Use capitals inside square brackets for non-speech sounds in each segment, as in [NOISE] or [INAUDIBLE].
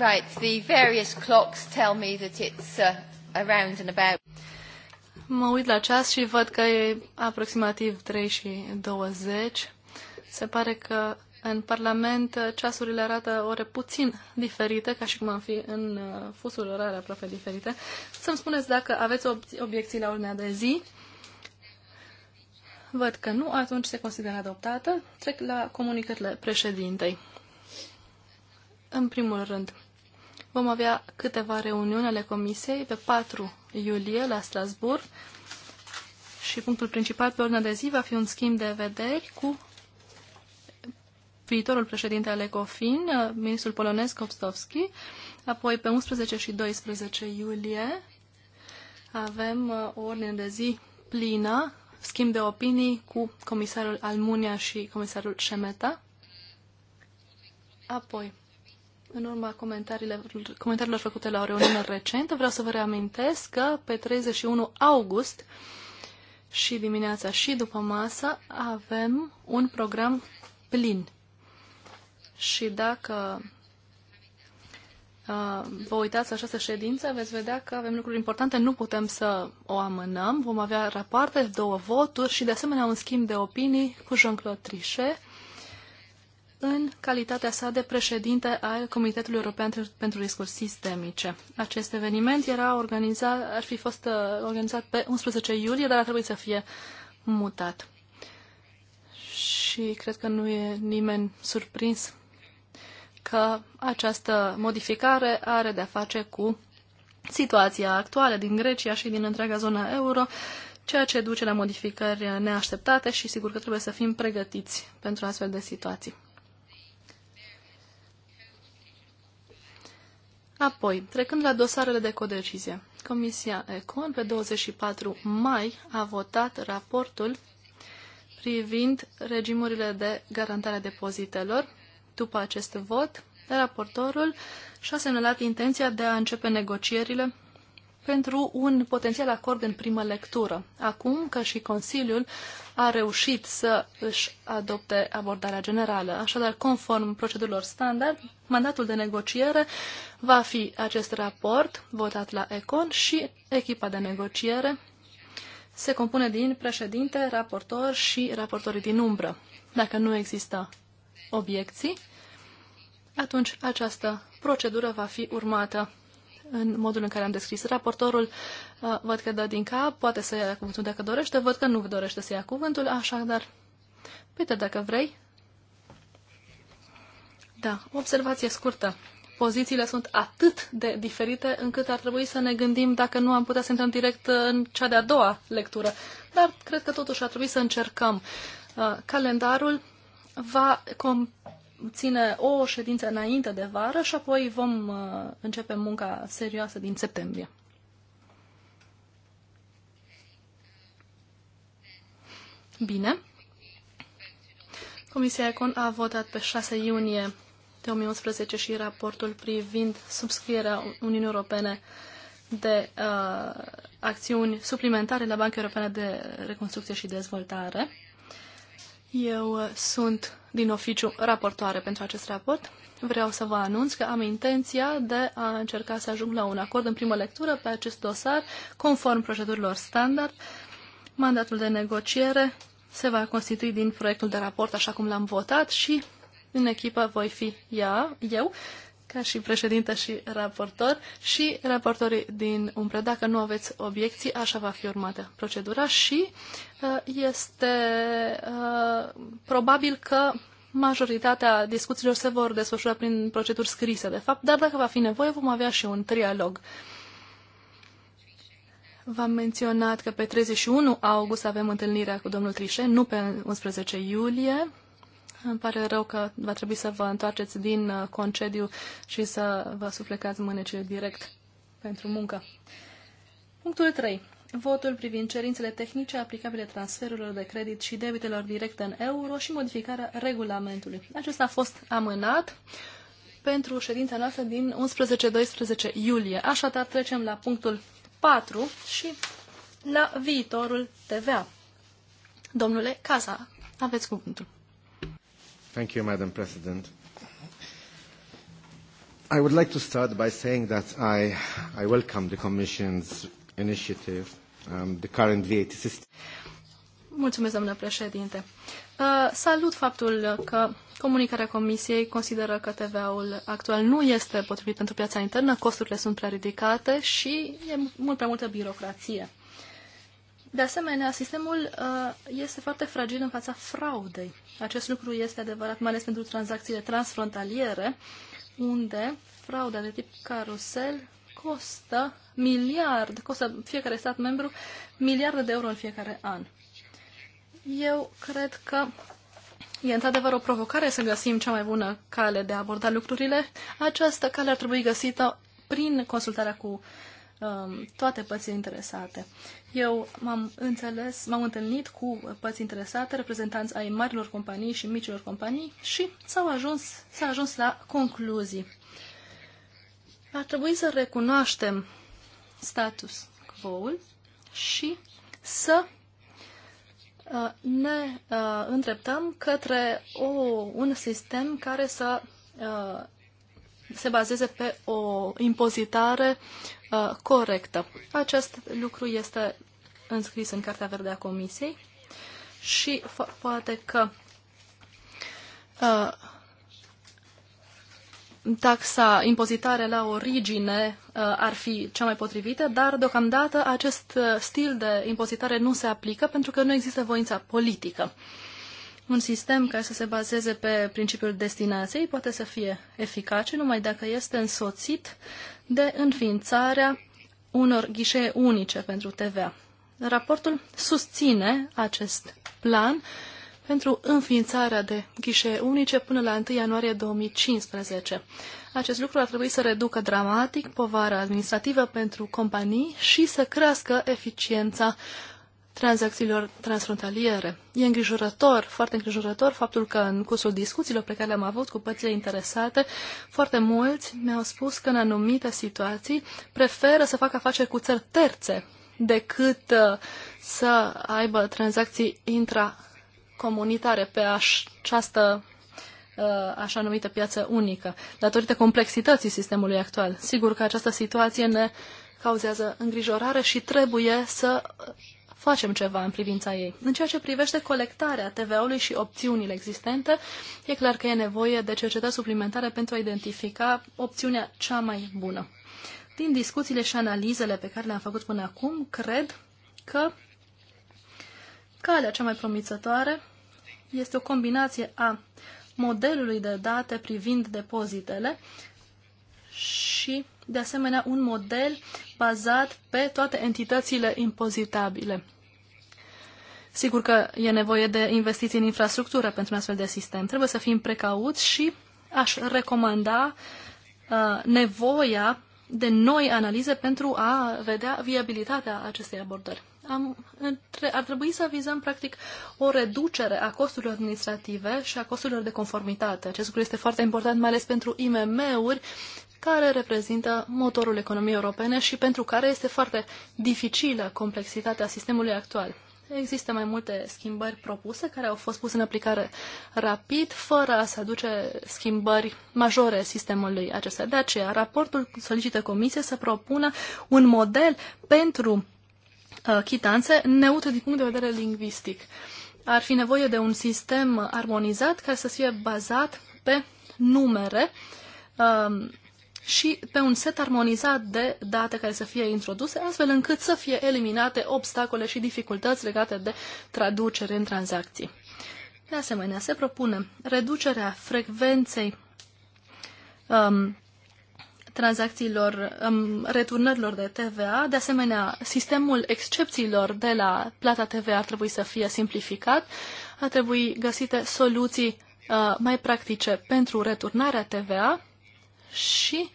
Right, the various clocks tell me that it's uh, around and about. Mă uit la ceas și văd că e aproximativ 3 și 20. Se pare că în Parlament uh, ceasurile arată ore puțin diferite, ca și cum am fi în uh, fusul orare aproape diferite. Să-mi spuneți dacă aveți ob- obiecții la urmea de zi. Văd că nu, atunci se consideră adoptată. Trec la comunicările președintei. În primul rând, Vom avea câteva reuniuni ale Comisiei pe 4 iulie la Strasburg și punctul principal pe ordinea de zi va fi un schimb de vederi cu viitorul președinte al ECOFIN, ministrul polonez Kopstovski, apoi pe 11 și 12 iulie avem uh, o ordine de zi plină, schimb de opinii cu comisarul Almunia și comisarul Șemeta. Apoi, în urma comentariilor făcute la o reuniune recentă, vreau să vă reamintesc că pe 31 august și dimineața și după masă avem un program plin. Și dacă uh, vă uitați la această ședință, veți vedea că avem lucruri importante, nu putem să o amânăm. Vom avea rapoarte, două voturi și, de asemenea, un schimb de opinii cu Jean-Claude Trichet în calitatea sa de președinte al Comitetului European pentru Riscuri Sistemice. Acest eveniment era organizat, ar fi fost uh, organizat pe 11 iulie, dar a trebuit să fie mutat. Și cred că nu e nimeni surprins că această modificare are de-a face cu situația actuală din Grecia și din întreaga zonă euro, ceea ce duce la modificări neașteptate și sigur că trebuie să fim pregătiți pentru astfel de situații. Apoi, trecând la dosarele de codecizie, Comisia Econ pe 24 mai a votat raportul privind regimurile de garantare a depozitelor. După acest vot, raportorul și-a semnalat intenția de a începe negocierile pentru un potențial acord în primă lectură. Acum că și Consiliul a reușit să își adopte abordarea generală. Așadar, conform procedurilor standard, mandatul de negociere va fi acest raport votat la ECON și echipa de negociere se compune din președinte, raportor și raportorii din umbră. Dacă nu există obiecții, atunci această procedură va fi urmată în modul în care am descris. Raportorul uh, văd că dă din cap, poate să ia cuvântul dacă dorește, văd că nu dorește să ia cuvântul, dar Peter, dacă vrei. Da, observație scurtă. Pozițiile sunt atât de diferite încât ar trebui să ne gândim dacă nu am putea să intrăm direct în cea de-a doua lectură. Dar cred că totuși ar trebui să încercăm. Uh, calendarul va com- ține o ședință înainte de vară și apoi vom uh, începe munca serioasă din septembrie. Bine. Comisia Econ a votat pe 6 iunie 2011 și raportul privind subscrierea Uniunii Europene de uh, acțiuni suplimentare la Banca Europeană de Reconstrucție și Dezvoltare. Eu uh, sunt din oficiu raportoare pentru acest raport. Vreau să vă anunț că am intenția de a încerca să ajung la un acord în primă lectură pe acest dosar, conform procedurilor standard. Mandatul de negociere se va constitui din proiectul de raport așa cum l-am votat și în echipă voi fi ea, eu ca și președintă și raportor și raportorii din umbră. Dacă nu aveți obiecții, așa va fi urmată procedura și uh, este uh, probabil că majoritatea discuțiilor se vor desfășura prin proceduri scrise, de fapt, dar dacă va fi nevoie, vom avea și un trialog. V-am menționat că pe 31 august avem întâlnirea cu domnul Trișe, nu pe 11 iulie. Îmi pare rău că va trebui să vă întoarceți din uh, concediu și să vă suflecați mânecile direct pentru muncă. Punctul 3. Votul privind cerințele tehnice aplicabile transferurilor de credit și debitelor directe în euro și modificarea regulamentului. Acesta a fost amânat pentru ședința noastră din 11-12 iulie. Așadar, trecem la punctul 4 și la viitorul TVA. Domnule Casa, aveți cuvântul. Thank you, Madam President. I would like to start by saying that I, I welcome the Commission's initiative, um, the current VAT system. Mulțumesc, doamnă președinte. Uh, salut faptul că comunicarea Comisiei consideră că TVA-ul actual nu este potrivit pentru piața internă, costurile sunt prea ridicate și e mult prea multă birocrație. De asemenea, sistemul uh, este foarte fragil în fața fraudei. Acest lucru este adevărat, mai ales pentru tranzacțiile transfrontaliere, unde frauda de tip carusel costă miliard, costă fiecare stat membru miliarde de euro în fiecare an. Eu cred că e într-adevăr o provocare să găsim cea mai bună cale de a aborda lucrurile. Această cale ar trebui găsită prin consultarea cu uh, Um, toate părțile interesate. Eu m-am înțeles, m-am întâlnit cu părți interesate, reprezentanți ai marilor companii și micilor companii și s-au ajuns, s-a ajuns la concluzii. Ar trebui să recunoaștem status quo și să uh, ne uh, îndreptăm către o, un sistem care să uh, se bazeze pe o impozitare uh, corectă. Acest lucru este înscris în Cartea Verde a Comisiei și poate că uh, taxa impozitare la origine uh, ar fi cea mai potrivită, dar deocamdată acest uh, stil de impozitare nu se aplică pentru că nu există voința politică. Uh, un sistem care să se bazeze pe principiul destinației poate să fie eficace numai dacă este însoțit de înființarea unor ghișee unice pentru TVA. Raportul susține acest plan pentru înființarea de ghișee unice până la 1 ianuarie 2015. Acest lucru ar trebui să reducă dramatic povara administrativă pentru companii și să crească eficiența tranzacțiilor transfrontaliere. E îngrijorător, foarte îngrijorător, faptul că în cursul discuțiilor pe care le-am avut cu părțile interesate, foarte mulți mi-au spus că în anumite situații preferă să facă afaceri cu țări terțe decât uh, să aibă tranzacții intracomunitare pe această uh, așa numită piață unică, datorită complexității sistemului actual. Sigur că această situație ne cauzează îngrijorare și trebuie să facem ceva în privința ei. În ceea ce privește colectarea TVA-ului și opțiunile existente, e clar că e nevoie de cercetare suplimentare pentru a identifica opțiunea cea mai bună. Din discuțiile și analizele pe care le-am făcut până acum, cred că calea cea mai promițătoare este o combinație a modelului de date privind depozitele și, de asemenea, un model bazat pe toate entitățile impozitabile. Sigur că e nevoie de investiții în infrastructură pentru un astfel de sistem. Trebuie să fim precauți și aș recomanda uh, nevoia de noi analize pentru a vedea viabilitatea acestei abordări. Am, ar trebui să vizăm, practic, o reducere a costurilor administrative și a costurilor de conformitate. Acest lucru este foarte important, mai ales pentru IMM-uri, care reprezintă motorul economiei europene și pentru care este foarte dificilă complexitatea sistemului actual. Există mai multe schimbări propuse care au fost puse în aplicare rapid, fără a se aduce schimbări majore sistemului acesta. De aceea, raportul solicită Comisiei să propună un model pentru uh, chitanțe neutru din punct de vedere lingvistic. Ar fi nevoie de un sistem armonizat care să fie bazat pe numere. Uh, și pe un set armonizat de date care să fie introduse, astfel încât să fie eliminate obstacole și dificultăți legate de traducere în tranzacții. De asemenea, se propune reducerea frecvenței um, tranzacțiilor, um, returnărilor de TVA. De asemenea, sistemul excepțiilor de la plata TVA ar trebui să fie simplificat. Ar trebui găsite soluții uh, mai practice pentru returnarea TVA și,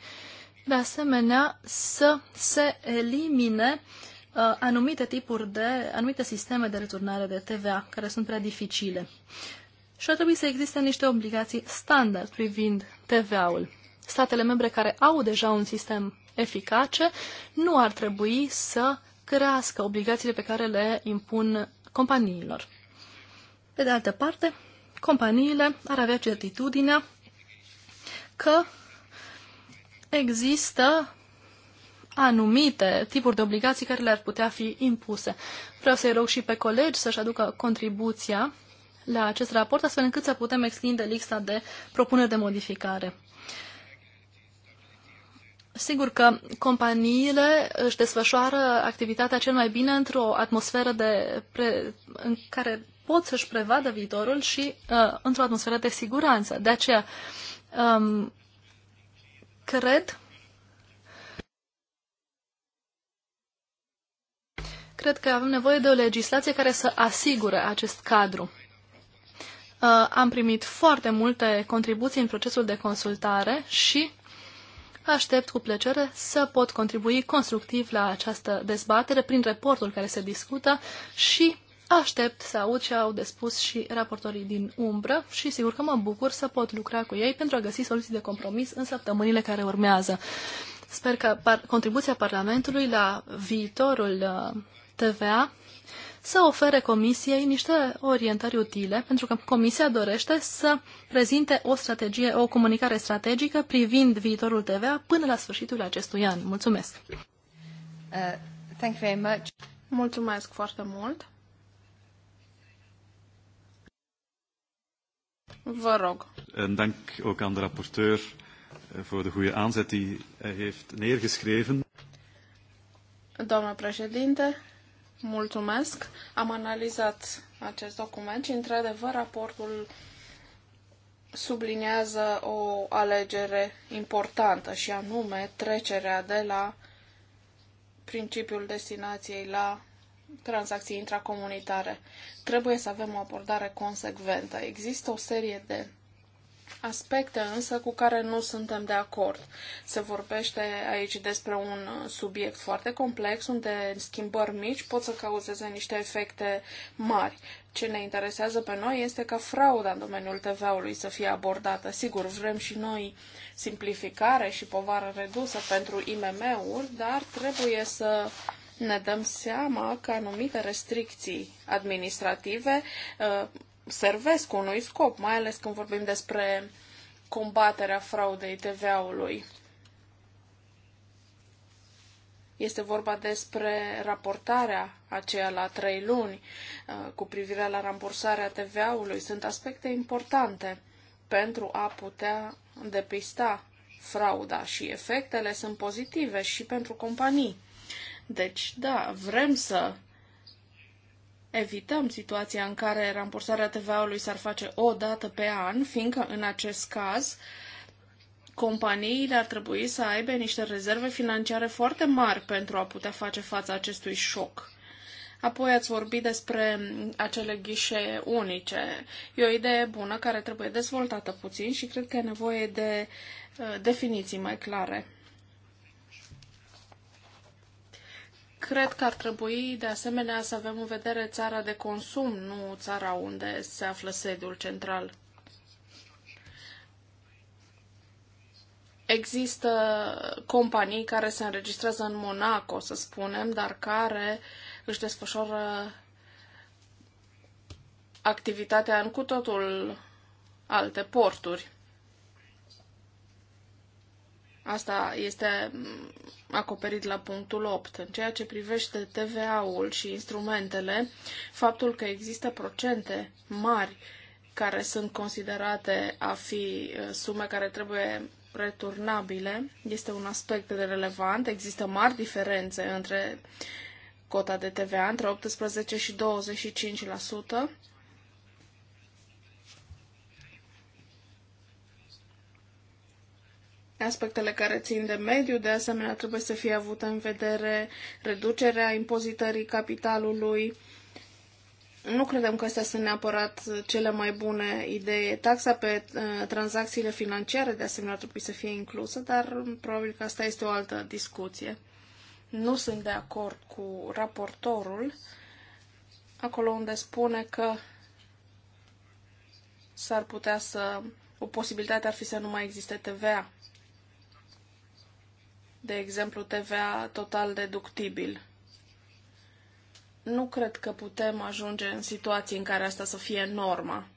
de asemenea, să se elimine uh, anumite tipuri de, anumite sisteme de returnare de TVA, care sunt prea dificile. Și ar trebui să existe niște obligații standard privind TVA-ul. Statele membre care au deja un sistem eficace nu ar trebui să crească obligațiile pe care le impun companiilor. Pe de altă parte, companiile ar avea certitudinea că există anumite tipuri de obligații care le-ar putea fi impuse. Vreau să-i rog și pe colegi să-și aducă contribuția la acest raport, astfel încât să putem extinde lista de propuneri de modificare. Sigur că companiile își desfășoară activitatea cel mai bine într-o atmosferă de pre... în care pot să-și prevadă viitorul și uh, într-o atmosferă de siguranță. De aceea, um, Cred Cred că avem nevoie de o legislație care să asigure acest cadru. Uh, am primit foarte multe contribuții în procesul de consultare și aștept cu plăcere să pot contribui constructiv la această dezbatere prin raportul care se discută și Aștept să aud ce au de spus și raportorii din umbră și sigur că mă bucur să pot lucra cu ei pentru a găsi soluții de compromis în săptămânile care urmează. Sper că par- contribuția Parlamentului la viitorul uh, TVA să ofere Comisiei niște orientări utile, pentru că Comisia dorește să prezinte o strategie, o comunicare strategică privind viitorul TVA până la sfârșitul acestui an. Mulțumesc! Uh, thank you very much. Mulțumesc foarte mult! Vă rog. En dank ook aan de rapporteur eh, voor de goede aanzet die hij heeft neergeschreven. Doamna președinte, mulțumesc. Am analizat acest document și, într-adevăr, raportul subliniază o alegere importantă și anume trecerea de la principiul destinației la tranzacții intracomunitare. Trebuie să avem o abordare consecventă. Există o serie de aspecte însă cu care nu suntem de acord. Se vorbește aici despre un subiect foarte complex unde schimbări mici pot să cauzeze niște efecte mari. Ce ne interesează pe noi este ca frauda în domeniul TVA-ului să fie abordată. Sigur, vrem și noi simplificare și povară redusă pentru IMM-uri, dar trebuie să uh, ne dăm seama că anumite restricții administrative uh, servesc unui scop, mai ales când vorbim despre combaterea fraudei TVA-ului. Este vorba despre raportarea aceea la trei luni uh, cu privire la rambursarea TVA-ului. Sunt aspecte importante pentru a putea depista frauda și efectele sunt pozitive și pentru companii. Deci, da, vrem să evităm situația în care rambursarea TVA-ului s-ar face o dată pe an, fiindcă în acest caz companiile ar trebui să aibă niște rezerve financiare foarte mari pentru a putea face față acestui șoc. Apoi ați vorbit despre acele ghișe unice. E o idee bună care trebuie dezvoltată puțin și cred că e nevoie de uh, definiții mai clare. Cred că ar trebui, de asemenea, să avem în vedere țara de consum, nu țara unde se află sediul central. Există companii care se înregistrează în Monaco, să spunem, dar care își desfășoară activitatea în cu totul alte porturi. Asta este mm, acoperit la punctul 8. În ceea ce privește TVA-ul și instrumentele, faptul că există procente mari care sunt considerate a fi eh, sume care trebuie returnabile este un aspect de relevant. Există mari diferențe între cota de TVA, între 18 și 25%. aspectele care țin de mediu, de asemenea trebuie să fie avută în vedere reducerea impozitării capitalului. Nu credem că astea sunt neapărat cele mai bune idei. Taxa pe uh, tranzacțiile financiare, de asemenea, trebuie să fie inclusă, dar probabil că asta este o altă discuție. Nu sunt de acord cu raportorul, acolo unde spune că s-ar putea să. o posibilitate ar fi să nu mai existe TVA de exemplu TVA total deductibil. Nu cred că putem ajunge în situații în care asta să fie norma.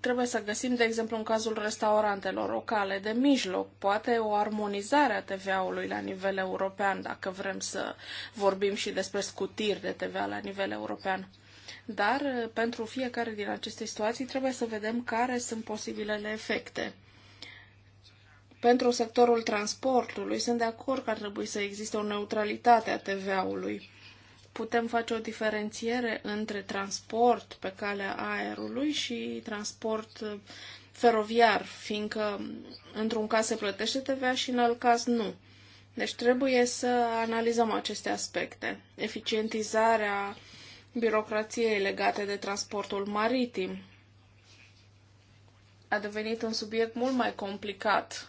Trebuie să găsim, de exemplu, în cazul restaurantelor, o cale de mijloc, poate o armonizare a TVA-ului la nivel european, dacă vrem să vorbim și despre scutiri de TVA la nivel european. Dar pentru fiecare din aceste situații trebuie să vedem care sunt posibilele efecte. Pentru sectorul transportului sunt de acord că ar trebui să existe o neutralitate a TVA-ului. Putem face o diferențiere între transport pe calea aerului și transport uh, feroviar, fiindcă într-un caz se plătește TVA și în alt caz nu. Deci trebuie să analizăm aceste aspecte. Eficientizarea birocrației legate de transportul maritim a devenit un subiect mult mai complicat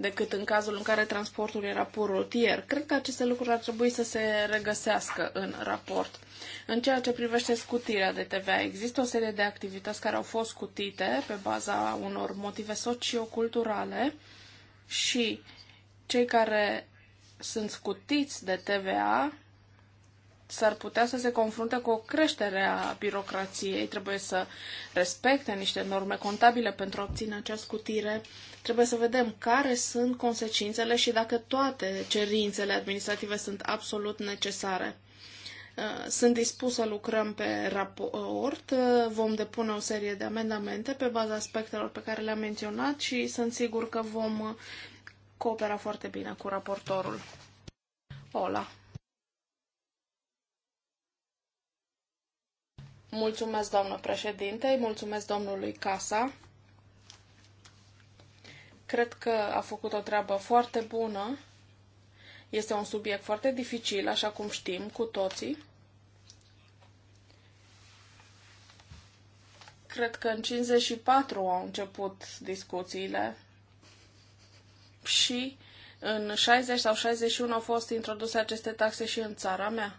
decât în cazul în care transportul era pur rutier. Cred că aceste lucruri ar trebui să se regăsească în raport. În ceea ce privește scutirea de TVA, există o serie de activități care au fost scutite pe baza unor motive socioculturale și cei care sunt scutiți de TVA s-ar putea să se confrunte cu o creștere a birocrației, trebuie să respecte niște norme contabile pentru a obține această scutire. Trebuie să vedem care sunt consecințele și dacă toate cerințele administrative sunt absolut necesare. Uh, sunt dispus să lucrăm pe raport, uh, vom depune o serie de amendamente pe baza aspectelor pe care le-am menționat și sunt sigur că vom uh, coopera foarte bine cu raportorul. Ola. Mulțumesc, doamnă președinte, mulțumesc domnului Casa. Cred că a făcut o treabă foarte bună. Este un subiect foarte dificil, așa cum știm cu toții. Cred că în 54 au început discuțiile și în 60 sau 61 au fost introduse aceste taxe și în țara mea.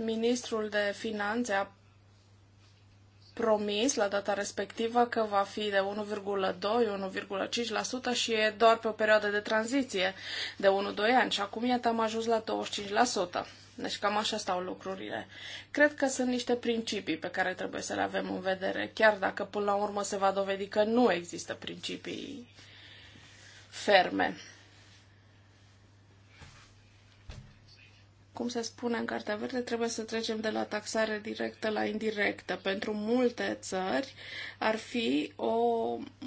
Ministrul de Finanțe a promis la data respectivă că va fi de 1,2-1,5% și e doar pe o perioadă de tranziție de 1-2 ani și acum iată am ajuns la 25%. Deci cam așa stau lucrurile. Cred că sunt niște principii pe care trebuie să le avem în vedere, chiar dacă până la urmă se va dovedi că nu există principii ferme. cum se spune în Cartea Verde, trebuie să trecem de la taxare directă la indirectă. Pentru multe țări ar fi o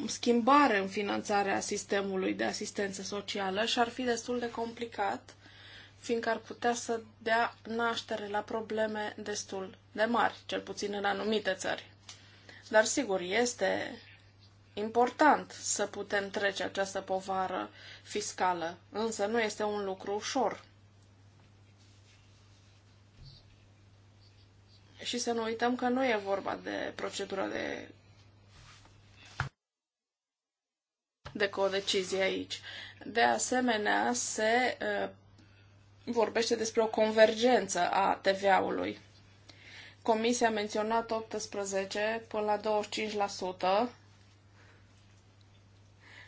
schimbare în finanțarea sistemului de asistență socială și ar fi destul de complicat, fiindcă ar putea să dea naștere la probleme destul de mari, cel puțin în anumite țări. Dar sigur, este important să putem trece această povară fiscală, însă nu este un lucru ușor Și să nu uităm că nu e vorba de procedura de de codecizie aici. De asemenea, se uh, vorbește despre o convergență a TVA-ului. Comisia a menționat 18 până la 25%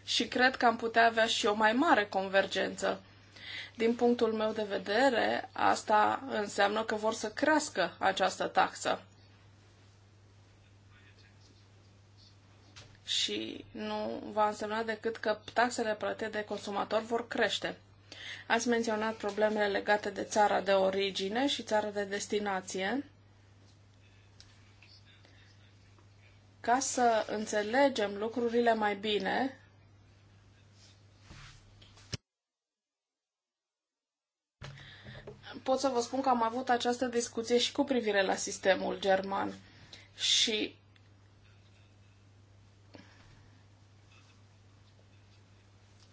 și cred că am putea avea și o mai mare convergență din punctul meu de vedere, asta înseamnă că vor să crească această taxă. Și nu va însemna decât că taxele plătite de consumator vor crește. Ați menționat problemele legate de țara de origine și țara de destinație. Ca să înțelegem lucrurile mai bine, pot să vă spun că am avut această discuție și cu privire la sistemul german. Și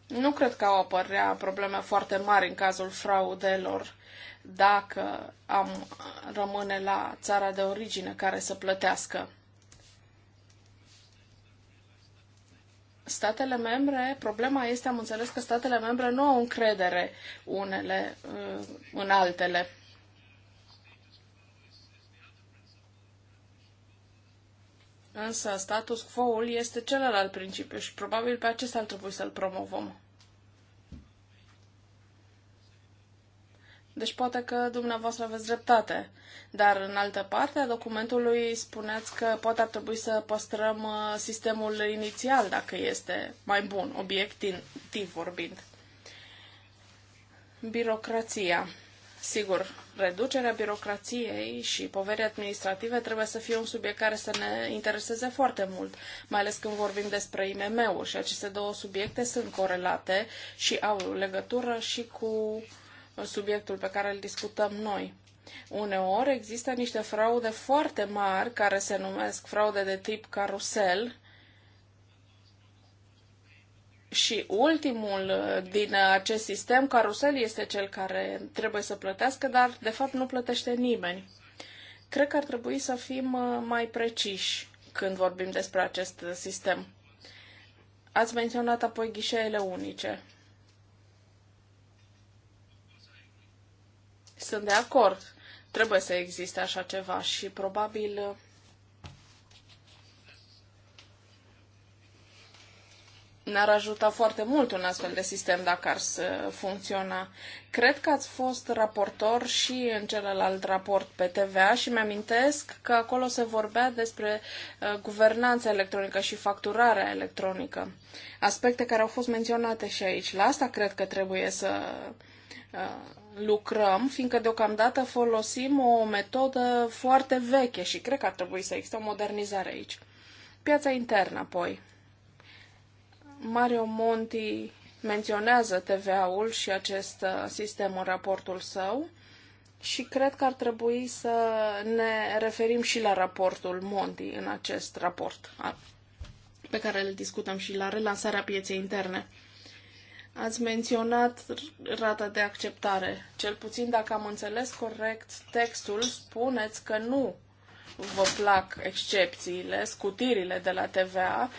nu cred că au apărea probleme foarte mari în cazul fraudelor dacă am rămâne la țara de origine care să plătească statele membre, problema este, am înțeles că statele membre nu au încredere unele uh, în altele. Însă status quo-ul este celălalt principiu și probabil pe acesta ar trebui să-l promovăm. Deci poate că dumneavoastră aveți dreptate. Dar în altă parte a documentului spuneți că poate ar trebui să păstrăm uh, sistemul inițial dacă este mai bun, obiectiv vorbind. Birocrația. Sigur, reducerea birocrației și poverii administrative trebuie să fie un subiect care să ne intereseze foarte mult, mai ales când vorbim despre IMM-uri și aceste două subiecte sunt corelate și au legătură și cu subiectul pe care îl discutăm noi. Uneori există niște fraude foarte mari care se numesc fraude de tip carusel și ultimul din acest sistem, carusel, este cel care trebuie să plătească, dar de fapt nu plătește nimeni. Cred că ar trebui să fim mai preciși când vorbim despre acest sistem. Ați menționat apoi ghișeele unice. sunt de acord. Trebuie să existe așa ceva și probabil uh, ne-ar ajuta foarte mult un astfel de sistem dacă ar să funcționa. Cred că ați fost raportor și în celălalt raport pe TVA și mi-amintesc că acolo se vorbea despre uh, guvernanța electronică și facturarea electronică. Aspecte care au fost menționate și aici. La asta cred că trebuie să uh, lucrăm, fiindcă deocamdată folosim o metodă foarte veche și cred că ar trebui să existe o modernizare aici. Piața internă, apoi. Mario Monti menționează TVA-ul și acest uh, sistem în raportul său și cred că ar trebui să ne referim și la raportul Monti în acest raport pe care îl discutăm și la relansarea pieței interne. Ați menționat rata de acceptare. Cel puțin, dacă am înțeles corect textul, spuneți că nu vă plac excepțiile, scutirile de la TVA,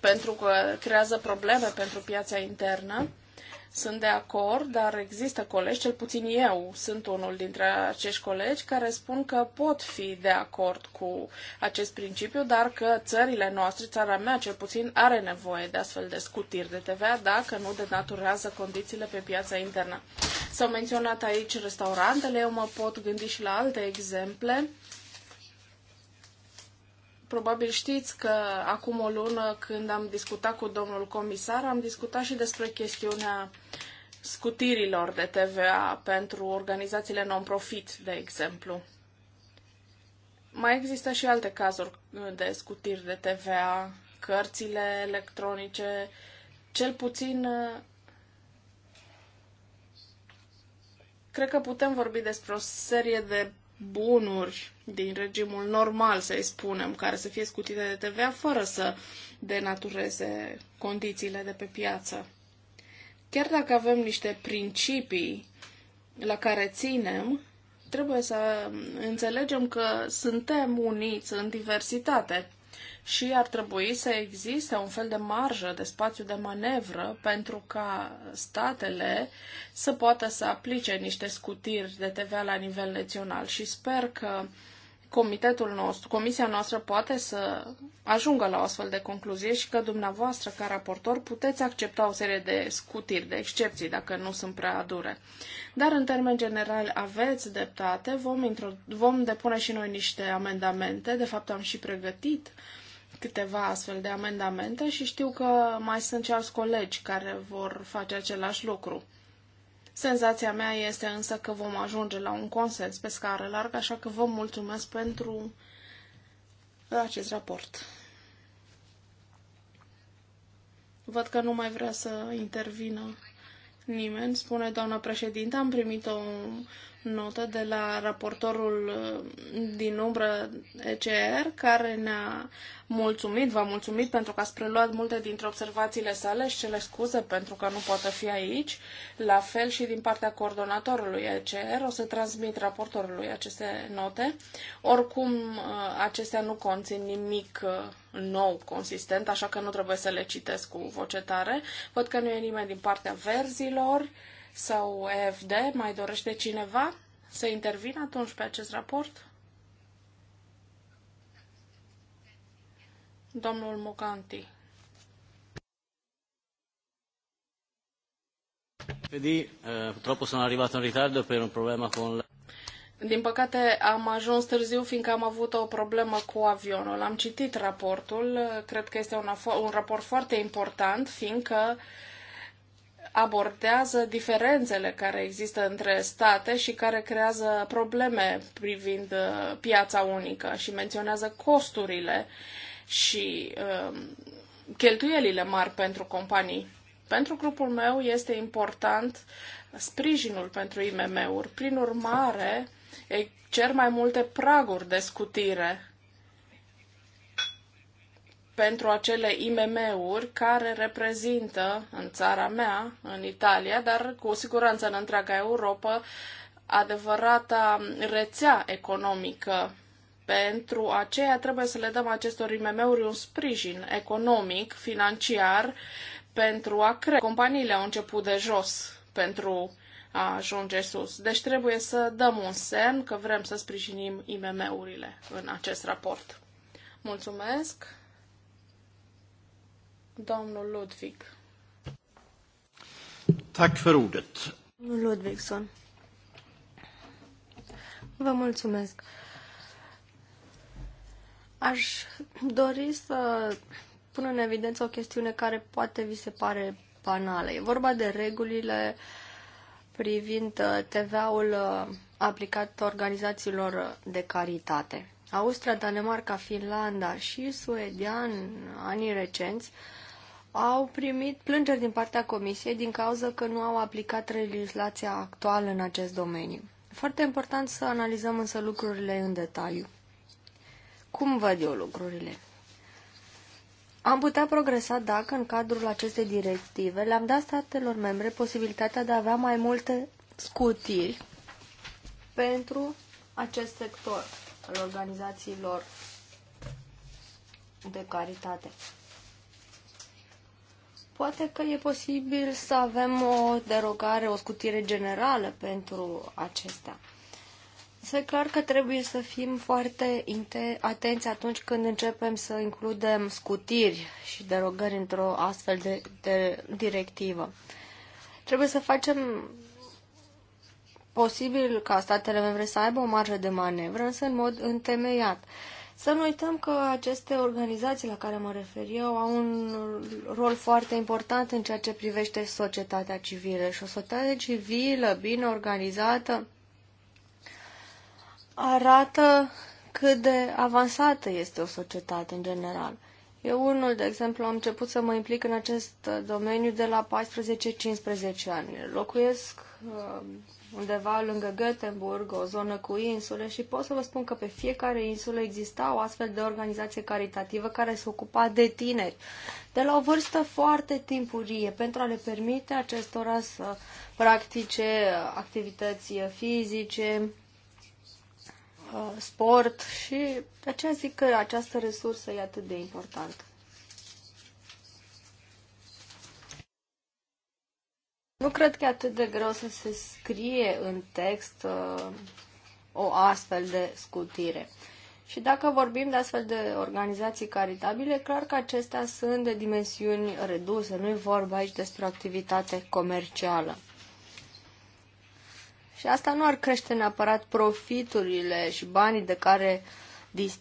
pentru că creează probleme pentru piața internă sunt de acord, dar există colegi, cel puțin eu sunt unul dintre acești colegi, care spun că pot fi de acord cu acest principiu, dar că țările noastre, țara mea cel puțin, are nevoie de astfel de scutiri de TVA dacă nu denaturează condițiile pe piața internă. S-au menționat aici restaurantele, eu mă pot gândi și la alte exemple Probabil știți că acum o lună, când am discutat cu domnul comisar, am discutat și despre chestiunea scutirilor de TVA pentru organizațiile non-profit, de exemplu. Mai există și alte cazuri de scutiri de TVA, cărțile electronice, cel puțin cred că putem vorbi despre o serie de bunuri din regimul normal, să-i spunem, care să fie scutite de TVA fără să denatureze condițiile de pe piață. Chiar dacă avem niște principii la care ținem, trebuie să înțelegem că suntem uniți în diversitate și ar trebui să existe un fel de marjă, de spațiu de manevră pentru ca statele să poată să aplice niște scutiri de TVA la nivel național și sper că comitetul nostru, comisia noastră poate să ajungă la o astfel de concluzie și că dumneavoastră, ca raportor, puteți accepta o serie de scutiri, de excepții, dacă nu sunt prea dure. Dar, în termen general, aveți dreptate, vom, vom depune și noi niște amendamente, de fapt am și pregătit câteva astfel de amendamente și știu că mai sunt și alți colegi care vor face același lucru. Senzația mea este însă că vom ajunge la un consens pe scară largă, așa că vă mulțumesc pentru acest raport. Văd că nu mai vrea să intervină nimeni, spune doamna președinte. Am primit o notă de la raportorul uh, din umbră ECR, care ne-a mulțumit, v-a mulțumit pentru că ați preluat multe dintre observațiile sale și cele scuze pentru că nu poate fi aici. La fel și din partea coordonatorului ECR o să transmit raportorului aceste note. Oricum, uh, acestea nu conțin nimic uh, nou, consistent, așa că nu trebuie să le citesc cu voce tare. Văd că nu e nimeni din partea verzilor sau EFD? Mai dorește cineva să intervină atunci pe acest raport? Domnul Mucanti. Eh, Din păcate am ajuns târziu fiindcă am avut o problemă cu avionul. Am citit raportul, cred că este un, un raport foarte important fiindcă uh, abordează diferențele care există între state și care creează probleme privind uh, piața unică și menționează costurile și um, cheltuielile mari pentru companii. Pentru grupul meu este important sprijinul pentru IMM-uri. Prin urmare, cer mai multe praguri de scutire pentru acele IMM-uri care reprezintă în țara mea, în Italia, dar cu siguranță în întreaga Europa, adevărata rețea economică. Pentru aceea trebuie să le dăm acestor IMM-uri un sprijin economic, financiar, pentru a crește. Companiile au început de jos pentru a ajunge sus. Deci trebuie să dăm un semn că vrem să sprijinim IMM-urile în acest raport. Mulțumesc! Domnul Ludwig. Tack för ordet. Vă mulțumesc. Aș dori să pun în evidență o chestiune care poate vi se pare banală. E vorba de regulile privind uh, TVA-ul uh, aplicat organizațiilor de caritate. Austria, Danemarca, Finlanda și Suedia în anii recenți au primit plângeri din partea Comisiei din cauza că nu au aplicat legislația actuală în acest domeniu. Foarte important să analizăm însă lucrurile în detaliu. Cum văd eu lucrurile? Am putea progresa dacă, în cadrul acestei directive, le-am dat statelor membre posibilitatea de a avea mai multe scutiri pentru acest sector al organizațiilor de caritate. Poate că e posibil să avem o derogare, o scutire generală pentru acestea. Este clar că trebuie să fim foarte atenți atunci când începem să includem scutiri și derogări într-o astfel de, de directivă. Trebuie să facem posibil ca statele membre să aibă o marjă de manevră, însă în mod întemeiat. Uh, să nu uităm că aceste organizații la care mă refer eu au un rol foarte important în ceea ce privește societatea civilă. Și o societate civilă bine organizată arată cât de avansată este o societate în general. Eu unul, de exemplu, am început să mă implic în acest domeniu de la 14-15 ani. Locuiesc uh, undeva lângă Göteborg, o zonă cu insule și pot să vă spun că pe fiecare insulă exista o astfel de organizație caritativă care se ocupa de tineri, de la o vârstă foarte timpurie, pentru a le permite acestora să practice uh, activități uh, fizice, uh, sport și de aceea zic că această resursă e atât de importantă. Nu cred că e atât de greu să se scrie în text uh, o astfel de scutire. Și dacă vorbim de astfel de organizații caritabile, clar că acestea sunt de dimensiuni reduse. Nu e vorba aici despre activitate comercială. Și asta nu ar crește neapărat profiturile și banii de care dis-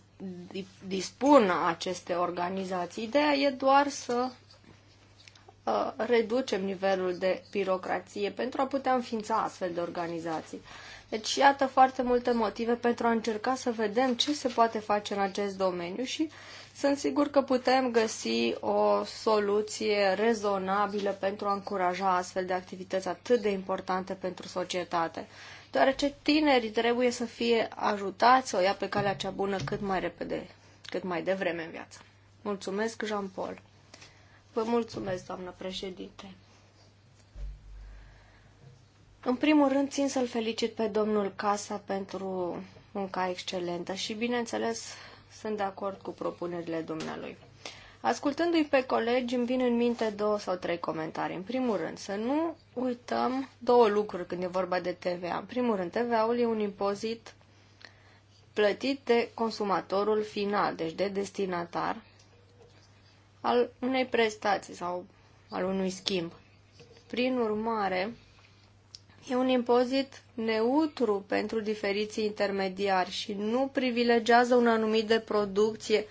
dispun aceste organizații. Ideea e doar să Uh, reducem nivelul de birocrație pentru a putea înființa astfel de organizații. Deci, iată foarte multe motive pentru a încerca să vedem ce se poate face în acest domeniu și sunt sigur că putem găsi o soluție rezonabilă pentru a încuraja astfel de activități atât de importante pentru societate. Deoarece tinerii trebuie să fie ajutați să o ia pe calea cea bună cât mai repede, cât mai devreme în viață. Mulțumesc, Jean-Paul. Vă mulțumesc, doamnă președinte. În primul rând, țin să-l felicit pe domnul Casa pentru munca excelentă și, bineînțeles, sunt de acord cu propunerile dumnealui. Ascultându-i pe colegi, îmi vin în minte două sau trei comentarii. În primul rând, să nu uităm două lucruri când e vorba de TVA. În primul rând, TVA-ul e un impozit plătit de consumatorul final, deci de destinatar, al unei prestații sau al unui schimb. Prin urmare, e un impozit neutru pentru diferiții intermediari și nu privilegează un anumit de producție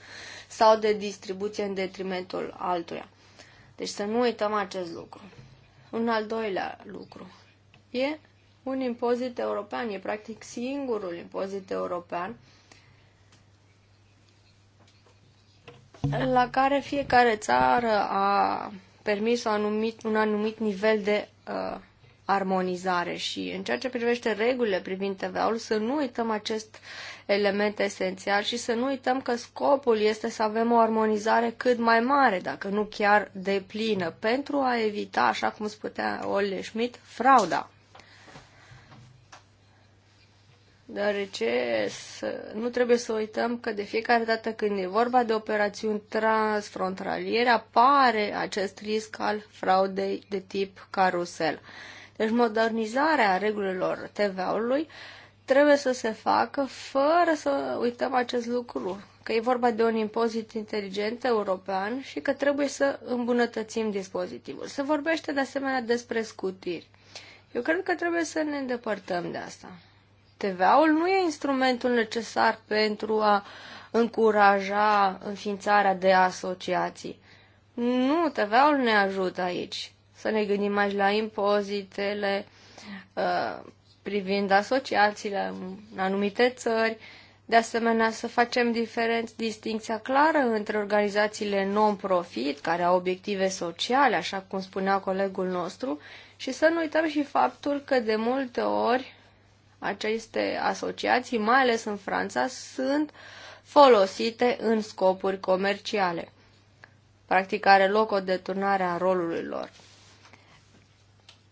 sau de distribuție în detrimentul altuia. Deci să nu uităm acest lucru. Un al doilea lucru. E un impozit european, e practic singurul impozit european la care fiecare țară a permis un anumit, un anumit nivel de uh, armonizare și în ceea ce privește regulile privind TVA-ul, să nu uităm acest element esențial și să nu uităm că scopul este să avem o armonizare cât mai mare, dacă nu chiar deplină, pentru a evita, așa cum spunea Olle Schmidt, frauda. deoarece să, nu trebuie să uităm că de fiecare dată când e vorba de operațiuni transfrontaliere apare acest risc al fraudei de tip carusel. Deci modernizarea regulilor TVA-ului trebuie să se facă fără să uităm acest lucru, că e vorba de un impozit inteligent european și că trebuie să îmbunătățim dispozitivul. Se vorbește de asemenea despre scutiri. Eu cred că trebuie să ne îndepărtăm de asta. TVA-ul nu e instrumentul necesar pentru a încuraja înființarea de asociații. Nu, TVA-ul ne ajută aici. Să ne gândim mai la impozitele uh, privind asociațiile în anumite țări. De asemenea, să facem diferenț, distinția clară între organizațiile non-profit, care au obiective sociale, așa cum spunea colegul nostru, și să nu uităm și faptul că de multe ori aceste asociații, mai ales în Franța, sunt folosite în scopuri comerciale. Practic are loc o deturnare a rolului lor.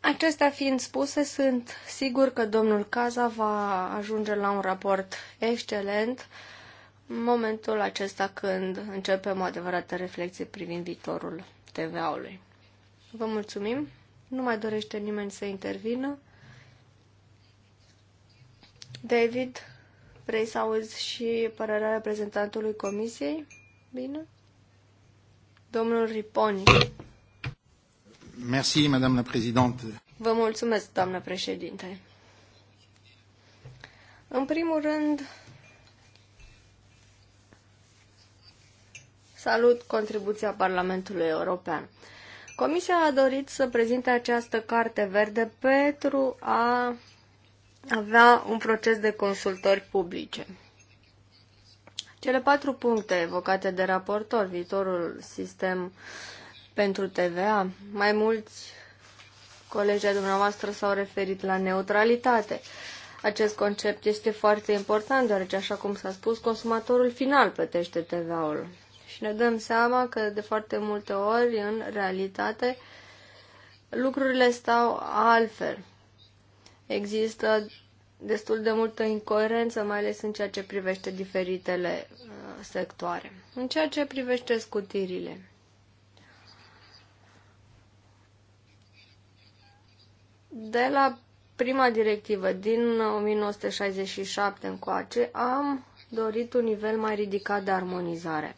Acestea fiind spuse, sunt sigur că domnul Caza va ajunge la un raport excelent în momentul acesta când începem o adevărată reflexie privind viitorul TVA-ului. Vă mulțumim! Nu mai dorește nimeni să intervină. David, vrei să auzi și părerea reprezentantului comisiei? Bine. Domnul Riponi. Merci, madame la présidente. Vă mulțumesc, doamnă președinte. În primul rând, salut contribuția Parlamentului European. Comisia a dorit să prezinte această carte verde pentru a avea un proces de consultări publice. Cele patru puncte evocate de raportor, viitorul sistem pentru TVA, mai mulți colegii dumneavoastră s-au referit la neutralitate. Acest concept este foarte important, deoarece, așa cum s-a spus, consumatorul final plătește TVA-ul. Și ne dăm seama că, de foarte multe ori, în realitate, lucrurile stau altfel. Există destul de multă incoerență, mai ales în ceea ce privește diferitele uh, sectoare. În ceea ce privește scutirile. De la prima directivă din 1967 încoace am dorit un nivel mai ridicat de armonizare.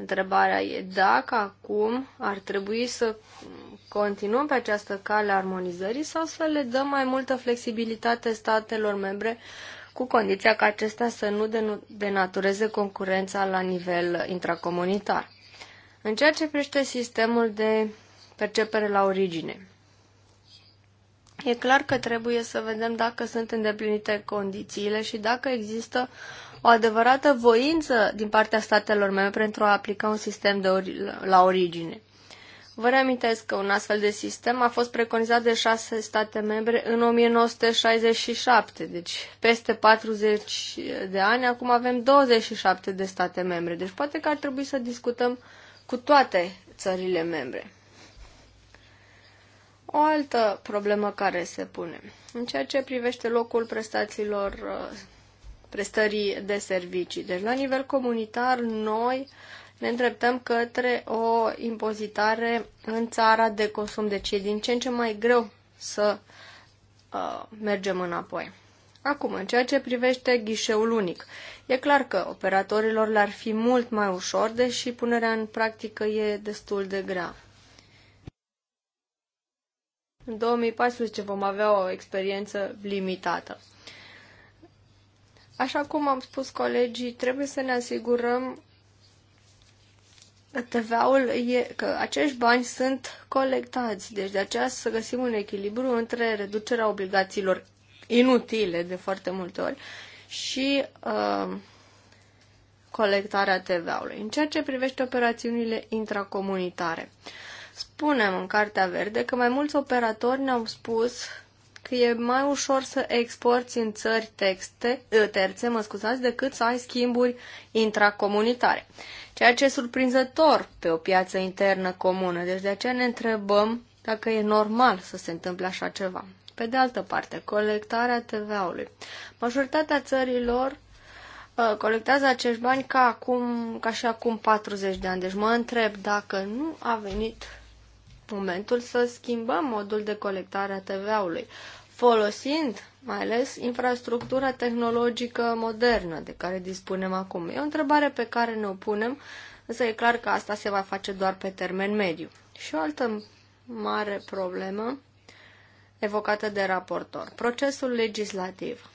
Întrebarea e dacă acum ar trebui să continuăm pe această cale a armonizării sau să le dăm mai multă flexibilitate statelor membre cu condiția ca acestea să nu denatureze concurența la nivel intracomunitar. În ceea ce privește sistemul de percepere la origine, e clar că trebuie să vedem dacă sunt îndeplinite condițiile și dacă există o adevărată voință din partea statelor membre pentru a aplica un sistem de ori- la origine. Vă reamintesc că un astfel de sistem a fost preconizat de șase state membre în 1967, deci peste 40 de ani, acum avem 27 de state membre, deci poate că ar trebui să discutăm cu toate țările membre. O altă problemă care se pune, în ceea ce privește locul prestațiilor uh, prestării de servicii. Deci, la nivel comunitar, noi ne îndreptăm către o impozitare în țara de consum. Deci e din ce în ce mai greu să uh, mergem înapoi. Acum, în ceea ce privește ghișeul unic, e clar că operatorilor le-ar fi mult mai ușor, deși punerea în practică e destul de grea. În 2014 vom avea o experiență limitată. Așa cum am spus colegii, trebuie să ne asigurăm TVA-ul e că acești bani sunt colectați, deci de aceea să găsim un echilibru între reducerea obligațiilor inutile de foarte multe ori și uh, colectarea TVA-ului. În ceea ce privește operațiunile intracomunitare, spunem în Cartea Verde că mai mulți operatori ne-au spus că e mai ușor să exporți în țări texte, ă, terțe mă scuzați, decât să ai schimburi intracomunitare. Ceea ce e surprinzător pe o piață internă comună. Deci de aceea ne întrebăm dacă e normal să se întâmple așa ceva. Pe de altă parte, colectarea TVA-ului. Majoritatea țărilor uh, colectează acești bani ca, acum, ca și acum 40 de ani. Deci mă întreb dacă nu a venit momentul să schimbăm modul de colectare a TVA-ului folosind mai ales infrastructura tehnologică modernă de care dispunem acum. E o întrebare pe care ne o punem, însă e clar că asta se va face doar pe termen mediu. Și o altă mare problemă evocată de raportor, procesul legislativ.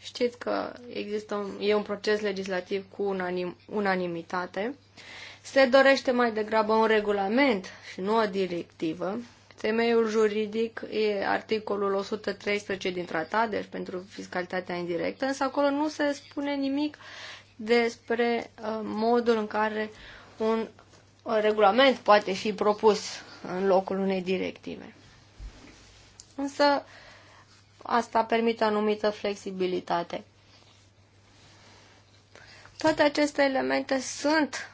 Știți că există un, e un proces legislativ cu unanim, unanimitate. Se dorește mai degrabă un regulament și nu o directivă, Temeiul juridic e articolul 113 din tratat, deci pentru fiscalitatea indirectă, însă acolo nu se spune nimic despre uh, modul în care un uh, regulament poate fi propus în locul unei directive. Însă asta permite anumită flexibilitate. Toate aceste elemente sunt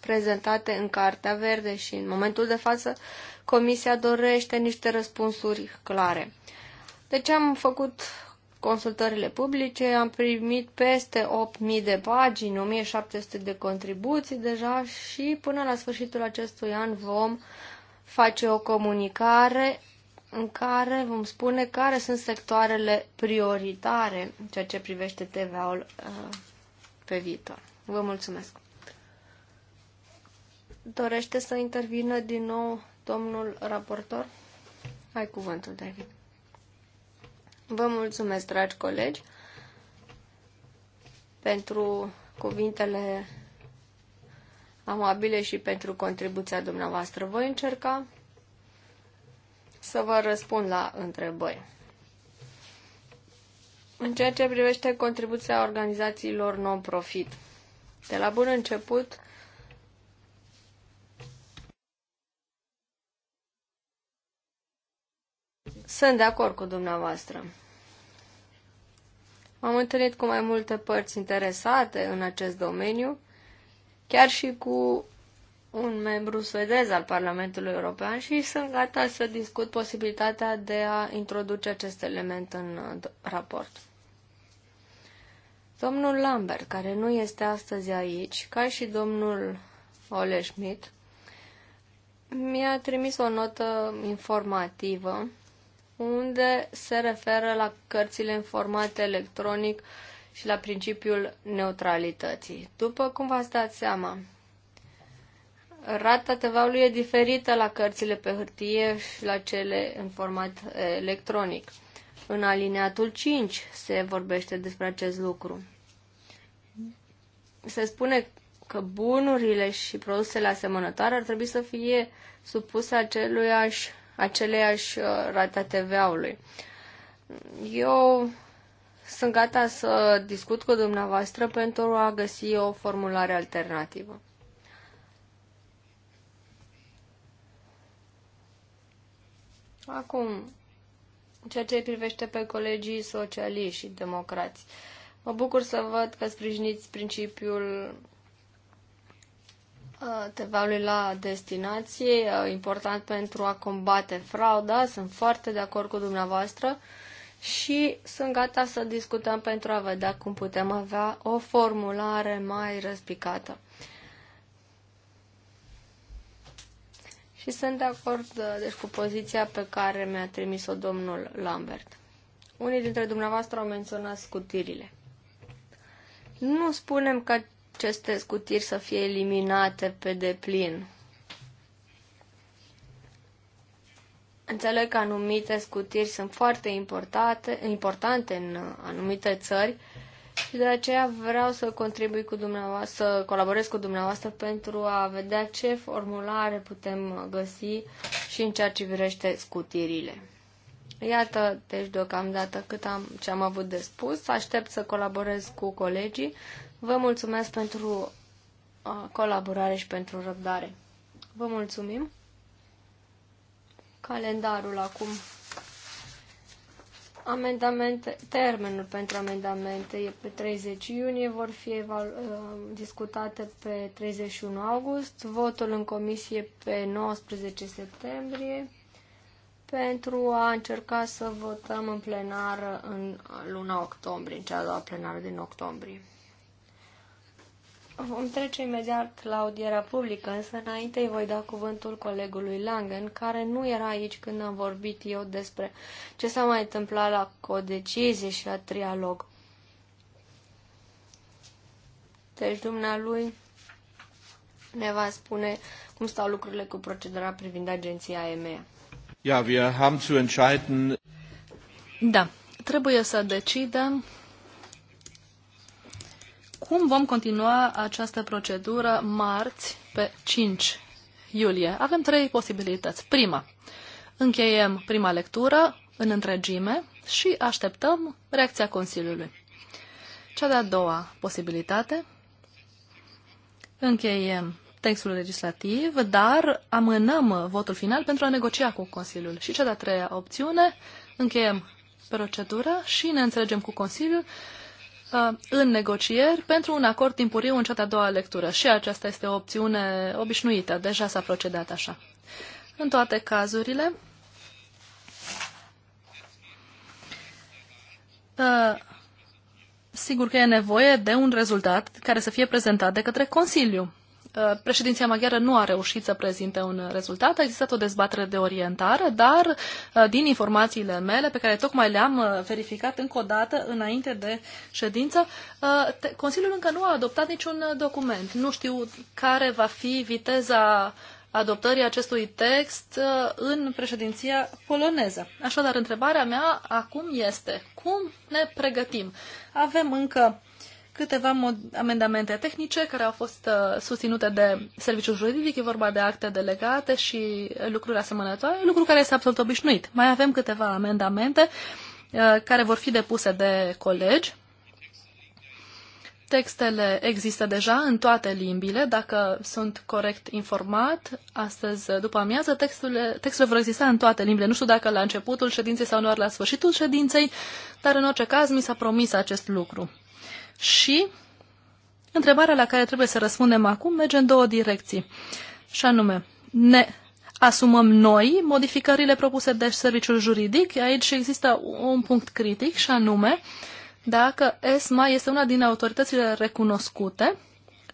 prezentate în Cartea Verde și în momentul de față Comisia dorește niște răspunsuri clare. Deci am făcut consultările publice, am primit peste 8.000 de pagini, 1.700 de contribuții deja și până la sfârșitul acestui an vom face o comunicare în care vom spune care sunt sectoarele prioritare în ceea ce privește TVA-ul uh, pe viitor. Vă mulțumesc! Dorește să intervină din nou Domnul raportor, ai cuvântul, David. Vă mulțumesc, dragi colegi, pentru cuvintele amabile și pentru contribuția dumneavoastră. Voi încerca să vă răspund la întrebări. În ceea ce privește contribuția organizațiilor non-profit, de la bun început Sunt de acord cu dumneavoastră. M-am întâlnit cu mai multe părți interesate în acest domeniu, chiar și cu un membru suedez al Parlamentului European și sunt gata să discut posibilitatea de a introduce acest element în raport. Domnul Lambert, care nu este astăzi aici, ca și domnul Ole Schmidt, mi-a trimis o notă informativă unde se referă la cărțile în format electronic și la principiul neutralității. După cum v-ați dat seama, rata TVA-ului e diferită la cărțile pe hârtie și la cele în format electronic. În alineatul 5 se vorbește despre acest lucru. Se spune că bunurile și produsele asemănătoare ar trebui să fie supuse aceluiași aceleași uh, rate TVA-ului. Eu sunt gata să discut cu dumneavoastră pentru a găsi o formulare alternativă. Acum, ceea ce privește pe colegii socialiști și democrați, mă bucur să văd că sprijiniți principiul TVA-ului la destinație, important pentru a combate frauda, sunt foarte de acord cu dumneavoastră și sunt gata să discutăm pentru a vedea cum putem avea o formulare mai răspicată. Și sunt de acord deci, cu poziția pe care mi-a trimis-o domnul Lambert. Unii dintre dumneavoastră au menționat scutirile. Nu spunem că aceste scutiri să fie eliminate pe deplin. Înțeleg că anumite scutiri sunt foarte importante, importante în anumite țări și de aceea vreau să contribui cu dumneavoastră, să colaborez cu dumneavoastră pentru a vedea ce formulare putem găsi și în ceea ce privește scutirile. Iată, deci deocamdată cât am, ce am avut de spus. Aștept să colaborez cu colegii. Vă mulțumesc pentru uh, colaborare și pentru răbdare. Vă mulțumim. Calendarul acum. Amendamente, termenul pentru amendamente e pe 30 iunie, vor fi uh, discutate pe 31 august, votul în comisie pe 19 septembrie, pentru a încerca să votăm în plenară în luna octombrie, în cea a doua plenară din octombrie. Vom trece imediat la audierea publică, însă înainte îi voi da cuvântul colegului Langen, care nu era aici când am vorbit eu despre ce s-a mai întâmplat la codecizie și la trialog. Deci dumnealui ne va spune cum stau lucrurile cu procedura privind agenția EMEA. Ja, wir haben zu entscheiden. Da, trebuie să decidem cum vom continua această procedură marți pe 5 iulie? Avem trei posibilități. Prima, încheiem prima lectură în întregime și așteptăm reacția Consiliului. Cea de-a doua posibilitate, încheiem textul legislativ, dar amânăm votul final pentru a negocia cu Consiliul. Și cea de-a treia opțiune, încheiem procedura și ne înțelegem cu Consiliul Uh, în negocieri pentru un acord timpuriu în cea de-a doua lectură. Și aceasta este o opțiune obișnuită. Deja s-a procedat așa. În toate cazurile, uh, sigur că e nevoie de un rezultat care să fie prezentat de către Consiliu. Uh, președinția maghiară nu a reușit să prezinte un rezultat. A existat o dezbatere de orientare, dar uh, din informațiile mele, pe care tocmai le-am uh, verificat încă o dată înainte de ședință, Consiliul încă nu a adoptat niciun document. Nu știu care va fi viteza adoptării acestui text în președinția poloneză. Așadar, întrebarea mea acum este cum ne pregătim? Avem încă câteva amendamente tehnice care au fost uh, susținute de serviciul juridic, e vorba de acte delegate și lucruri asemănătoare, lucru care este absolut obișnuit. Mai avem câteva amendamente uh, care vor fi depuse de colegi. Textele există deja în toate limbile, dacă sunt corect informat, astăzi uh, după amiază textele, textele vor exista în toate limbile. Nu știu dacă la începutul ședinței sau doar la sfârșitul ședinței, dar în orice caz mi s-a promis acest lucru. Și întrebarea la care trebuie să răspundem acum merge în două direcții. Și anume, ne asumăm noi modificările propuse de serviciul juridic. Aici există un punct critic și anume dacă ESMA este una din autoritățile recunoscute,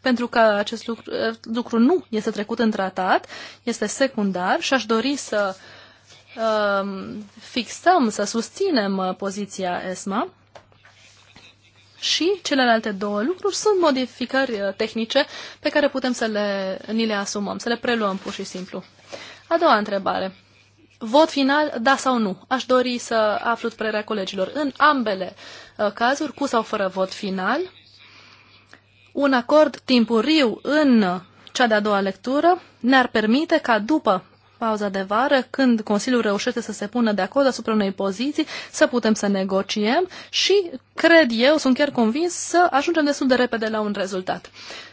pentru că acest lucru, lucru nu este trecut în tratat, este secundar și aș dori să uh, fixăm, să susținem poziția ESMA și celelalte două lucruri sunt modificări uh, tehnice pe care putem să le, ni le asumăm, să le preluăm pur și simplu. A doua întrebare. Vot final, da sau nu? Aș dori să aflu părerea colegilor. În ambele uh, cazuri, cu sau fără vot final, un acord timpuriu în uh, cea de-a doua lectură ne-ar permite ca după pauza de vară, când Consiliul reușește să se pună de acord asupra unei poziții, să putem să negociem și, cred eu, sunt chiar convins, să ajungem destul de repede la un rezultat.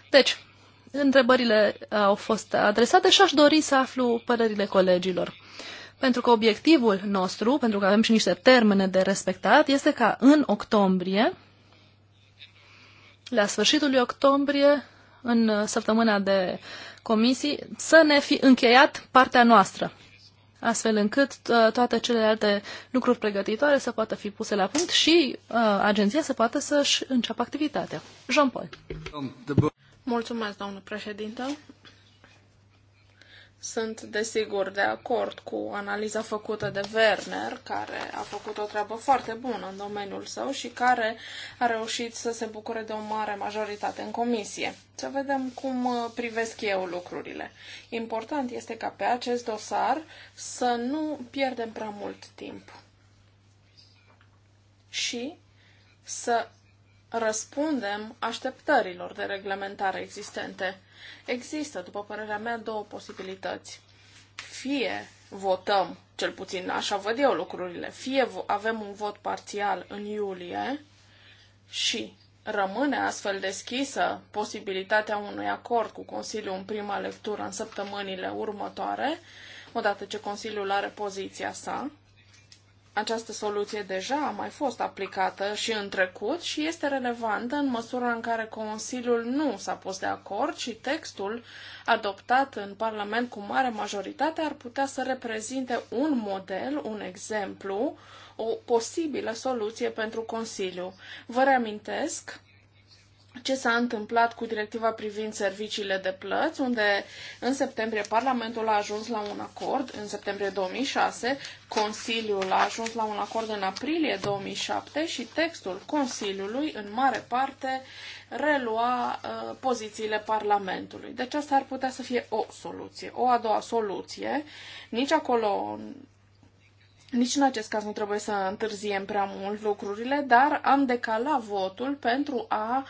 Deci, întrebările uh, au fost adresate și aș dori să aflu părerile colegilor. Pentru că obiectivul nostru, pentru că avem și niște termene de respectat, este ca în octombrie, la sfârșitul lui octombrie, în săptămâna de comisii să ne fi încheiat partea noastră, astfel încât ă, toate celelalte lucruri pregătitoare să poată fi puse la punct și uh, agenția să poată să-și înceapă activitatea. Jean-Paul. Mulțumesc, doamnă președintă. Sunt, desigur, de acord cu analiza făcută de Werner, care a făcut o treabă foarte bună în domeniul său și care a reușit să se bucure de o mare majoritate în comisie. Să vedem cum uh, privesc eu lucrurile. Important este ca pe acest dosar să nu pierdem prea mult timp și să răspundem așteptărilor de reglementare existente Există, după părerea mea, două posibilități. Fie votăm, cel puțin așa văd eu lucrurile, fie avem un vot parțial în iulie și rămâne astfel deschisă posibilitatea unui acord cu Consiliul în prima lectură în săptămânile următoare, odată ce Consiliul are poziția sa, această soluție deja a mai fost aplicată și în trecut și este relevantă în măsura în care Consiliul nu s-a pus de acord și textul adoptat în Parlament cu mare majoritate ar putea să reprezinte un model, un exemplu, o posibilă soluție pentru Consiliu. Vă reamintesc ce s-a întâmplat cu directiva privind serviciile de plăți, unde în septembrie Parlamentul a ajuns la un acord, în septembrie 2006, Consiliul a ajuns la un acord în aprilie 2007 și textul Consiliului, în mare parte, relua uh, pozițiile Parlamentului. Deci asta ar putea să fie o soluție. O a doua soluție, nici acolo nici în acest caz nu trebuie să întârziem prea mult lucrurile, dar am decalat votul pentru a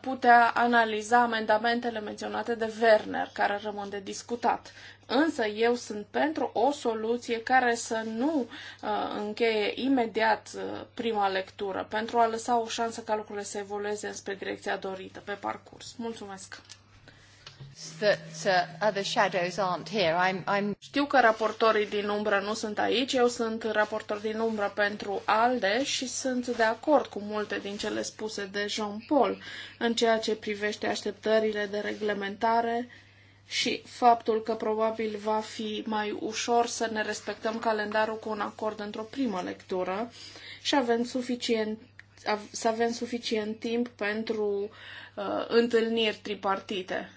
putea analiza amendamentele menționate de Werner, care rămân de discutat. Însă eu sunt pentru o soluție care să nu uh, încheie imediat uh, prima lectură, pentru a lăsa o șansă ca lucrurile să evolueze spre direcția dorită pe parcurs. Mulțumesc! Uh, Știu că raportorii din umbră nu sunt aici, eu sunt raportor din umbră pentru ALDE și sunt de acord cu multe din cele spuse de Jean-Paul în ceea ce privește așteptările de reglementare și faptul că probabil va fi mai ușor să ne respectăm calendarul cu un acord într-o primă lectură și avem suficient, să avem suficient timp pentru uh, întâlniri tripartite.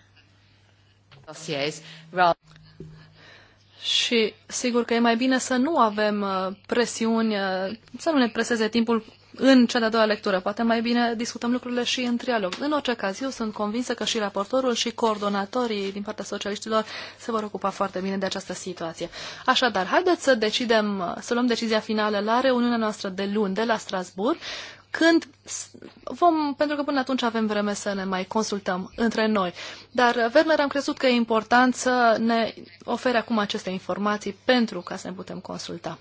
Și sigur că e mai bine să nu avem uh, presiuni, uh, să nu ne preseze timpul în cea de-a doua lectură. Poate mai bine discutăm lucrurile și în trialog. În orice caz, eu sunt convinsă că și raportorul și coordonatorii din partea socialiștilor se vor ocupa foarte bine de această situație. Așadar, haideți să decidem, uh, să luăm decizia finală la reuniunea noastră de luni de la Strasburg când vom, pentru că până atunci avem vreme să ne mai consultăm între noi. Dar, uh, Werner, am crezut că e important să ne ofere acum aceste informații pentru ca să ne putem consulta.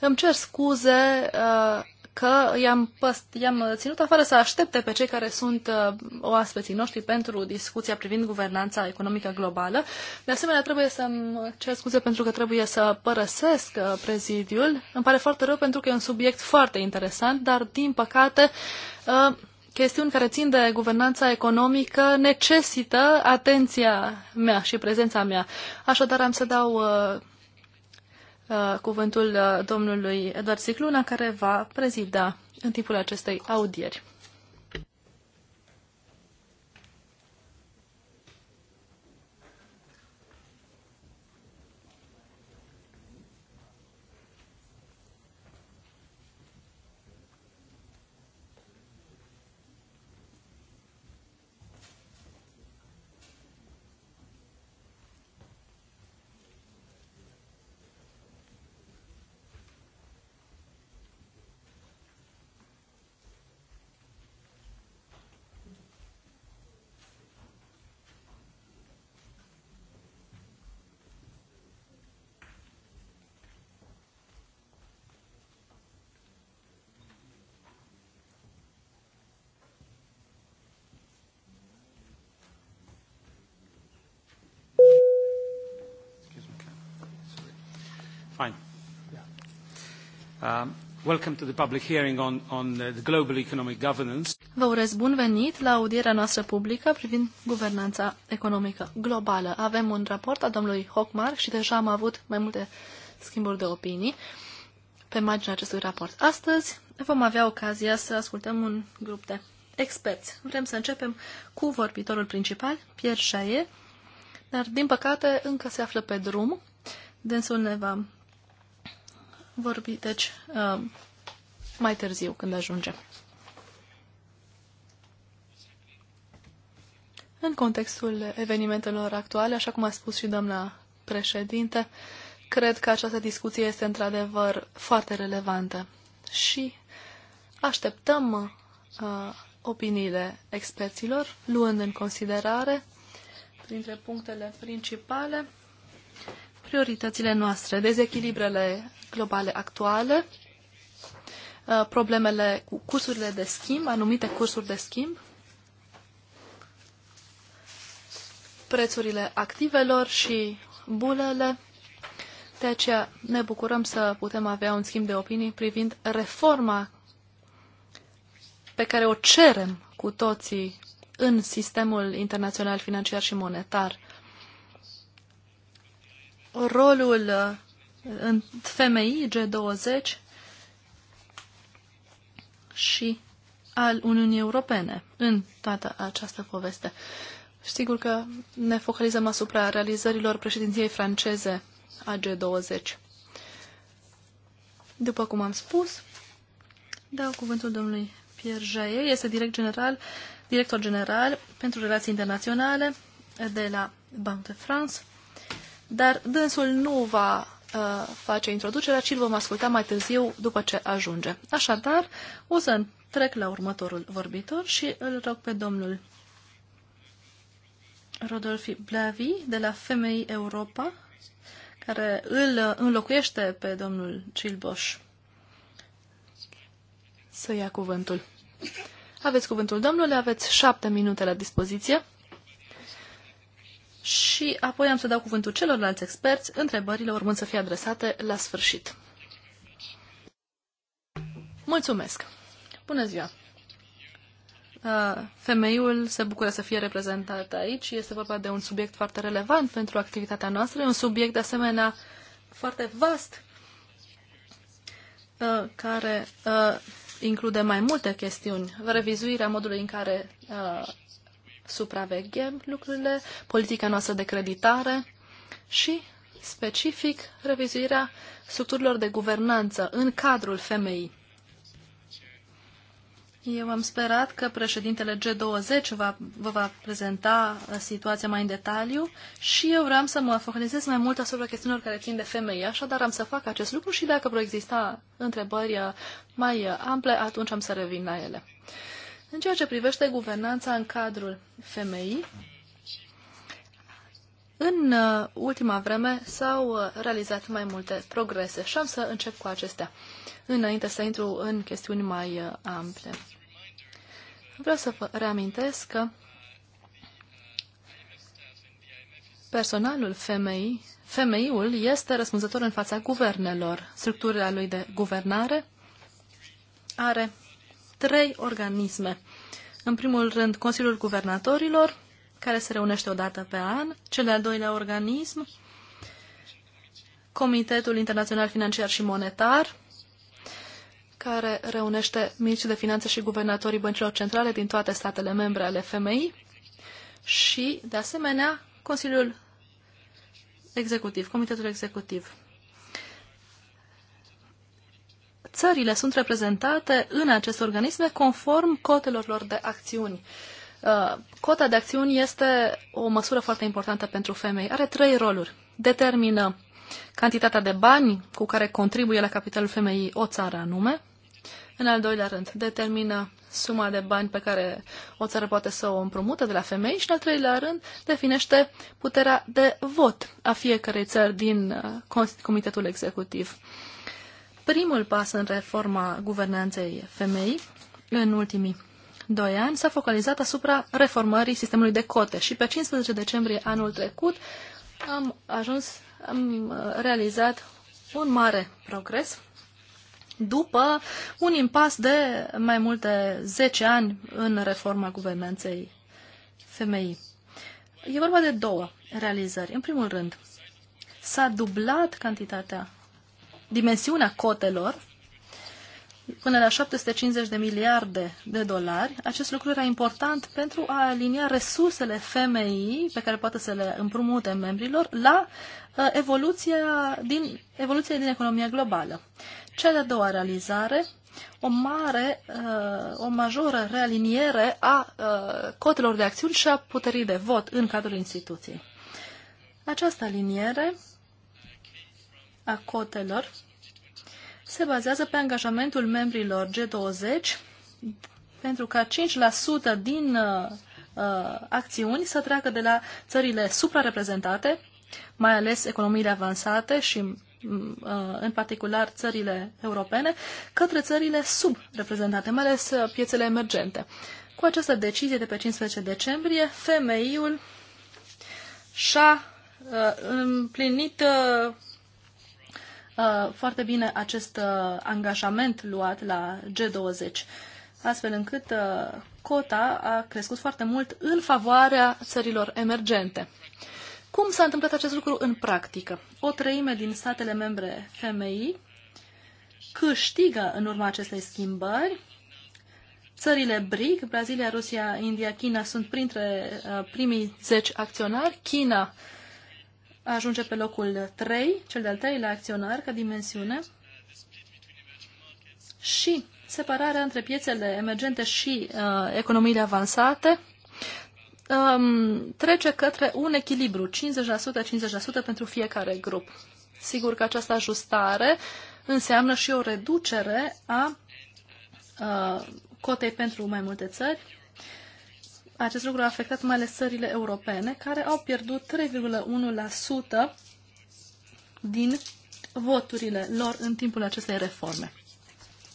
Îmi cer scuze uh, că i-am, i-am ținut afară să aștepte pe cei care sunt uh, oaspeții noștri pentru discuția privind guvernanța economică globală. De asemenea, trebuie să-mi cer scuze pentru că trebuie să părăsesc uh, prezidiul. Îmi pare foarte rău pentru că e un subiect foarte interesant, dar, din păcate, uh, chestiuni care țin de guvernanța economică necesită atenția mea și prezența mea. Așadar, am să dau uh, Uh, cuvântul uh, domnului Eduard Sicluna, care va prezida în timpul acestei audieri. Um, welcome to the public hearing on, on uh, the global economic governance. Vă urez bun venit la audierea noastră publică privind guvernanța economică globală. Avem un raport al domnului Hochmark și deja am avut mai multe schimburi de opinii pe marginea acestui raport. Astăzi vom avea ocazia să ascultăm un grup de experți. Vrem să începem cu vorbitorul principal, Pierre Chaillet, dar din păcate încă se află pe drum. Dânsul ne va vorbi, deci, uh, mai târziu, când ajungem. În contextul evenimentelor actuale, așa cum a spus și doamna președinte, cred că această discuție este într-adevăr foarte relevantă și așteptăm uh, opiniile experților, luând în considerare, printre punctele principale, prioritățile noastre, dezechilibrele globale actuale, uh, problemele cu cursurile de schimb, anumite cursuri de schimb, prețurile activelor și bulele. De aceea ne bucurăm să putem avea un schimb de opinii privind reforma pe care o cerem cu toții în sistemul internațional financiar și monetar rolul uh, în femei G20 și al Uniunii Europene în toată această poveste. Sigur că ne focalizăm asupra realizărilor președinției franceze a G20. După cum am spus, dau cuvântul domnului Pierre Jaie, este direct general, director general pentru relații internaționale de la Banque de France dar dânsul nu va uh, face introducerea, ci îl vom asculta mai târziu după ce ajunge. Așadar, o să trec la următorul vorbitor și îl rog pe domnul Rodolfi Blavi de la Femei Europa, care îl uh, înlocuiește pe domnul Cilboș să ia cuvântul. Aveți cuvântul, domnule, aveți șapte minute la dispoziție și apoi am să dau cuvântul celorlalți experți, întrebările urmând să fie adresate la sfârșit. Mulțumesc! Bună ziua! Uh, femeiul se bucură să fie reprezentat aici. Este vorba de un subiect foarte relevant pentru activitatea noastră. E un subiect, de asemenea, foarte vast, uh, care uh, include mai multe chestiuni. Revizuirea modului în care supraveghem lucrurile, politica noastră de creditare și, specific, revizuirea structurilor de guvernanță în cadrul femeii. Eu am sperat că președintele G20 va, vă va prezenta uh, situația mai în detaliu și eu vreau să mă focalizez mai mult asupra chestiunilor care țin de femei. Așadar am să fac acest lucru și dacă vor exista întrebări uh, mai uh, ample, atunci am să revin la ele. În ceea ce privește guvernanța în cadrul femeii, în uh, ultima vreme s-au uh, realizat mai multe progrese și am să încep cu acestea, înainte să intru în chestiuni mai uh, ample. Vreau să vă reamintesc că personalul femei, femeiul este răspunzător în fața guvernelor. Structura lui de guvernare are trei organisme. În primul rând, Consiliul Guvernatorilor, care se reunește o dată pe an, cel de-al doilea organism, Comitetul Internațional Financiar și Monetar, care reunește ministrii de finanțe și guvernatorii băncilor centrale din toate statele membre ale FMI și, de asemenea, Consiliul Executiv, Comitetul Executiv. țările sunt reprezentate în aceste organisme conform cotelor lor de acțiuni. Uh, cota de acțiuni este o măsură foarte importantă pentru femei. Are trei roluri. Determină cantitatea de bani cu care contribuie la capitalul femeii o țară anume. În al doilea rând, determină suma de bani pe care o țară poate să o împrumute de la femei și, în al treilea rând, definește puterea de vot a fiecărei țări din uh, Comitetul Executiv primul pas în reforma guvernanței femei în ultimii doi ani s-a focalizat asupra reformării sistemului de cote și pe 15 decembrie anul trecut am ajuns, am uh, realizat un mare progres după un impas de mai multe 10 ani în reforma guvernanței femeii. E vorba de două realizări. În primul rând, s-a dublat cantitatea dimensiunea cotelor până la 750 de miliarde de dolari. Acest lucru era important pentru a alinia resursele FMI pe care poate să le împrumute membrilor la uh, evoluția din, evoluția din economia globală. Cea de-a doua realizare, o mare, uh, o majoră realiniere a uh, cotelor de acțiuni și a puterii de vot în cadrul instituției. Această aliniere a cotelor se bazează pe angajamentul membrilor G20 pentru ca 5% din uh, uh, acțiuni să treacă de la țările suprareprezentate, mai ales economiile avansate și mm, uh, în particular țările europene, către țările subreprezentate, mai ales uh, piețele emergente. Cu această decizie de pe 15 decembrie, FMI-ul și-a uh, împlinit uh, Uh, foarte bine acest uh, angajament luat la G20, astfel încât uh, cota a crescut foarte mult în favoarea țărilor emergente. Cum s-a întâmplat acest lucru în practică? O treime din statele membre femei câștigă în urma acestei schimbări. Țările BRIC, Brazilia, Rusia, India, China sunt printre uh, primii 10 acționari. China uh, ajunge pe locul 3, cel de-al treilea acționar ca dimensiune, și separarea între piețele emergente și uh, economiile avansate um, trece către un echilibru, 50%-50% pentru fiecare grup. Sigur că această ajustare înseamnă și o reducere a uh, cotei pentru mai multe țări, acest lucru a afectat mai ales țările europene, care au pierdut 3,1% din voturile lor în timpul acestei reforme.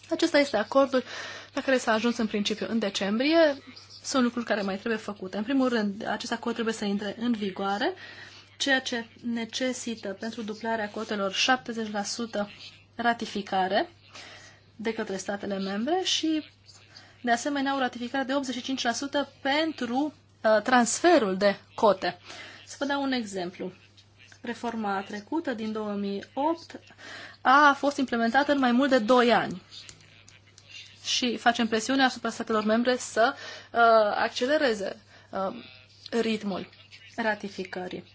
Acesta este acordul la care s-a ajuns în principiu în decembrie. Sunt lucruri care mai trebuie făcute. În primul rând, acest acord trebuie să intre în vigoare, ceea ce necesită pentru duplarea cotelor 70% ratificare de către statele membre și de asemenea o ratificare de 85% pentru uh, transferul de cote. Să vă dau un exemplu. Reforma trecută din 2008 a fost implementată în mai mult de 2 ani și facem presiune asupra statelor membre să uh, accelereze uh, ritmul ratificării.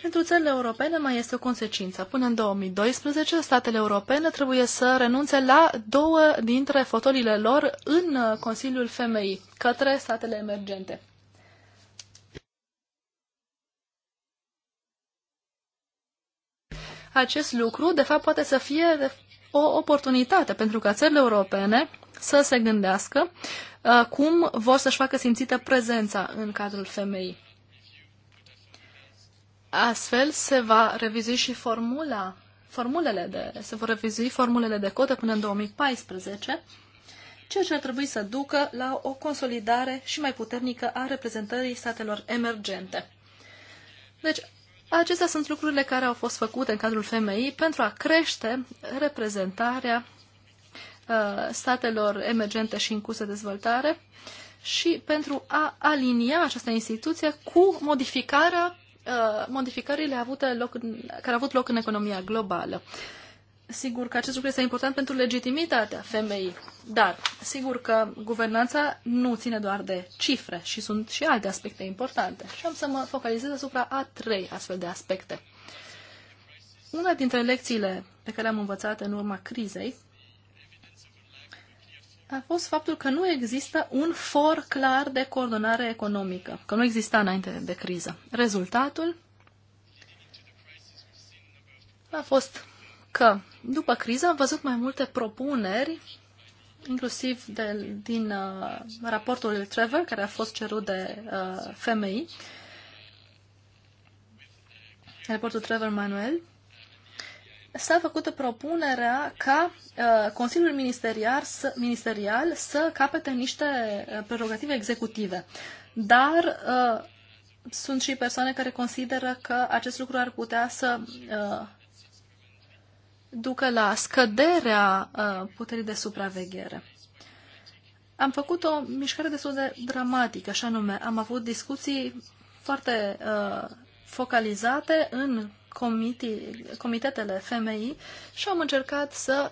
Pentru țările europene mai este o consecință. Până în 2012, statele europene trebuie să renunțe la două dintre fotolile lor în uh, Consiliul Femeii, către statele emergente. Acest lucru, de fapt, poate să fie o oportunitate pentru ca țările europene să se gândească uh, cum vor să-și facă simțită prezența în cadrul femeii. Astfel se va revizui și formula, formulele de, se vor revizui formulele de cotă până în 2014, ceea ce ar trebui să ducă la o consolidare și mai puternică a reprezentării statelor emergente. Deci, acestea sunt lucrurile care au fost făcute în cadrul FMI pentru a crește reprezentarea uh, statelor emergente și în curs de dezvoltare și pentru a alinia această instituție cu modificarea Uh, modificările avute loc, care au avut loc în economia globală. Sigur că acest lucru este important pentru legitimitatea femeii, dar sigur că guvernanța nu ține doar de cifre și sunt și alte aspecte importante. Și am să mă focalizez asupra a trei astfel de aspecte. Una dintre lecțiile pe care le-am învățat în urma crizei a fost faptul că nu există un for clar de coordonare economică, că nu exista înainte de criză. Rezultatul a fost că după criză am văzut mai multe propuneri, inclusiv de, din uh, raportul lui Trevor, care a fost cerut de uh, FMI, raportul Trevor Manuel, s-a făcut propunerea ca uh, Consiliul ministerial să, ministerial să capete niște uh, prerogative executive. Dar uh, sunt și persoane care consideră că acest lucru ar putea să uh, ducă la scăderea uh, puterii de supraveghere. Am făcut o mișcare destul de dramatică, așa nume. Am avut discuții foarte uh, focalizate în comite, comitetele FMI și am încercat să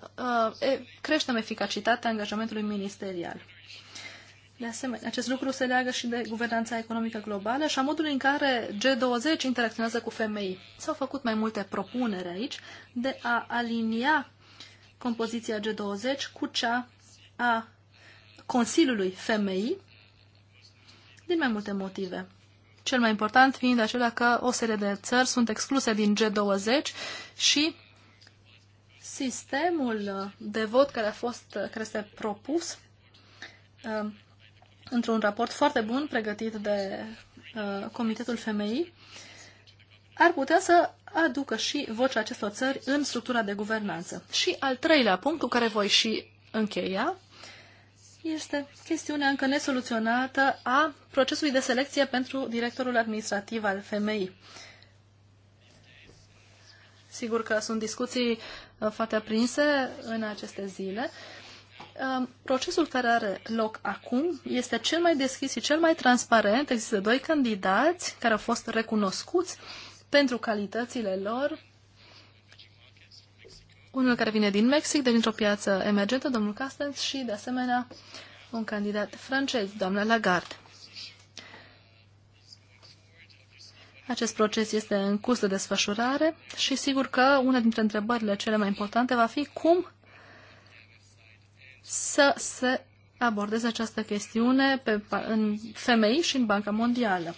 uh, creștem eficacitatea angajamentului ministerial. De asemenea, acest lucru se leagă și de guvernanța economică globală și a modului în care G20 interacționează cu FMI. S-au făcut mai multe propuneri aici de a alinia compoziția G20 cu cea a Consiliului FMI din mai multe motive cel mai important fiind acela că o serie de țări sunt excluse din G20 și sistemul de vot care a fost, care este propus um, într-un raport foarte bun pregătit de uh, Comitetul Femeii, ar putea să aducă și vocea acestor țări în structura de guvernanță. Și al treilea punct cu care voi și încheia este chestiunea încă nesoluționată a procesului de selecție pentru directorul administrativ al FMI. Sigur că sunt discuții uh, foarte aprinse în aceste zile. Uh, procesul care are loc acum este cel mai deschis și cel mai transparent. Există doi candidați care au fost recunoscuți pentru calitățile lor unul care vine din Mexic, de dintr-o piață emergentă, domnul Castells, și, de asemenea, un candidat francez, doamna Lagarde. Acest proces este în curs de desfășurare și sigur că una dintre întrebările cele mai importante va fi cum să se abordeze această chestiune pe, în femei și în Banca Mondială.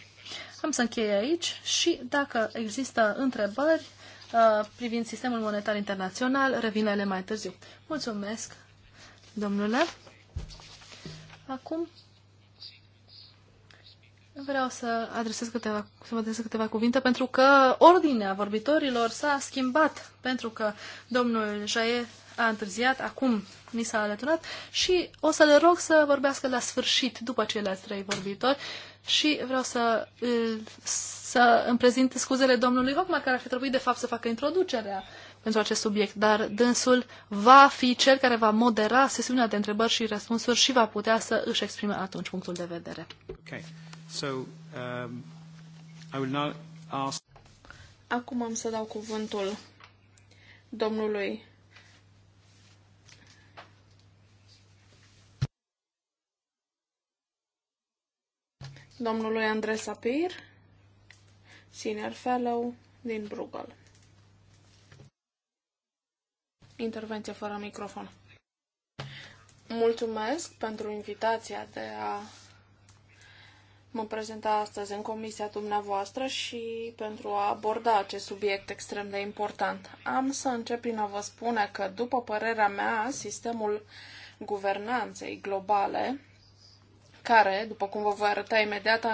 Am să închei aici și dacă există întrebări, Uh, privind sistemul monetar internațional. Revin ele mai târziu. Mulțumesc, domnule. Acum vreau să adresez câteva, să vă adresez câteva cuvinte pentru că ordinea vorbitorilor s-a schimbat pentru că domnul Jaie a întârziat, acum mi s-a alăturat și o să le rog să vorbească la sfârșit după ceilalți trei vorbitori și vreau să, să îmi prezint scuzele domnului Hockman, care ar fi trebuit de fapt să facă introducerea pentru acest subiect, dar dânsul va fi cel care va modera sesiunea de întrebări și răspunsuri și va putea să își exprime atunci punctul de vedere. Okay. So, um, I will now ask... Acum am să dau cuvântul domnului domnului Andrei Sapir, Senior Fellow din Bruegel. Intervenție fără microfon. Mulțumesc pentru invitația de a mă prezenta astăzi în comisia dumneavoastră și pentru a aborda acest subiect extrem de important. Am să încep prin a vă spune că, după părerea mea, sistemul guvernanței globale care, după cum vă voi arăta imediat,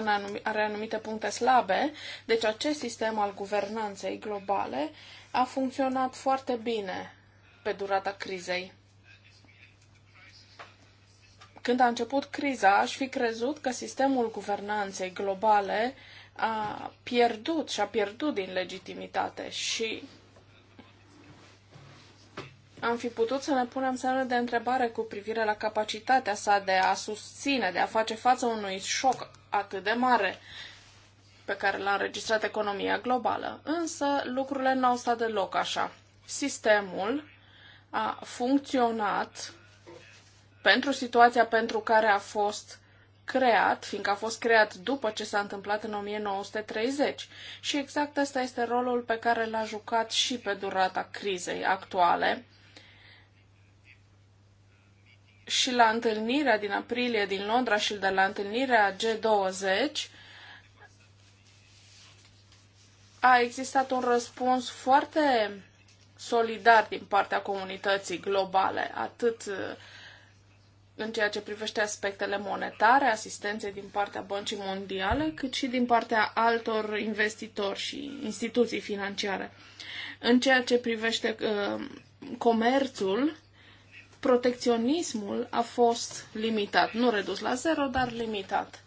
are anumite puncte slabe. Deci acest sistem al guvernanței globale a funcționat foarte bine pe durata crizei. Când a început criza, aș fi crezut că sistemul guvernanței globale a pierdut și a pierdut din legitimitate și am fi putut să ne punem semne de întrebare cu privire la capacitatea sa de a susține, de a face față unui șoc atât de mare pe care l-a înregistrat economia globală. Însă lucrurile nu au stat deloc așa. Sistemul a funcționat pentru situația pentru care a fost creat, fiindcă a fost creat după ce s-a întâmplat în 1930. Și exact ăsta este rolul pe care l-a jucat și pe durata crizei actuale, și la întâlnirea din aprilie din Londra și de la întâlnirea G20 a existat un răspuns foarte solidar din partea comunității globale, atât uh, în ceea ce privește aspectele monetare, asistenței din partea băncii mondiale, cât și din partea altor investitori și instituții financiare. În ceea ce privește uh, comerțul, protecționismul a fost limitat, nu redus la zero, dar limitat.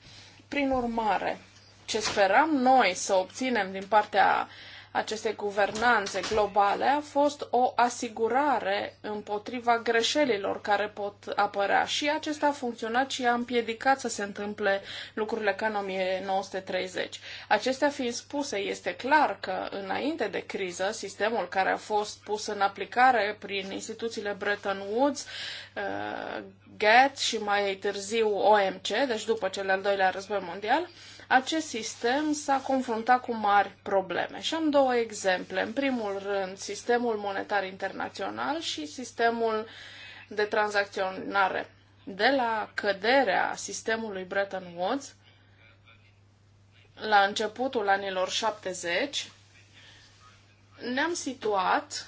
Prin urmare, ce speram noi să obținem din partea acestei guvernanțe globale a fost o asigurare împotriva greșelilor care pot apărea și acesta a funcționat și a împiedicat să se întâmple lucrurile ca în 1930. Acestea fiind spuse, este clar că înainte de criză, sistemul care a fost pus în aplicare prin instituțiile Bretton Woods, uh, GATT și mai târziu OMC, deci după cel al doilea război mondial, acest sistem s-a confruntat cu mari probleme. Și am două exemple. În primul rând, sistemul monetar internațional și sistemul de tranzacționare. De la căderea sistemului Bretton Woods, la începutul anilor 70, ne-am situat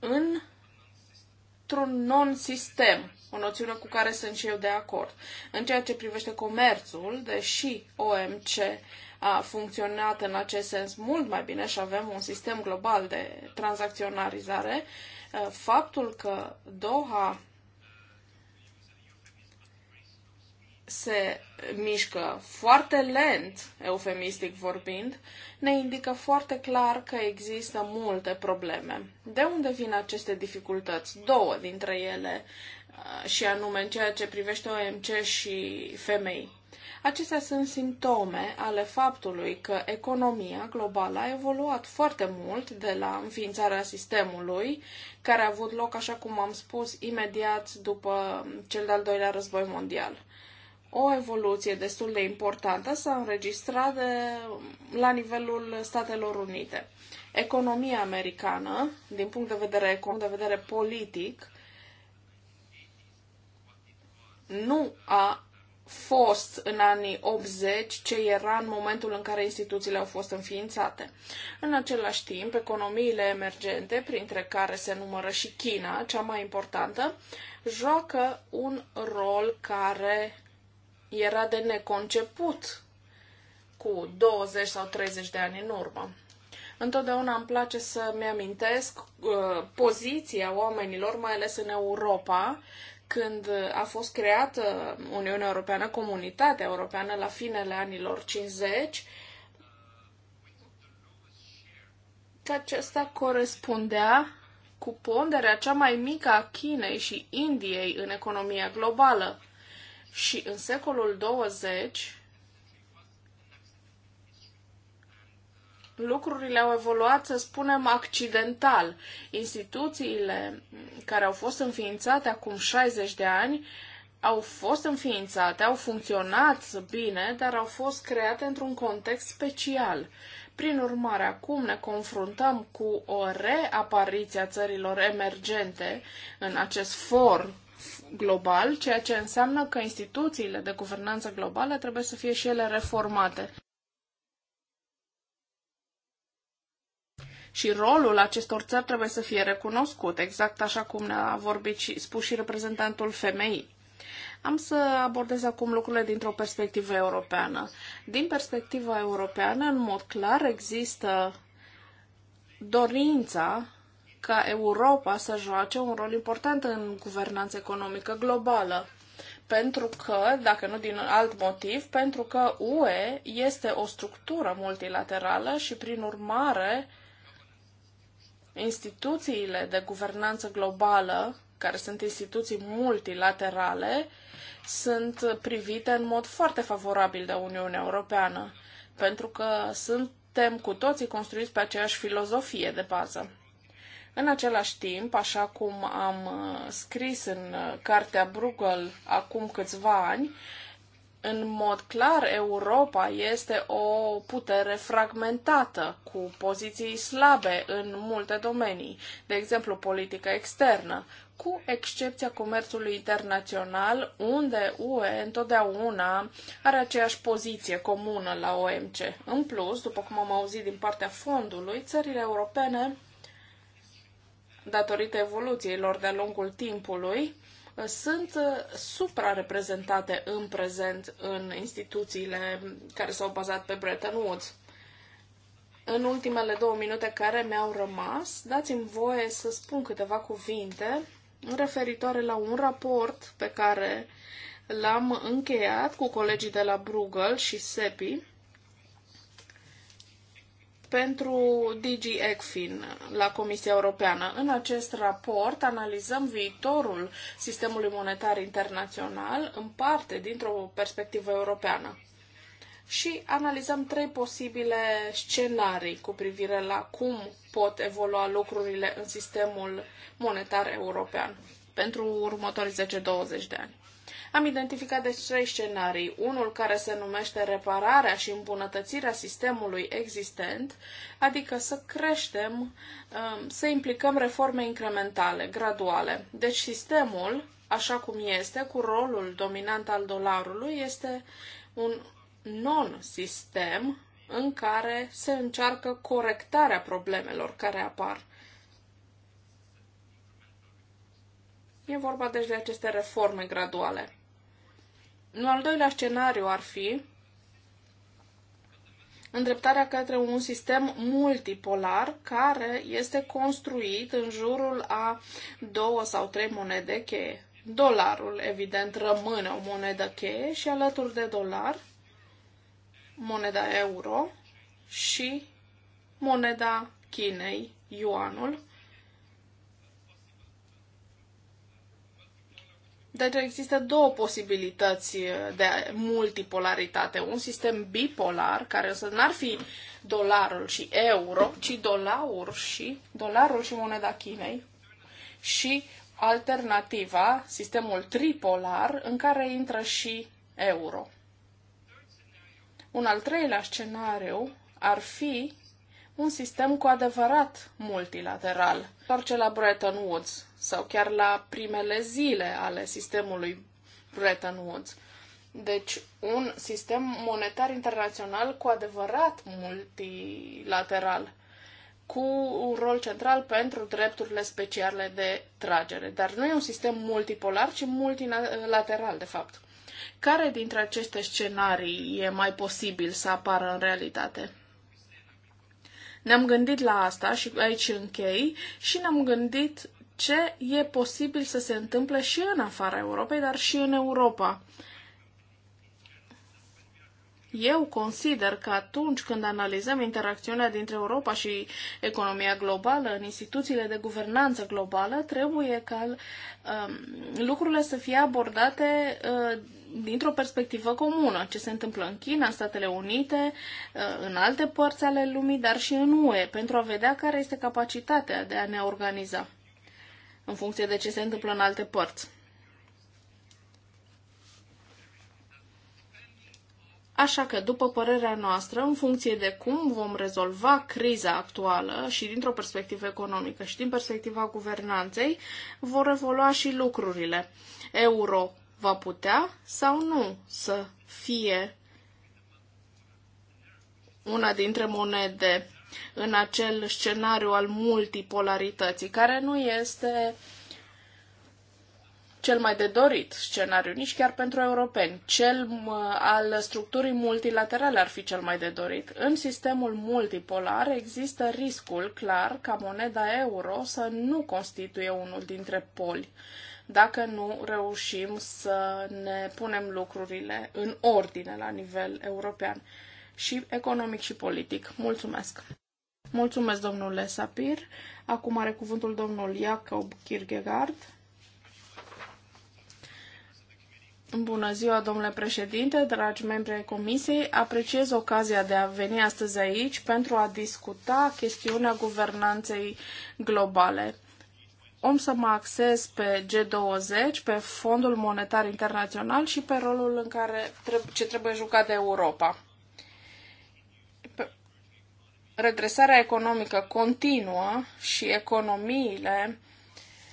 într-un non-sistem o noțiune cu care sunt și eu de acord. În ceea ce privește comerțul, deși OMC a funcționat în acest sens mult mai bine și avem un sistem global de tranzacționarizare, uh, faptul că Doha se mișcă foarte lent, eufemistic vorbind, ne indică foarte clar că există multe probleme. De unde vin aceste dificultăți? Două dintre ele Uh, și anume în ceea ce privește OMC și femei. Acestea sunt simptome ale faptului că economia globală a evoluat foarte mult de la înființarea sistemului, care a avut loc, așa cum am spus, imediat după cel de-al doilea război mondial. O evoluție destul de importantă s-a înregistrat de, la nivelul Statelor Unite. Economia americană, din punct de vedere, punct de vedere politic, nu a fost în anii 80 ce era în momentul în care instituțiile au fost înființate. În același timp, economiile emergente, printre care se numără și China, cea mai importantă, joacă un rol care era de neconceput cu 20 sau 30 de ani în urmă. Întotdeauna îmi place să-mi amintesc uh, poziția oamenilor, mai ales în Europa, când a fost creată Uniunea Europeană, Comunitatea Europeană, la finele anilor 50, că acesta corespundea cu ponderea cea mai mică a Chinei și Indiei în economia globală. Și în secolul 20, lucrurile au evoluat, să spunem, accidental. Instituțiile care au fost înființate acum 60 de ani au fost înființate, au funcționat bine, dar au fost create într-un context special. Prin urmare, acum ne confruntăm cu o reapariție a țărilor emergente în acest for global, ceea ce înseamnă că instituțiile de guvernanță globală trebuie să fie și ele reformate. și rolul acestor țări trebuie să fie recunoscut, exact așa cum ne-a vorbit și spus și reprezentantul femeii. Am să abordez acum lucrurile dintr-o perspectivă europeană. Din perspectiva europeană, în mod clar, există dorința ca Europa să joace un rol important în guvernanța economică globală. Pentru că, dacă nu din alt motiv, pentru că UE este o structură multilaterală și, prin urmare, instituțiile de guvernanță globală, care sunt instituții multilaterale, sunt privite în mod foarte favorabil de Uniunea Europeană, pentru că suntem cu toții construiți pe aceeași filozofie de bază. În același timp, așa cum am scris în uh, cartea Bruegel acum câțiva ani, în mod clar, Europa este o putere fragmentată, cu poziții slabe în multe domenii, de exemplu politica externă, cu excepția comerțului internațional, unde UE întotdeauna are aceeași poziție comună la OMC. În plus, după cum am auzit din partea fondului, țările europene, datorită evoluțiilor de-a lungul timpului, sunt uh, suprareprezentate în prezent în instituțiile care s-au bazat pe Bretton Woods. În ultimele două minute care mi-au rămas, dați-mi voie să spun câteva cuvinte referitoare la un raport pe care l-am încheiat cu colegii de la Bruegel și SEPI, pentru DG ECFIN la Comisia Europeană. În acest raport analizăm viitorul sistemului monetar internațional în parte dintr-o perspectivă europeană și analizăm trei posibile scenarii cu privire la cum pot evolua lucrurile în sistemul monetar european pentru următorii 10-20 de ani. Am identificat deci trei scenarii. Unul care se numește repararea și îmbunătățirea sistemului existent, adică să creștem, um, să implicăm reforme incrementale, graduale. Deci sistemul, așa cum este, cu rolul dominant al dolarului, este un non-sistem în care se încearcă corectarea problemelor care apar. E vorba deci de aceste reforme graduale. În al doilea scenariu ar fi îndreptarea către un sistem multipolar care este construit în jurul a două sau trei monede cheie. Dolarul, evident, rămâne o monedă cheie și alături de dolar, moneda euro și moneda Chinei, yuanul, Deci există două posibilități de multipolaritate. Un sistem bipolar, care însă n-ar fi dolarul și euro, ci dolarul și, dolarul și moneda Chinei. Și alternativa, sistemul tripolar, în care intră și euro. Un al treilea scenariu ar fi un sistem cu adevărat multilateral. Întoarce la Bretton Woods sau chiar la primele zile ale sistemului Bretton Woods. Deci, un sistem monetar internațional cu adevărat multilateral, cu un rol central pentru drepturile speciale de tragere. Dar nu e un sistem multipolar, ci multilateral, de fapt. Care dintre aceste scenarii e mai posibil să apară în realitate? Ne-am gândit la asta și aici închei și ne-am gândit ce e posibil să se întâmple și în afara Europei, dar și în Europa. Eu consider că atunci când analizăm interacțiunea dintre Europa și economia globală, în instituțiile de guvernanță globală, trebuie ca um, lucrurile să fie abordate uh, dintr-o perspectivă comună. Ce se întâmplă în China, în Statele Unite, uh, în alte părți ale lumii, dar și în UE, pentru a vedea care este capacitatea de a ne organiza în funcție de ce se întâmplă în alte părți. Așa că, după părerea noastră, în funcție de cum vom rezolva criza actuală și dintr-o perspectivă economică și din perspectiva guvernanței, vor evolua și lucrurile. Euro va putea sau nu să fie una dintre monede în acel scenariu al multipolarității, care nu este cel mai de dorit scenariu, nici chiar pentru europeni. Cel al structurii multilaterale ar fi cel mai de dorit. În sistemul multipolar există riscul clar ca moneda euro să nu constituie unul dintre poli dacă nu reușim să ne punem lucrurile în ordine la nivel european și economic și politic. Mulțumesc! Mulțumesc, domnule Sapir. Acum are cuvântul domnul Jacob Kierkegaard. Bună ziua, domnule președinte, dragi membri ai comisiei. Apreciez ocazia de a veni astăzi aici pentru a discuta chestiunea guvernanței globale. Om să mă axez pe G20, pe Fondul Monetar Internațional și pe rolul în care ce trebuie jucat de Europa redresarea economică continuă și economiile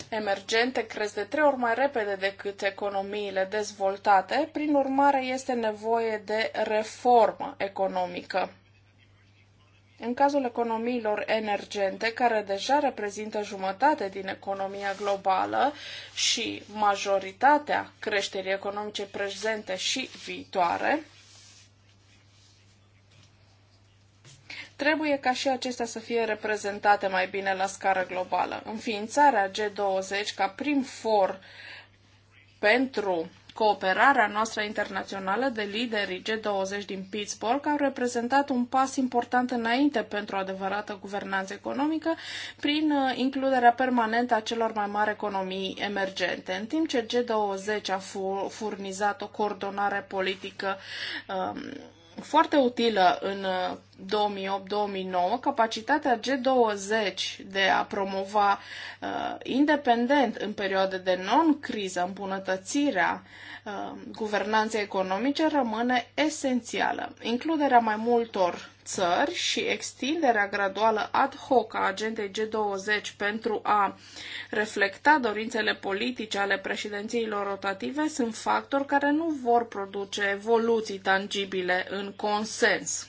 emergente cresc de trei ori mai repede decât economiile dezvoltate, prin urmare este nevoie de reformă economică. În cazul economiilor emergente, care deja reprezintă jumătate din economia globală și majoritatea creșterii economice prezente și viitoare, Trebuie ca și acestea să fie reprezentate mai bine la scară globală. Înființarea G20 ca prim for pentru Cooperarea noastră internațională de liderii G20 din Pittsburgh au reprezentat un pas important înainte pentru o adevărată guvernanță economică prin uh, includerea permanentă a celor mai mari economii emergente, în timp ce G20 a furnizat o coordonare politică um, foarte utilă în 2008-2009, uh, capacitatea G20 de a promova uh, independent în perioade de non-criză îmbunătățirea Um, guvernanței economice rămâne esențială. Includerea mai multor țări și extinderea graduală ad hoc a agendei G20 pentru a reflecta dorințele politice ale președințiilor rotative sunt factori care nu vor produce evoluții tangibile în consens.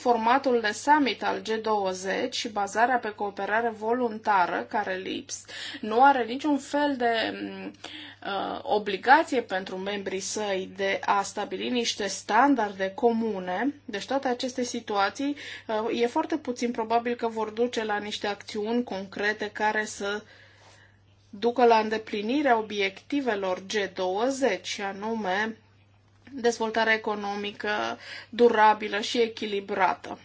formatul de summit al G20 și bazarea pe cooperare voluntară care lips nu are niciun fel de mm, uh, obligație pentru membrii săi de a stabili niște standarde comune. Deci toate aceste situații uh, e foarte puțin probabil că vor duce la niște acțiuni concrete care să ducă la îndeplinirea obiectivelor G20 și anume dezvoltare economică durabilă și echilibrată.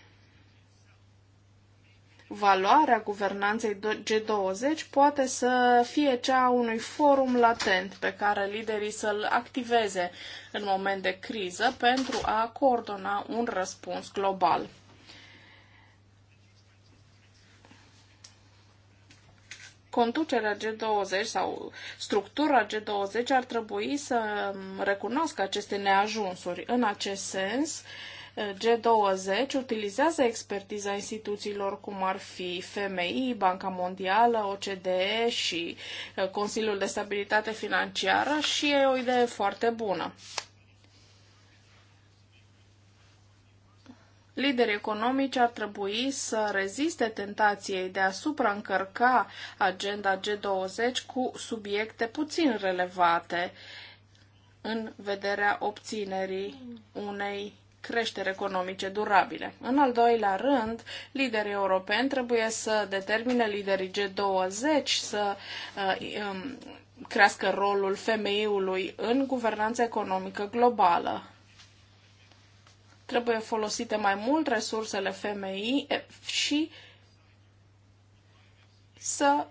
Valoarea guvernanței G20 poate să fie cea a unui forum latent pe care liderii să-l activeze în moment de criză pentru a coordona un răspuns global. conducerea G20 sau structura G20 ar trebui să recunoască aceste neajunsuri. În acest sens, G20 utilizează expertiza instituțiilor cum ar fi FMI, Banca Mondială, OCDE și uh, Consiliul de Stabilitate Financiară și e o idee foarte bună. Liderii economici ar trebui să reziste tentației de a supraîncărca agenda G20 cu subiecte puțin relevate în vederea obținerii unei creșteri economice durabile. În al doilea rând, liderii europeni trebuie să determine liderii G20 să uh, um, crească rolul femeiului în guvernanța economică globală. Trebuie folosite mai mult resursele FMI și să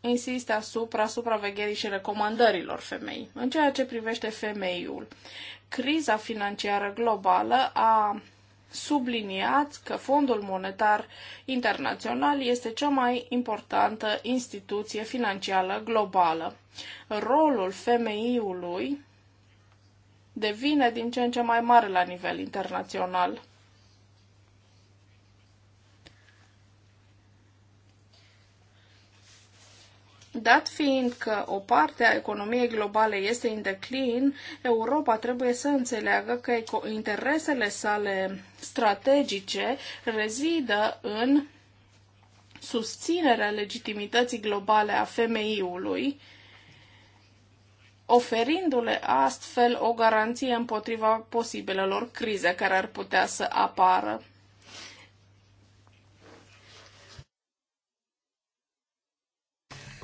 insiste asupra supravegherii și recomandărilor femei. În ceea ce privește femeiul, criza financiară globală a subliniat că Fondul Monetar Internațional este cea mai importantă instituție financiară globală. Rolul femeiului devine din ce în ce mai mare la nivel internațional. Dat fiind că o parte a economiei globale este în declin, Europa trebuie să înțeleagă că interesele sale strategice rezidă în susținerea legitimității globale a femeiului oferindu-le astfel o garanție împotriva posibilelor crize care ar putea să apară.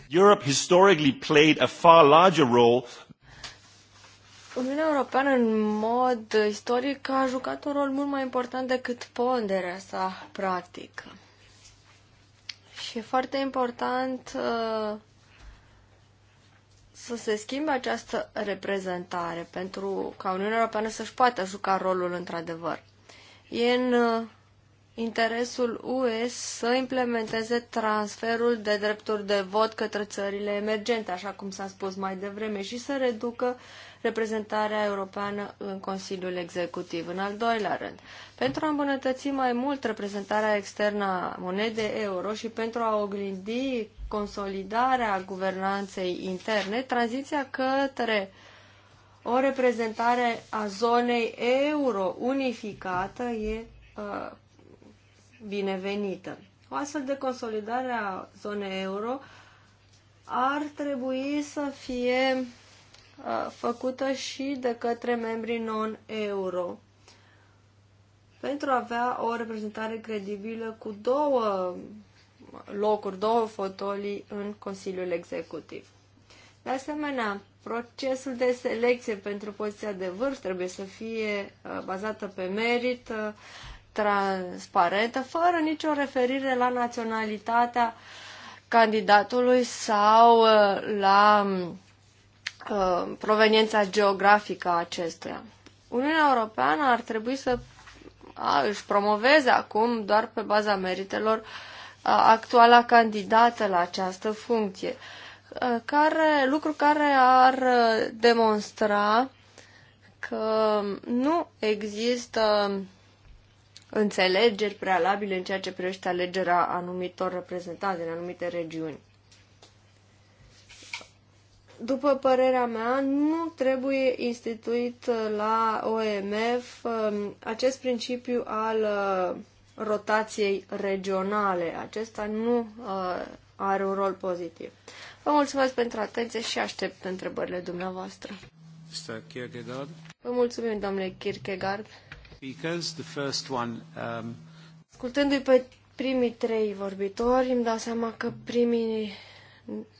Europe historically played a far larger role Uniunea Europeană în mod istoric a jucat un rol mult mai important decât ponderea sa practică. Și e foarte important uh, să se schimbe această reprezentare pentru ca Uniunea Europeană să-și poată juca rolul într-adevăr. E în uh, interesul UE să implementeze transferul de drepturi de vot către țările emergente, așa cum s-a spus mai devreme, și să reducă reprezentarea europeană în Consiliul Executiv. În al doilea rând, pentru a îmbunătăți mai mult reprezentarea externă a monedei euro și pentru a oglindi consolidarea guvernanței interne, tranziția către o reprezentare a zonei euro unificată e uh, binevenită. O astfel de consolidare a zonei euro ar trebui să fie uh, făcută și de către membrii non-euro pentru a avea o reprezentare credibilă cu două locuri, două fotolii în Consiliul Executiv. De asemenea, procesul de selecție pentru poziția de vârf trebuie să fie uh, bazată pe merit, uh, transparentă, fără nicio referire la naționalitatea candidatului sau uh, la proveniența geografică a acestuia. Uniunea Europeană ar trebui să își promoveze acum doar pe baza meritelor uh, actuala candidată la această funcție, care, lucru care ar demonstra că nu există înțelegeri prealabile în ceea ce privește alegerea anumitor reprezentanți în anumite regiuni. După părerea mea, nu trebuie instituit la OMF um, acest principiu al uh, rotației regionale. Acesta nu uh, are un rol pozitiv. Vă mulțumesc pentru atenție și aștept întrebările dumneavoastră. Vă mulțumim, domnule Kierkegaard. the first one, um, Ascultându-i pe primii trei vorbitori, îmi dau seama că primii,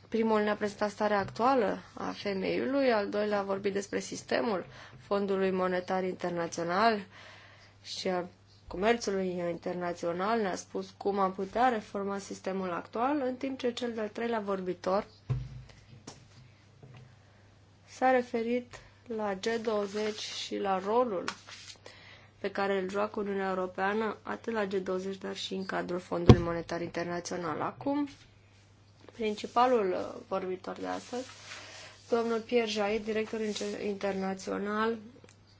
primul ne-a prezentat starea actuală a femeiului, al doilea a vorbit despre sistemul Fondului Monetar Internațional și al Comerțului Internațional ne-a spus cum am putea reforma sistemul actual, în timp ce cel de-al treilea vorbitor s-a referit la G20 și la rolul pe care îl joacă Uniunea Europeană, atât la G20, dar și în cadrul Fondului Monetar Internațional. Acum, principalul uh, vorbitor de astăzi, domnul Pierre Jai, director internațional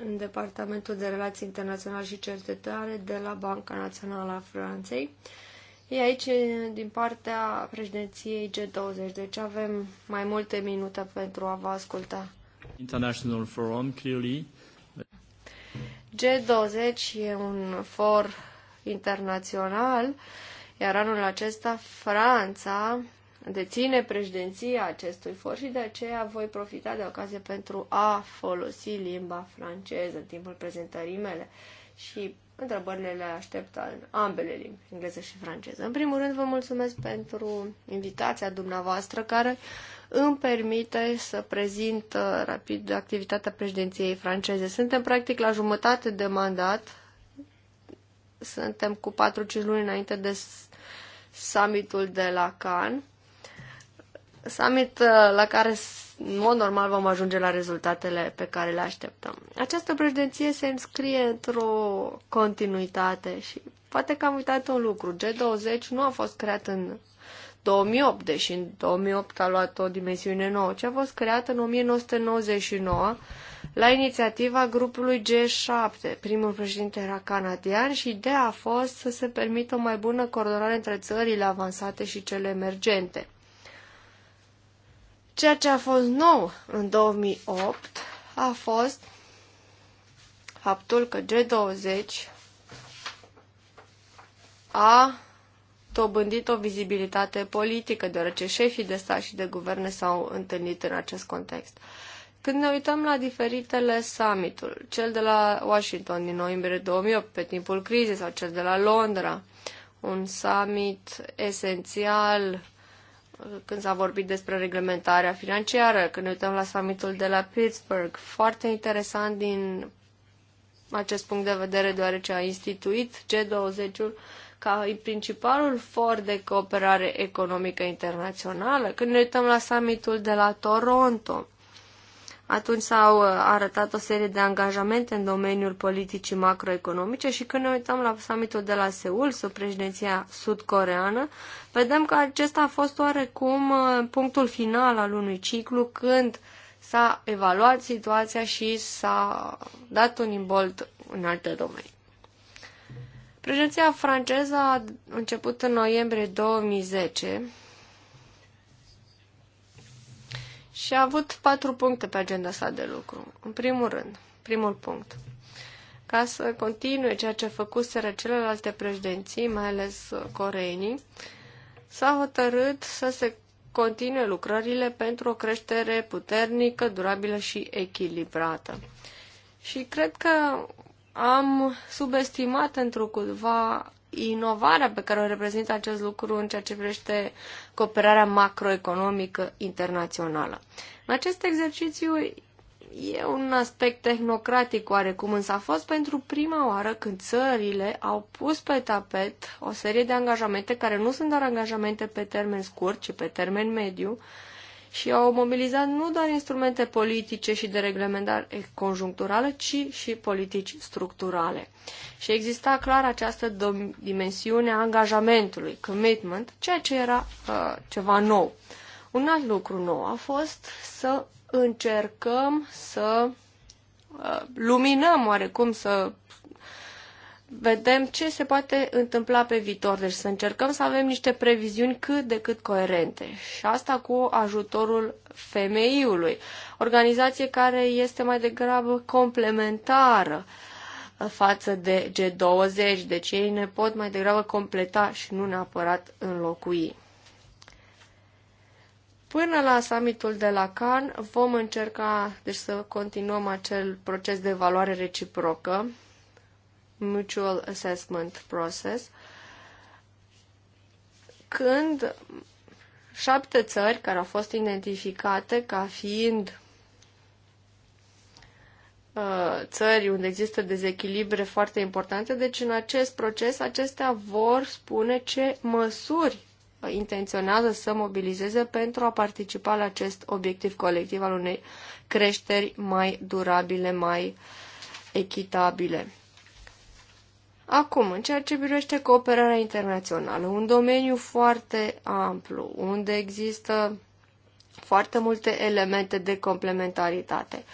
în Departamentul de Relații Internaționale și Cercetare de la Banca Națională a Franței. E aici din partea președinției G20, deci avem mai multe minute pentru a vă asculta. International Forum, clearly. G20 e un for internațional, iar anul acesta Franța deține președinția acestui for și de aceea voi profita de ocazie pentru a folosi limba franceză în timpul prezentării mele și întrebările le aștept în ambele limbi, engleză și franceză. În primul rând, vă mulțumesc pentru invitația dumneavoastră care îmi permite să prezint uh, rapid activitatea președinției franceze. Suntem practic la jumătate de mandat, suntem cu 4-5 luni înainte de summitul de la Cannes summit uh, la care, în mod normal, vom ajunge la rezultatele pe care le așteptăm. Această președinție se înscrie într-o continuitate și poate că am uitat un lucru. G20 nu a fost creat în 2008, deși în 2008 a luat o dimensiune nouă, ci a fost creat în 1999 la inițiativa grupului G7. Primul președinte era canadian și ideea a fost să se permită o mai bună coordonare între țările avansate și cele emergente. Ceea ce a fost nou în 2008 a fost faptul că G20 a dobândit o vizibilitate politică, deoarece șefii de stat și de guverne s-au întâlnit în acest context. Când ne uităm la diferitele summituri, cel de la Washington din noiembrie 2008, pe timpul crizei, sau cel de la Londra, un summit esențial când s-a vorbit despre reglementarea financiară, când ne uităm la summitul de la Pittsburgh, foarte interesant din acest punct de vedere, deoarece a instituit G20-ul ca principalul for de cooperare economică internațională. Când ne uităm la summitul de la Toronto, atunci s-au uh, arătat o serie de angajamente în domeniul politicii macroeconomice și când ne uităm la summitul de la Seul, sub președinția sudcoreană, vedem că acesta a fost oarecum uh, punctul final al unui ciclu când s-a evaluat situația și s-a dat un imbolt în alte domenii. Președinția franceză a început în noiembrie 2010 și a avut patru puncte pe agenda sa de lucru. În primul rând, primul punct, ca să continue ceea ce făcuseră celelalte președinții, mai ales coreenii, s-a hotărât să se continue lucrările pentru o creștere puternică, durabilă și echilibrată. Și cred că am subestimat într-o cuva inovarea pe care o reprezintă acest lucru în ceea ce privește cooperarea macroeconomică internațională. În acest exercițiu e un aspect tehnocratic oarecum, însă a fost pentru prima oară când țările au pus pe tapet o serie de angajamente care nu sunt doar angajamente pe termen scurt, ci pe termen mediu, uh, și au mobilizat nu doar instrumente politice și de reglementare conjuncturală, ci și politici structurale. Și exista clar această dimensiune a angajamentului, commitment, ceea ce era uh, ceva nou. Un alt lucru nou a fost să încercăm să uh, luminăm oarecum, să vedem ce se poate întâmpla pe viitor, deci să încercăm să avem niște previziuni cât de cât coerente și asta cu ajutorul femeiului, organizație care este mai degrabă complementară uh, față de G20, deci ei ne pot mai degrabă completa și nu neapărat înlocui. Până la summitul de la Cannes vom încerca deci, să continuăm acel proces de evaluare reciprocă Mutual Assessment Process, când șapte țări care au fost identificate ca fiind uh, țări unde există dezechilibre foarte importante, deci în acest proces acestea vor spune ce măsuri intenționează să mobilizeze pentru a participa la acest obiectiv colectiv al unei creșteri mai durabile, mai echitabile. Acum, în ceea ce privește cooperarea internațională, un domeniu foarte amplu, unde există foarte multe elemente de complementaritate.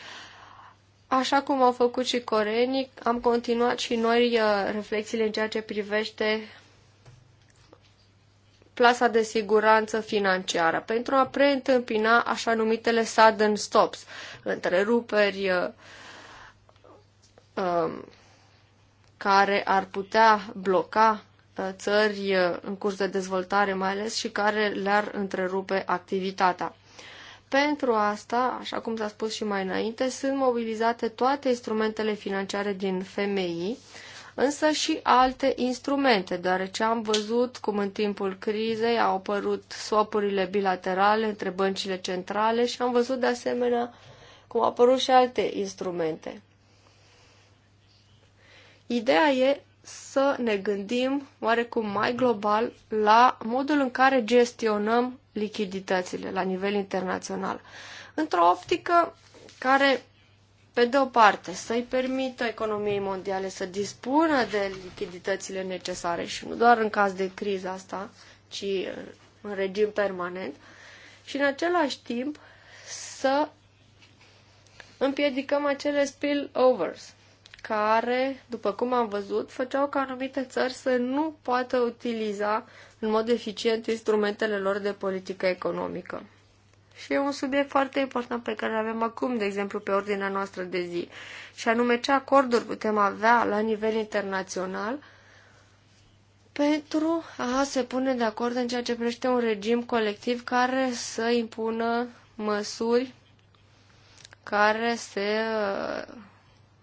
Așa cum au făcut și coreenii, am continuat și noi uh, reflexiile în ceea ce privește plasa de siguranță financiară pentru a preîntâmpina așa numitele sudden stops, întreruperi, uh, um, care ar putea bloca uh, țări uh, în curs de dezvoltare mai ales și care le-ar întrerupe activitatea. Pentru asta, așa cum s-a spus și mai înainte, sunt mobilizate toate instrumentele financiare din FMI, însă și alte instrumente, deoarece am văzut cum în timpul crizei au apărut swapurile bilaterale între băncile centrale și am văzut de asemenea cum au apărut și alte instrumente. Ideea e să ne gândim oarecum mai global la modul în care gestionăm lichiditățile la nivel internațional. Într-o optică care, pe de o parte, să-i permită economiei mondiale să dispună de lichiditățile necesare și nu doar în caz de criză asta, ci în regim permanent, și în același timp să împiedicăm acele spillovers, care, după cum am văzut, făceau ca anumite țări să nu poată utiliza în mod eficient instrumentele lor de politică economică. Și e un subiect foarte important pe care îl avem acum, de exemplu, pe ordinea noastră de zi, și anume ce acorduri putem avea la nivel internațional pentru a se pune de acord în ceea ce privește un regim colectiv care să impună măsuri care se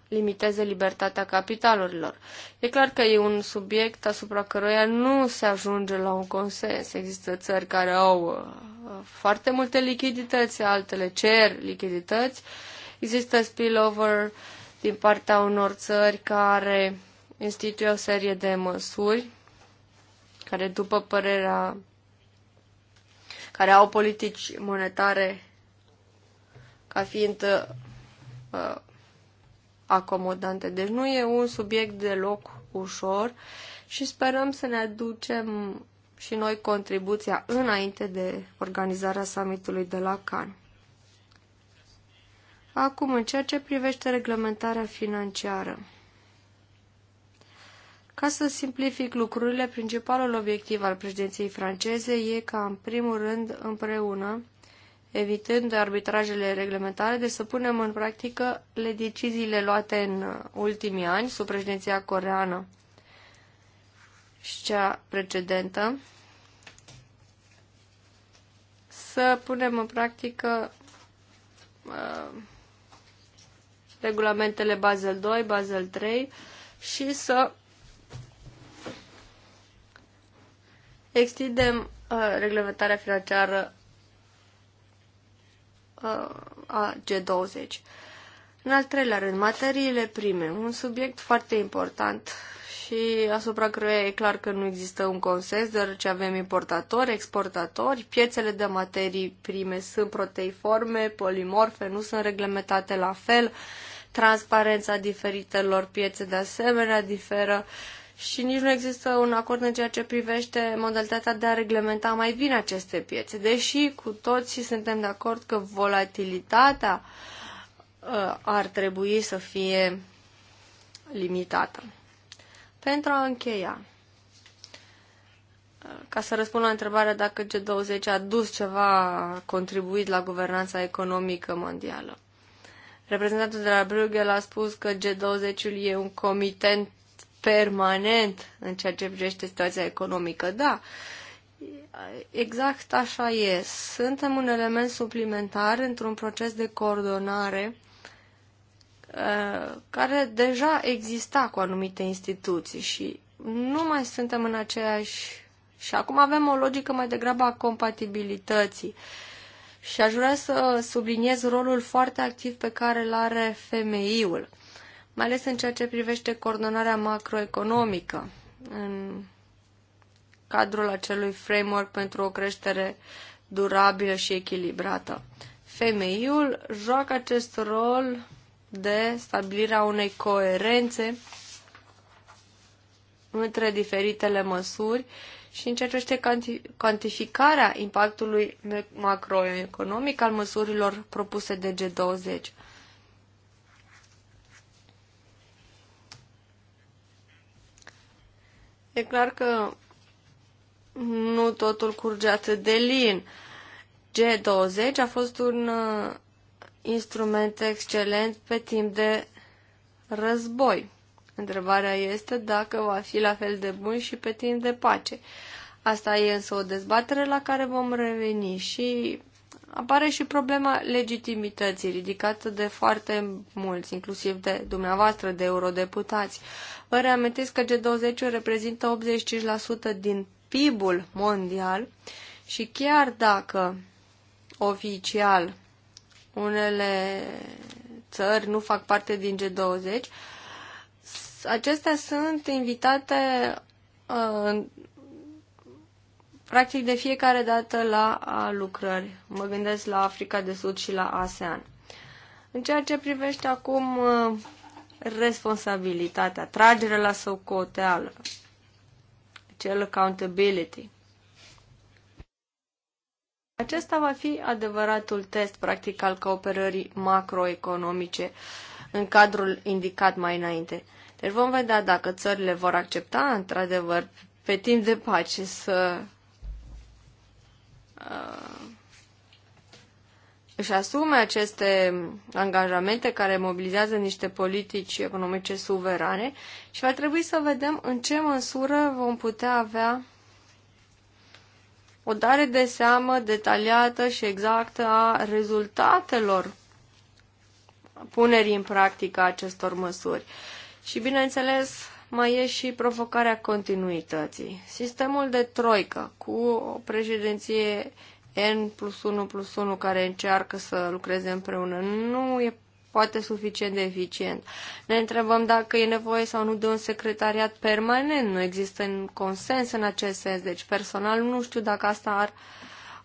limiteze libertatea capitalurilor. E clar că e un subiect asupra căruia nu se ajunge la un consens. Există țări care au uh, foarte multe lichidități, altele cer lichidități. Există spillover din partea unor țări care instituie o serie de măsuri care, după părerea care au politici monetare ca fiind uh, acomodante. Deci nu e un subiect deloc ușor și sperăm să ne aducem și noi contribuția înainte de organizarea summitului de la Cannes. Acum, în ceea ce privește reglementarea financiară. Ca să simplific lucrurile, principalul obiectiv al președinției franceze e ca, în primul rând, împreună evitând arbitrajele reglementare, deci să punem în practică le deciziile luate în ultimii ani sub președinția coreană și cea precedentă, să punem în practică uh, regulamentele Basel 2, Basel 3 și să extindem uh, reglementarea financiară a G20. În al treilea rând, materiile prime, un subiect foarte important și asupra căruia e clar că nu există un consens, deoarece avem importatori, exportatori, piețele de materii prime sunt proteiforme, polimorfe, nu sunt reglementate la fel, transparența diferitelor piețe de asemenea diferă, uh, și nici nu există un acord în ceea ce privește modalitatea de a reglementa mai bine aceste piețe, deși cu toții suntem de acord că volatilitatea uh, ar trebui să fie limitată. Pentru a încheia, uh, ca să răspund la întrebarea dacă G20 a dus ceva, a contribuit la guvernanța economică mondială. Reprezentantul de la Bruegel a spus că G20-ul e un comitent permanent în ceea ce privește situația economică. Da, exact așa e. Suntem un element suplimentar într-un proces de coordonare uh, care deja exista cu anumite instituții și nu mai suntem în aceeași... Și acum avem o logică mai degrabă a compatibilității. Și aș vrea să subliniez rolul foarte activ pe care îl are femeiul mai ales în ceea ce privește coordonarea macroeconomică în cadrul acelui framework pentru o creștere durabilă și echilibrată. Femeiul joacă acest rol de stabilirea unei coerențe între diferitele măsuri și în ceea ce privește cantificarea impactului macroeconomic al măsurilor propuse de G20. E clar că nu totul curge atât de lin. G20 a fost un uh, instrument excelent pe timp de război. Întrebarea este dacă va fi la fel de bun și pe timp de pace. Asta e însă o dezbatere la care vom reveni și apare și problema legitimității ridicată de foarte mulți, inclusiv de dumneavoastră, de eurodeputați. Vă reamintesc că G20 reprezintă 85% din PIB-ul mondial și chiar dacă oficial unele țări nu fac parte din G20, acestea sunt invitate uh, practic de fiecare dată la lucrări. Mă gândesc la Africa de Sud și la ASEAN. În ceea ce privește acum uh, responsabilitatea, tragerea la socoteală, cel accountability. Acesta va fi adevăratul test practic al cooperării macroeconomice în cadrul indicat mai înainte. Deci vom vedea dacă țările vor accepta într-adevăr pe timp de pace să uh, își asume aceste angajamente care mobilizează niște politici economice suverane și va trebui să vedem în ce măsură vom putea avea o dare de seamă detaliată și exactă a rezultatelor punerii în practică acestor măsuri. Și bineînțeles, mai e și provocarea continuității. Sistemul de troică cu o președinție N plus 1 plus 1 care încearcă să lucreze împreună nu e poate suficient de eficient. Ne întrebăm dacă e nevoie sau nu de un secretariat permanent. Nu există un consens în acest sens. Deci, personal, nu știu dacă asta ar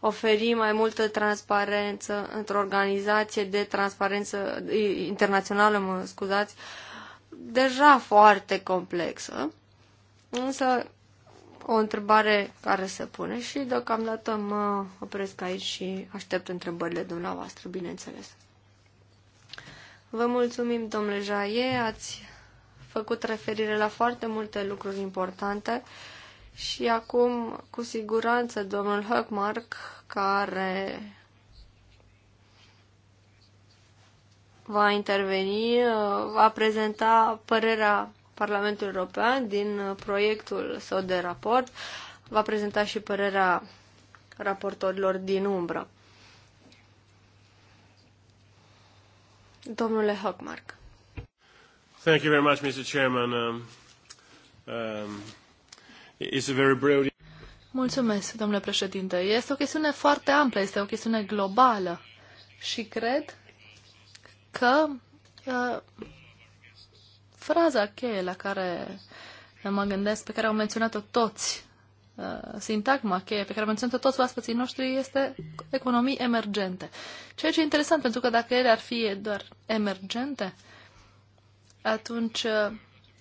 oferi mai multă transparență într-o organizație de transparență internațională, mă scuzați, uh, deja foarte complexă, însă o întrebare care se pune și deocamdată mă opresc aici și aștept întrebările dumneavoastră, bineînțeles. Vă mulțumim, domnule Jaie, ați făcut referire la foarte multe lucruri importante și acum, cu siguranță, domnul Höckmark, care va interveni, uh, va prezenta părerea Parlamentului European din uh, proiectul său de raport, va prezenta și părerea raportorilor din umbră. Domnule Hockmark. Thank you very much, Mr. Chairman. Um, um, it's a very broad... Mulțumesc, domnule președinte. Este o chestiune foarte amplă, este o chestiune globală și cred că uh, fraza cheie la care mă gândesc, pe care au menționat-o toți, uh, sintagma cheie pe care au menționat-o toți oaspeții noștri este economii emergente. Ceea ce e interesant, pentru că dacă ele ar fi doar emergente, atunci uh,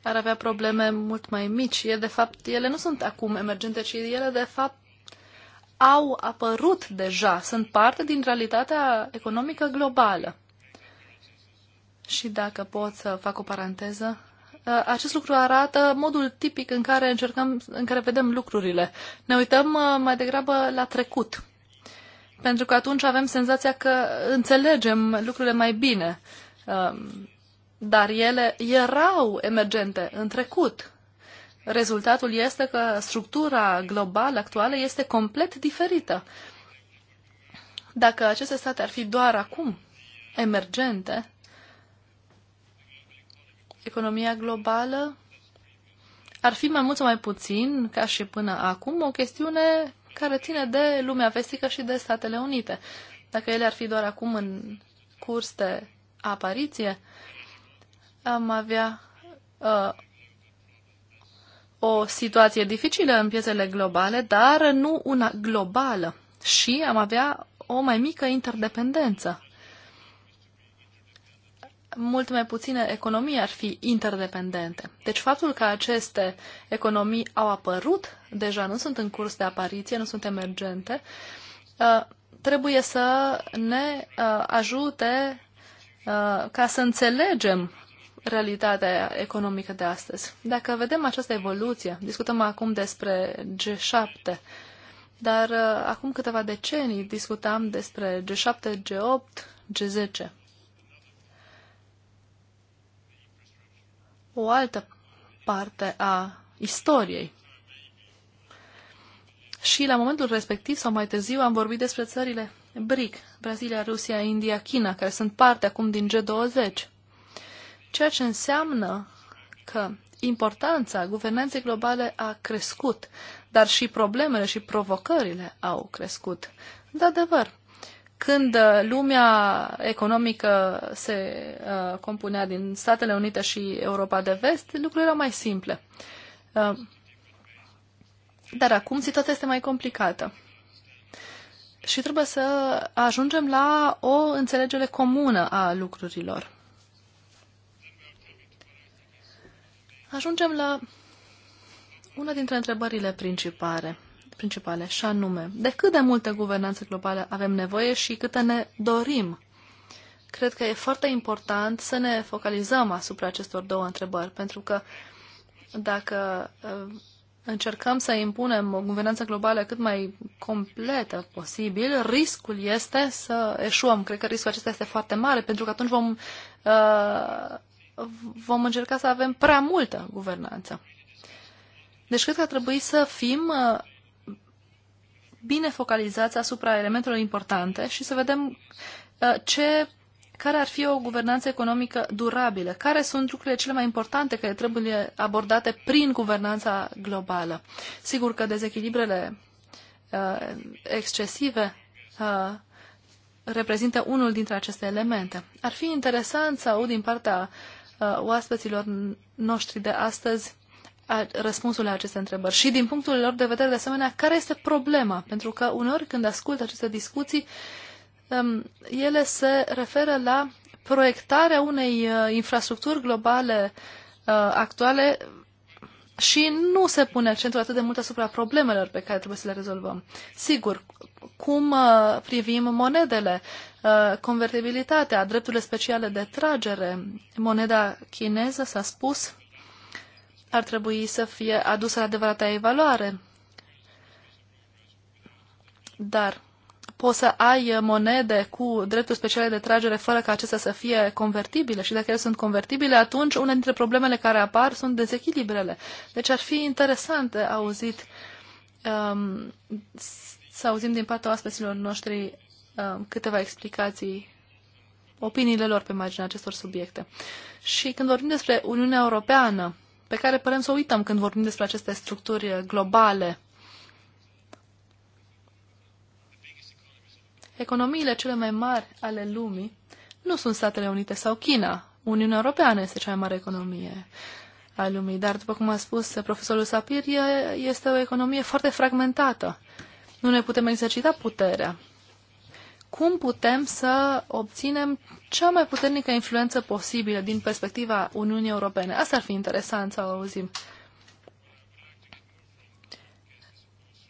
ar avea probleme mult mai mici. E, de fapt, ele nu sunt acum emergente, ci ele, de fapt, au apărut deja, sunt parte din realitatea economică globală. Și dacă pot să fac o paranteză, ă, acest lucru arată modul tipic în care încercăm, în care vedem lucrurile. Ne uităm ă, mai degrabă la trecut. Pentru că atunci avem senzația că înțelegem lucrurile mai bine. Ă, dar ele erau emergente în trecut. Rezultatul este că structura globală actuală este complet diferită. Dacă aceste state ar fi doar acum emergente, economia globală ar fi mai mult sau mai puțin, ca și până acum, o chestiune care ține de lumea vestică și de Statele Unite. Dacă ele ar fi doar acum în curs de apariție, am avea uh, o situație dificilă în piețele globale, dar nu una globală și am avea o mai mică interdependență mult mai puține economii ar fi interdependente. Deci faptul că aceste economii au apărut deja, nu sunt în curs de apariție, nu sunt emergente, uh, trebuie să ne uh, ajute uh, ca să înțelegem realitatea economică de astăzi. Dacă vedem această evoluție, discutăm acum despre G7, dar acum câteva decenii discutam despre G7, G8, G10. o altă parte a istoriei. Și la momentul respectiv sau mai târziu am vorbit despre țările BRIC, Brazilia, Rusia, India, China, care sunt parte acum din G20. Ceea ce înseamnă că importanța guvernanței globale a crescut, dar și problemele și provocările au crescut. De adevăr, când uh, lumea economică se uh, compunea din Statele Unite și Europa de Vest, lucrurile erau mai simple. Uh, dar acum situația este mai complicată. Și trebuie să ajungem la o înțelegere comună a lucrurilor. Ajungem la una dintre întrebările principale principale, și anume, de cât de multă guvernanță globală avem nevoie și câtă ne dorim. Cred că e foarte important să ne focalizăm asupra acestor două întrebări, pentru că dacă uh, încercăm să impunem o guvernanță globală cât mai completă posibil, riscul este să eșuăm. Cred că riscul acesta este foarte mare, pentru că atunci vom, uh, vom încerca să avem prea multă guvernanță. Deci cred că ar trebui să fim uh, bine focalizați asupra elementelor importante și să vedem uh, ce, care ar fi o guvernanță economică durabilă, care sunt lucrurile cele mai importante care trebuie abordate prin guvernanța globală. Sigur că dezechilibrele uh, excesive uh, reprezintă unul dintre aceste elemente. Ar fi interesant să aud din partea uh, oaspeților noștri de astăzi a, răspunsul la aceste întrebări și din punctul lor de vedere, de asemenea, care este problema? Pentru că uneori când ascult aceste discuții, um, ele se referă la proiectarea unei uh, infrastructuri globale uh, actuale și nu se pune accentul atât de mult asupra problemelor pe care trebuie să le rezolvăm. Sigur, cum uh, privim monedele, convertibilitatea, drepturile speciale de tragere, moneda chineză, s-a spus, ar trebui să fie adusă la adevărata evaluare. Dar poți să ai monede cu drepturi speciale de tragere fără ca acestea să fie convertibile și dacă ele sunt convertibile, atunci una dintre problemele care apar sunt dezechilibrele. Deci ar fi interesant de auzit um, să auzim din partea oaspeților noștri um, câteva explicații, opiniile lor pe marginea acestor subiecte. Și când vorbim despre Uniunea Europeană, pe care părem să o uităm când vorbim despre aceste structuri globale. Economiile cele mai mari ale lumii nu sunt Statele Unite sau China. Uniunea Europeană este cea mai mare economie a lumii, dar, după cum a spus profesorul Sapir, este o economie foarte fragmentată. Nu ne putem exercita puterea cum putem să obținem cea mai puternică influență posibilă din perspectiva Uniunii Europene. Asta ar fi interesant să o auzim.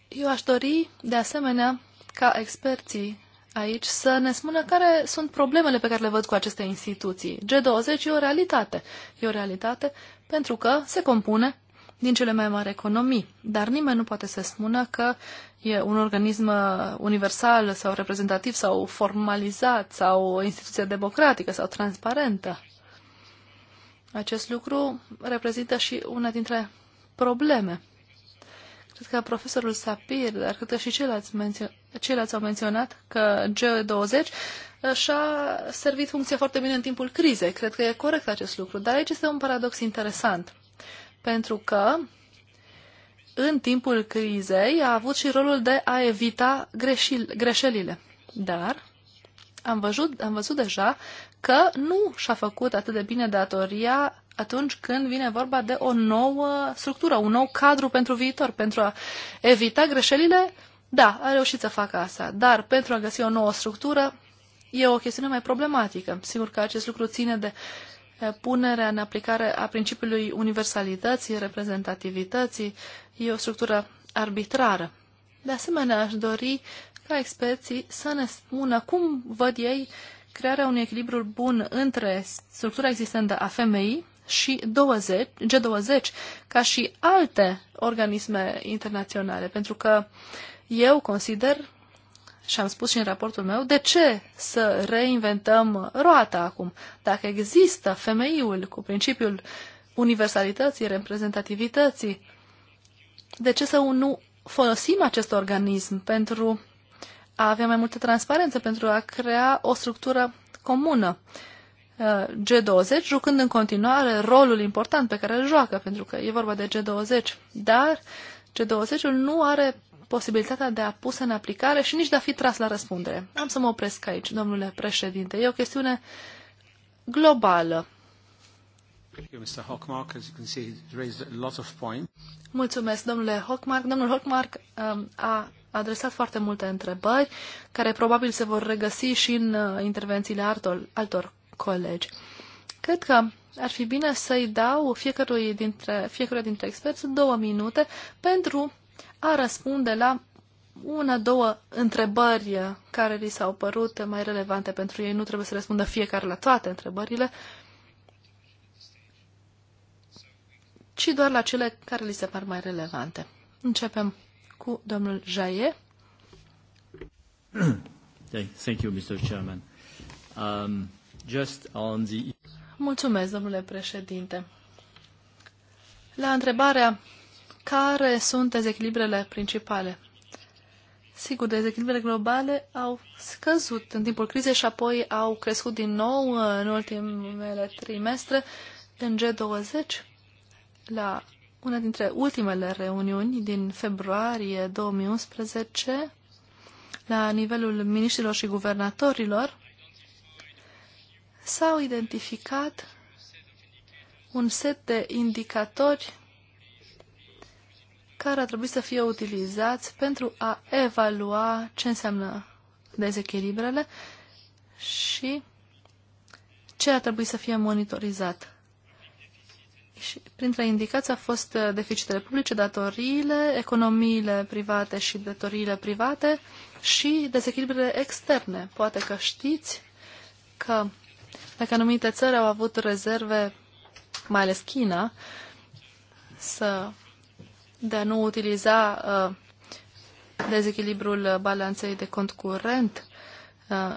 Eu aș dori, de asemenea, ca experții aici să ne spună care sunt problemele pe care le văd cu aceste instituții. G20 e o realitate. E o realitate pentru că se compune din cele mai mari economii. Dar nimeni nu poate să spună că e un organism uh, universal sau reprezentativ sau formalizat sau o instituție democratică sau transparentă. Acest lucru reprezintă și una dintre probleme. Cred că profesorul Sapir, dar cred că și ceilalți, menționat, ceilalți au menționat că G20 uh, și-a servit funcția foarte bine în timpul crizei. Cred că e corect acest lucru. Dar aici este un paradox interesant pentru că în timpul crizei a avut și rolul de a evita greșil, greșelile. Dar am văzut, am văzut deja că nu și-a făcut atât de bine datoria atunci când vine vorba de o nouă structură, un nou cadru pentru viitor, pentru a evita greșelile, da, a reușit să facă asta, dar pentru a găsi o nouă structură e o chestiune mai problematică. Sigur că acest lucru ține de punerea în aplicare a principiului universalității, reprezentativității, e o structură arbitrară. De asemenea, aș dori ca experții să ne spună cum văd ei crearea unui echilibru bun între structura existentă a femeii și 20, G20 ca și alte organisme internaționale, pentru că eu consider și am spus și în raportul meu, de ce să reinventăm roata acum? Dacă există femeiul cu principiul universalității, reprezentativității, de ce să nu folosim acest organism pentru a avea mai multă transparență, pentru a crea o structură comună? Uh, G20, jucând în continuare rolul important pe care îl joacă, pentru că e vorba de G20, dar G20-ul nu are posibilitatea de a pusă în aplicare și nici de a fi tras la răspundere. Am să mă opresc aici, domnule președinte. E o chestiune globală. Mulțumesc, domnule Hockmark. Domnul Hockmark um, a adresat foarte multe întrebări, care probabil se vor regăsi și în uh, intervențiile altor, altor colegi. Cred că ar fi bine să-i dau fiecărui dintre, fiecare dintre experți două minute pentru a răspunde la una, două întrebări care li s-au părut mai relevante pentru ei. Nu trebuie să răspundă fiecare la toate întrebările, ci doar la cele care li se par mai relevante. Începem cu domnul Jaie. [COUGHS] Thank you, Mr. Chairman. Um, just on the... Mulțumesc, domnule președinte. La întrebarea care sunt dezechilibrele principale. Sigur, dezechilibrele globale au scăzut în timpul crizei și apoi au crescut din nou uh, în ultimele trimestre în G20 la una dintre ultimele reuniuni din februarie 2011 la nivelul ministrilor și guvernatorilor s-au identificat un set de indicatori care ar trebui să fie utilizați pentru a evalua ce înseamnă dezechilibrele și ce ar trebui să fie monitorizat. Și printre indicații a fost uh, deficitele publice, datoriile, economiile private și datoriile private și dezechilibrele externe. Poate că știți că dacă anumite țări au avut rezerve, mai ales China, să de a nu utiliza uh, dezechilibrul balanței de cont curent. Uh,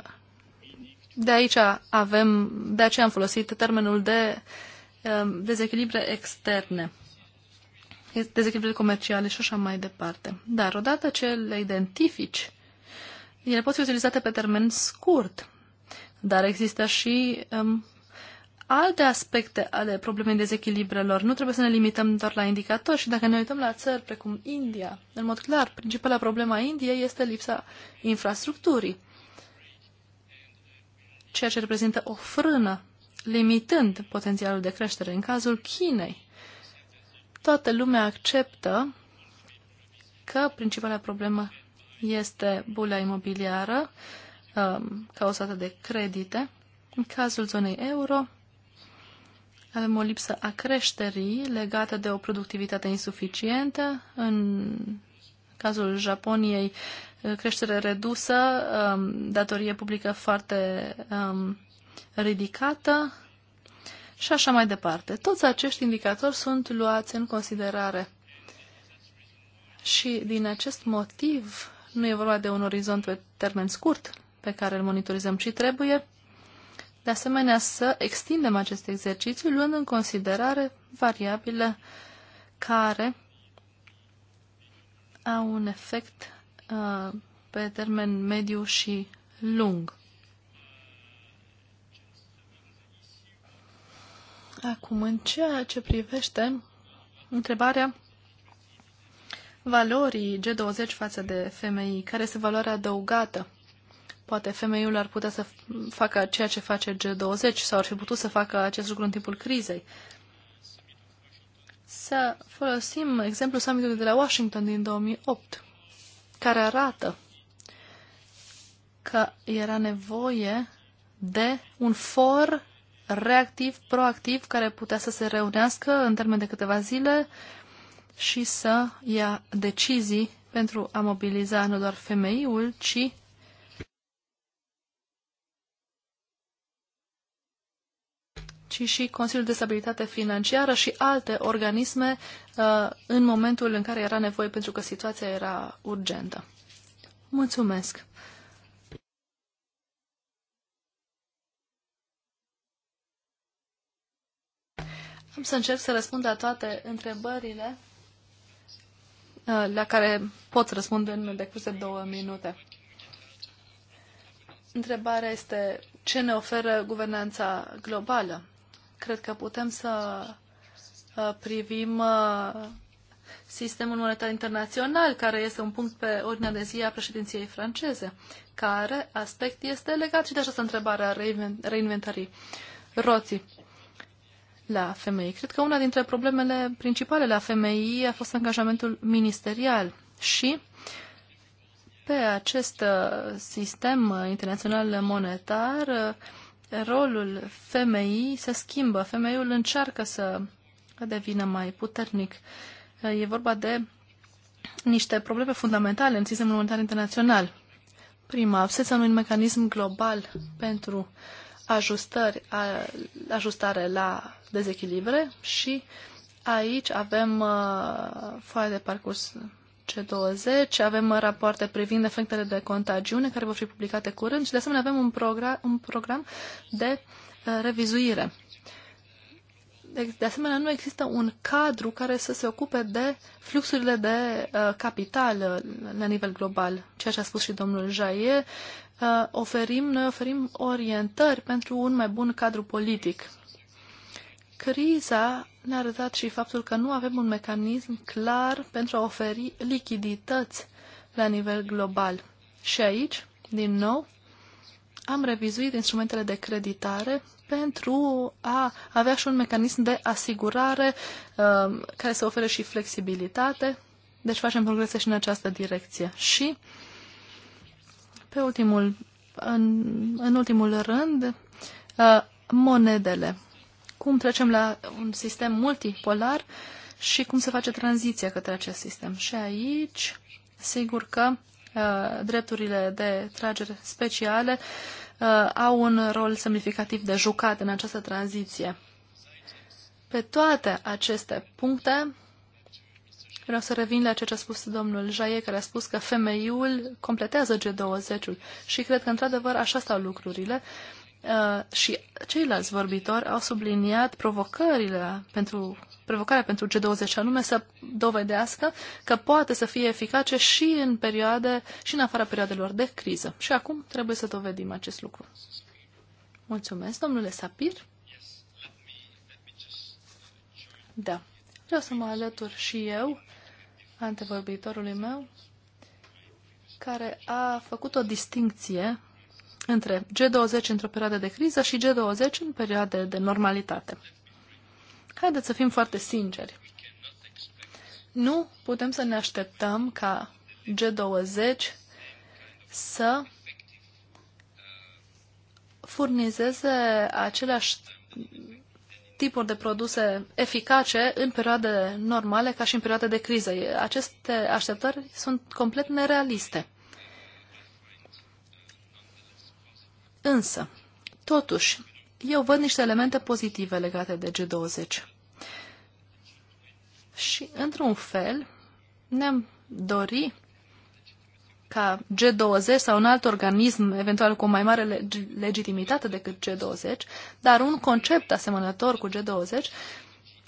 de aici avem, de aceea am folosit termenul de uh, dezechilibre externe, dezechilibre comerciale și așa mai departe. Dar odată ce le identifici, ele pot fi utilizate pe termen scurt, dar există și um, alte aspecte ale problemei dezechilibrelor. Nu trebuie să ne limităm doar la indicatori și dacă ne uităm la țări precum India, în mod clar, principala problema Indiei este lipsa infrastructurii, ceea ce reprezintă o frână, limitând potențialul de creștere. În cazul Chinei, toată lumea acceptă că principala problemă este bula imobiliară um, cauzată de credite. În cazul zonei euro, avem o lipsă a creșterii legată de o productivitate insuficientă. În cazul Japoniei, creștere redusă, um, datorie publică foarte um, ridicată și așa mai departe. Toți acești indicatori sunt luați în considerare. Și din acest motiv nu e vorba de un orizont pe termen scurt pe care îl monitorizăm, ci trebuie de asemenea să extindem acest exercițiu luând în considerare variabile care au un efect uh, pe termen mediu și lung. Acum, în ceea ce privește întrebarea valorii G20 față de femei, care este valoarea adăugată Poate femeiul ar putea să facă ceea ce face G20 sau ar fi putut să facă acest lucru în timpul crizei. Să folosim exemplul summitului de la Washington din 2008, care arată că era nevoie de un for reactiv, proactiv, care putea să se reunească în termen de câteva zile și să ia decizii pentru a mobiliza nu doar femeiul, ci ci și Consiliul de Stabilitate Financiară și alte organisme uh, în momentul în care era nevoie pentru că situația era urgentă. Mulțumesc! Am să încerc să răspund la toate întrebările uh, la care pot răspunde în decurs de două minute. Întrebarea este ce ne oferă guvernanța globală? Cred că putem să uh, privim uh, sistemul monetar internațional, care este un punct pe ordinea de zi a președinției franceze, care aspect este legat și de această întrebare a reinventării roții la femei. Cred că una dintre problemele principale la femei a fost angajamentul ministerial și pe acest uh, sistem internațional monetar rolul femeii se schimbă. Femeiul încearcă să devină mai puternic. E vorba de niște probleme fundamentale în sistemul monetar internațional. Prima, absența unui mecanism global pentru ajustări, a, ajustare la dezechilibre și aici avem uh, foaia de parcurs c 20 avem rapoarte privind efectele de contagiune care vor fi publicate curând și de asemenea avem un, program, un program de uh, revizuire. De, deci, de asemenea, nu există un cadru care să se ocupe de fluxurile de uh, capital uh, la nivel global, ceea ce a spus și domnul Jaie. Uh, oferim, noi oferim orientări pentru un mai bun cadru politic. Criza ne-a arătat și faptul că nu avem un mecanism clar pentru a oferi lichidități la nivel global. Și aici, din nou, am revizuit instrumentele de creditare pentru a avea și un mecanism de asigurare uh, care să ofere și flexibilitate. Deci facem progrese și în această direcție. Și pe ultimul, în, în ultimul rând, uh, monedele cum trecem la un sistem multipolar și cum se face tranziția către acest sistem. Și aici, sigur că uh, drepturile de tragere speciale uh, au un rol semnificativ de jucat în această tranziție. Pe toate aceste puncte, Vreau să revin la ceea ce a spus domnul Jaie, care a spus că femeiul completează G20-ul și cred că, într-adevăr, așa stau lucrurile. Uh, și ceilalți vorbitori au subliniat provocările pentru provocarea pentru G20 anume să dovedească că poate să fie eficace și în perioade și în afara perioadelor de criză. Și acum trebuie să dovedim acest lucru. Mulțumesc, domnule Sapir. Da. Vreau să mă alătur și eu antevorbitorului meu care a făcut o distincție între G20 într-o perioadă de criză și G20 în perioade de normalitate. Haideți să fim foarte sinceri. Nu putem să ne așteptăm ca G20 să furnizeze aceleași tipuri de produse eficace în perioade normale ca și în perioade de criză. Aceste așteptări sunt complet nerealiste. Însă, totuși, eu văd niște elemente pozitive legate de G20. Și, într-un fel, ne-am dori ca G20 sau un alt organism, eventual cu o mai mare leg legitimitate decât G20, dar un concept asemănător cu G20,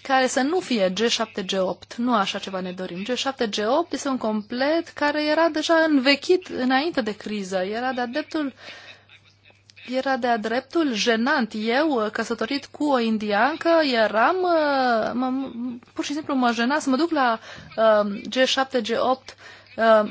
care să nu fie G7, G8. Nu așa ceva ne dorim. G7, G8 este un complet care era deja învechit înainte de criză. Era de-a dreptul uh, era de-a dreptul jenant. Eu, uh, căsătorit cu o indiancă, eram, uh, mă, pur și simplu mă jena să mă duc la uh, G7, G8, uh,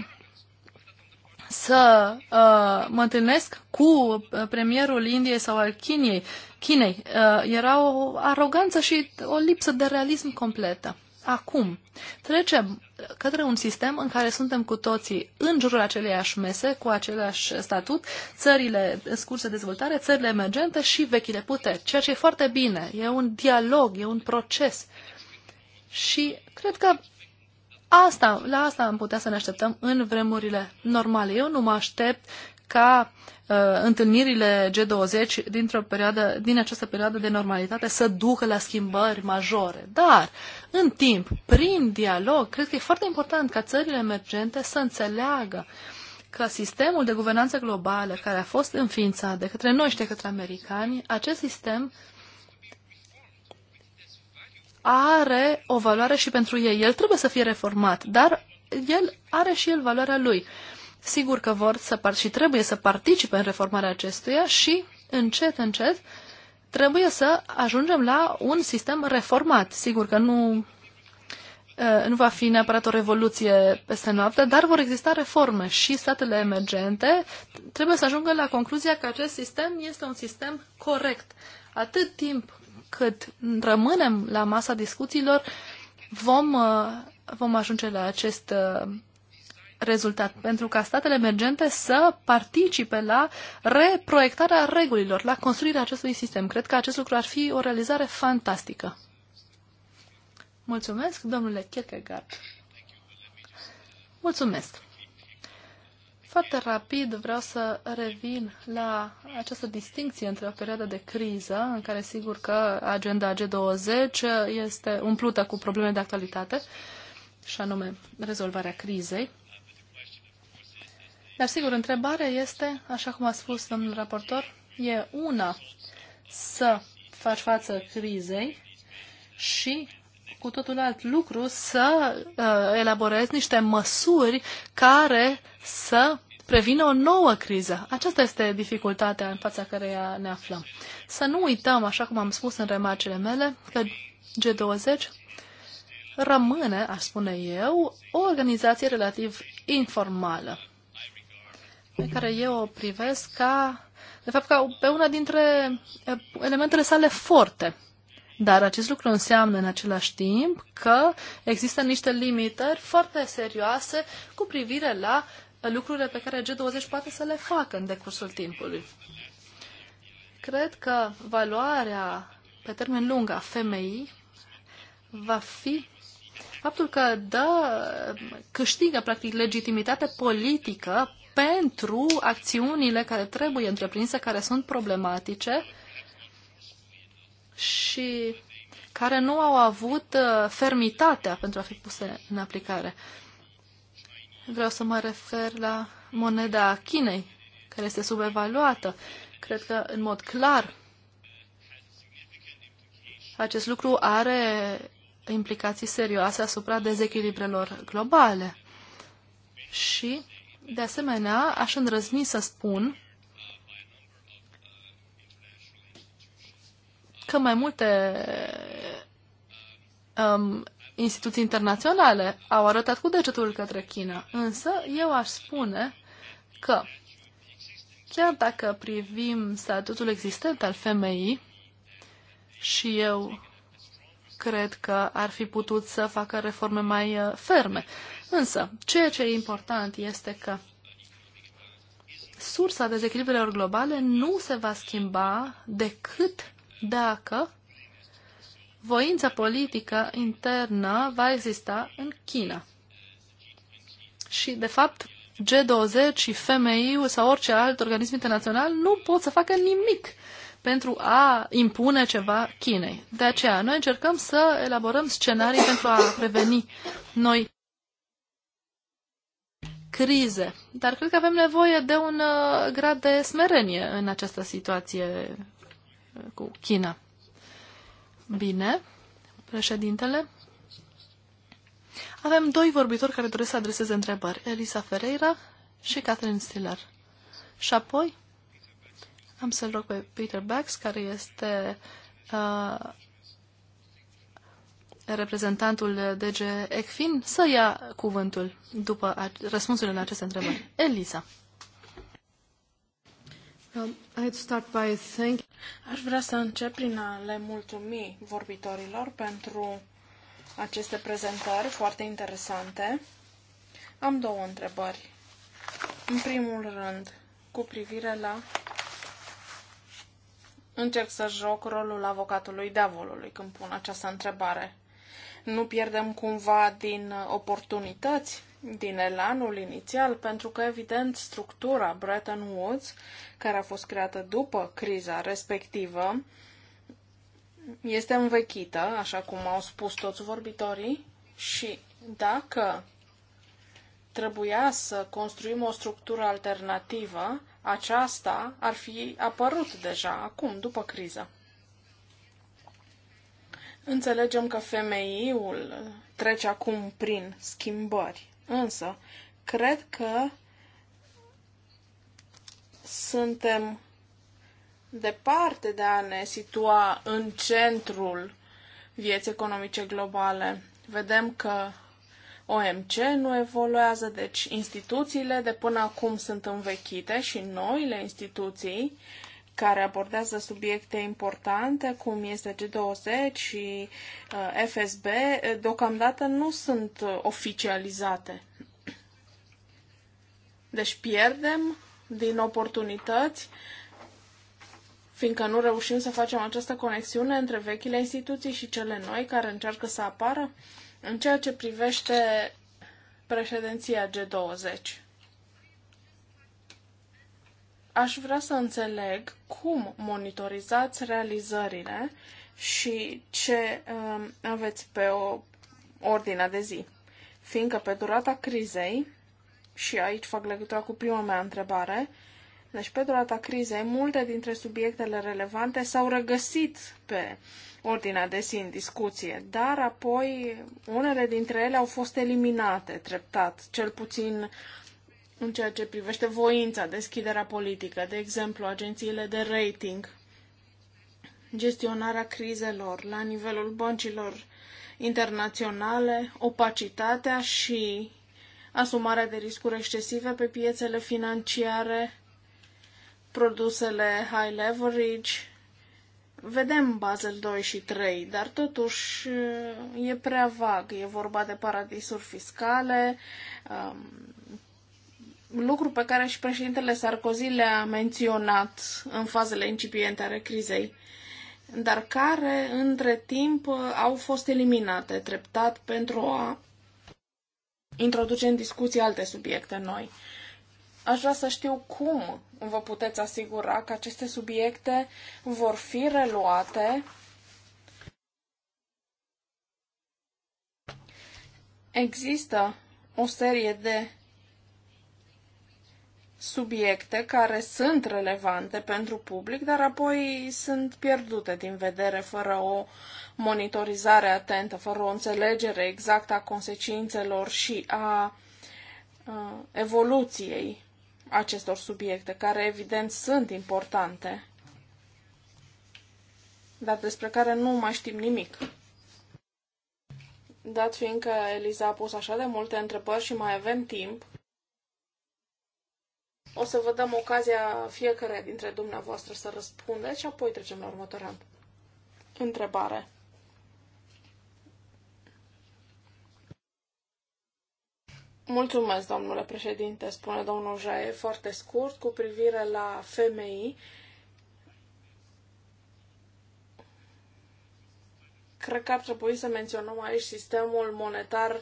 să uh, mă întâlnesc cu uh, premierul Indiei sau al Chinei. Chinei. Uh, era o aroganță și o lipsă de realism completă acum. Trecem către un sistem în care suntem cu toții în jurul aceleiași mese, cu același statut, țările în curs de dezvoltare, țările emergente și vechile puteri, ceea ce e foarte bine. E un dialog, e un proces. Și cred că asta, la asta am putea să ne așteptăm în vremurile normale. Eu nu mă aștept ca uh, Uh, întâlnirile G20 dintr-o perioadă, din această perioadă de normalitate să ducă la schimbări majore. Dar, în timp, prin dialog, cred că e foarte important ca țările emergente să înțeleagă că sistemul de guvernanță globală care a fost înființat de către noi și de către americani, acest sistem are o valoare și pentru ei. El trebuie să fie reformat, dar el are și el valoarea lui sigur că vor să par- și trebuie să participe în reformarea acestuia și, încet, încet, trebuie să ajungem la un sistem reformat. Sigur că nu, nu va fi neapărat o revoluție peste noapte, dar vor exista reforme și statele emergente trebuie să ajungă la concluzia că acest sistem este un sistem corect. Atât timp cât rămânem la masa discuțiilor, vom, vom ajunge la acest rezultat, pentru ca statele emergente să participe la reproiectarea regulilor, la construirea acestui sistem. Cred că acest lucru ar fi o realizare fantastică. Mulțumesc, domnule Kierkegaard. Mulțumesc. Foarte rapid vreau să revin la această distinție între o perioadă de criză, în care sigur că agenda G20 este umplută cu probleme de actualitate, și anume rezolvarea crizei, dar sigur, întrebarea este, așa cum a spus domnul raportor, e una să faci față crizei și cu totul alt lucru să uh, elaborezi niște măsuri care să prevină o nouă criză. Aceasta este dificultatea în fața căreia ne aflăm. Să nu uităm, așa cum am spus în remarcele mele, că G20 rămâne, aș spune eu, o organizație relativ informală pe care eu o privesc ca, de fapt, ca pe una dintre eh, elementele sale forte. Dar acest lucru înseamnă în același timp că există niște limitări foarte serioase cu privire la lucrurile pe care G20 poate să le facă în decursul timpului. Cred că valoarea pe termen lung a femeii va fi faptul că dă, câștigă practic legitimitate politică pentru acțiunile care trebuie întreprinse, care sunt problematice și care nu au avut uh, fermitatea pentru a fi puse în aplicare. Vreau să mă refer la moneda Chinei, care este subevaluată. Cred că, în mod clar, acest lucru are implicații serioase asupra dezechilibrelor globale. Și de asemenea, aș îndrăzni să spun că mai multe um, instituții internaționale au arătat cu degetul către China. Însă, eu aș spune că chiar dacă privim statutul existent al femeii, și eu cred că ar fi putut să facă reforme mai uh, ferme. Însă, ceea ce e important este că sursa dezechilibrelor globale nu se va schimba decât dacă voința politică internă va exista în China. Și, de fapt, G20 și FMI sau orice alt organism internațional nu pot să facă nimic pentru a impune ceva Chinei. De aceea, noi încercăm să elaborăm scenarii pentru a preveni noi crize. Dar cred că avem nevoie de un uh, grad de smerenie în această situație uh, cu China. Bine, președintele. Avem doi vorbitori care doresc să adreseze întrebări. Elisa Ferreira și Catherine Stiller. Și apoi am să-l rog pe Peter Bax, care este uh, reprezentantul DG ECFIN să ia cuvântul după răspunsurile la aceste întrebări. Elisa. Um, Aș vrea să încep prin a le mulțumi vorbitorilor pentru aceste prezentări foarte interesante. Am două întrebări. În primul rând, cu privire la încerc să joc rolul avocatului diavolului când pun această întrebare nu pierdem cumva din oportunități, din elanul inițial, pentru că, evident, structura Bretton Woods, care a fost creată după criza respectivă, este învechită, așa cum au spus toți vorbitorii, și dacă trebuia să construim o structură alternativă, aceasta ar fi apărut deja acum, după criză. Înțelegem că femeiul trece acum prin schimbări, însă cred că suntem departe de a ne situa în centrul vieții economice globale. Vedem că OMC nu evoluează, deci instituțiile de până acum sunt învechite și noile instituții care abordează subiecte importante, cum este G20 și uh, FSB, deocamdată nu sunt oficializate. Deci pierdem din oportunități fiindcă nu reușim să facem această conexiune între vechile instituții și cele noi care încearcă să apară în ceea ce privește președinția G20 aș vrea să înțeleg cum monitorizați realizările și ce uh, aveți pe o ordinea de zi. Fiindcă pe durata crizei, și aici fac legătura cu prima mea întrebare, deci pe durata crizei, multe dintre subiectele relevante s-au regăsit pe ordinea de zi în discuție, dar apoi unele dintre ele au fost eliminate treptat, cel puțin în ceea ce privește voința, deschiderea politică, de exemplu, agențiile de rating, gestionarea crizelor la nivelul băncilor internaționale, opacitatea și asumarea de riscuri excesive pe piețele financiare, produsele high leverage. Vedem Basel 2 și 3, dar totuși e prea vag. E vorba de paradisuri fiscale, um, lucru pe care și președintele Sarkozy le-a menționat în fazele incipiente ale crizei, dar care între timp au fost eliminate treptat pentru a introduce în discuție alte subiecte noi. Aș vrea să știu cum vă puteți asigura că aceste subiecte vor fi reluate Există o serie de subiecte care sunt relevante pentru public, dar apoi sunt pierdute din vedere fără o monitorizare atentă, fără o înțelegere exactă a consecințelor și a evoluției acestor subiecte, care evident sunt importante, dar despre care nu mai știm nimic. Dat fiindcă Eliza a pus așa de multe întrebări și mai avem timp, o să vă dăm ocazia fiecare dintre dumneavoastră să răspundeți și apoi trecem la următoarea întrebare. Mulțumesc, domnule președinte, spune domnul Jae, foarte scurt, cu privire la femei. Cred că ar trebui să menționăm aici sistemul monetar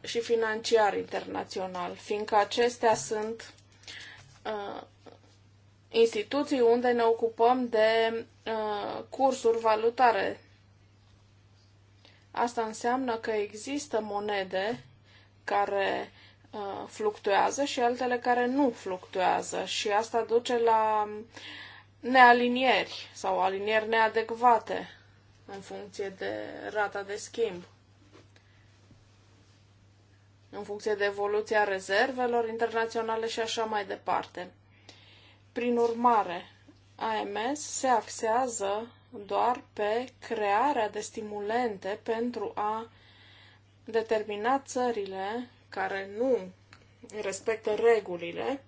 și financiar internațional, fiindcă acestea sunt uh, instituții unde ne ocupăm de uh, cursuri valutare. Asta înseamnă că există monede care uh, fluctuează și altele care nu fluctuează și asta duce la nealinieri sau alinieri neadecvate în funcție de rata de schimb în funcție de evoluția rezervelor internaționale și așa mai departe. Prin urmare, AMS se axează doar pe crearea de stimulente pentru a determina țările care nu respectă regulile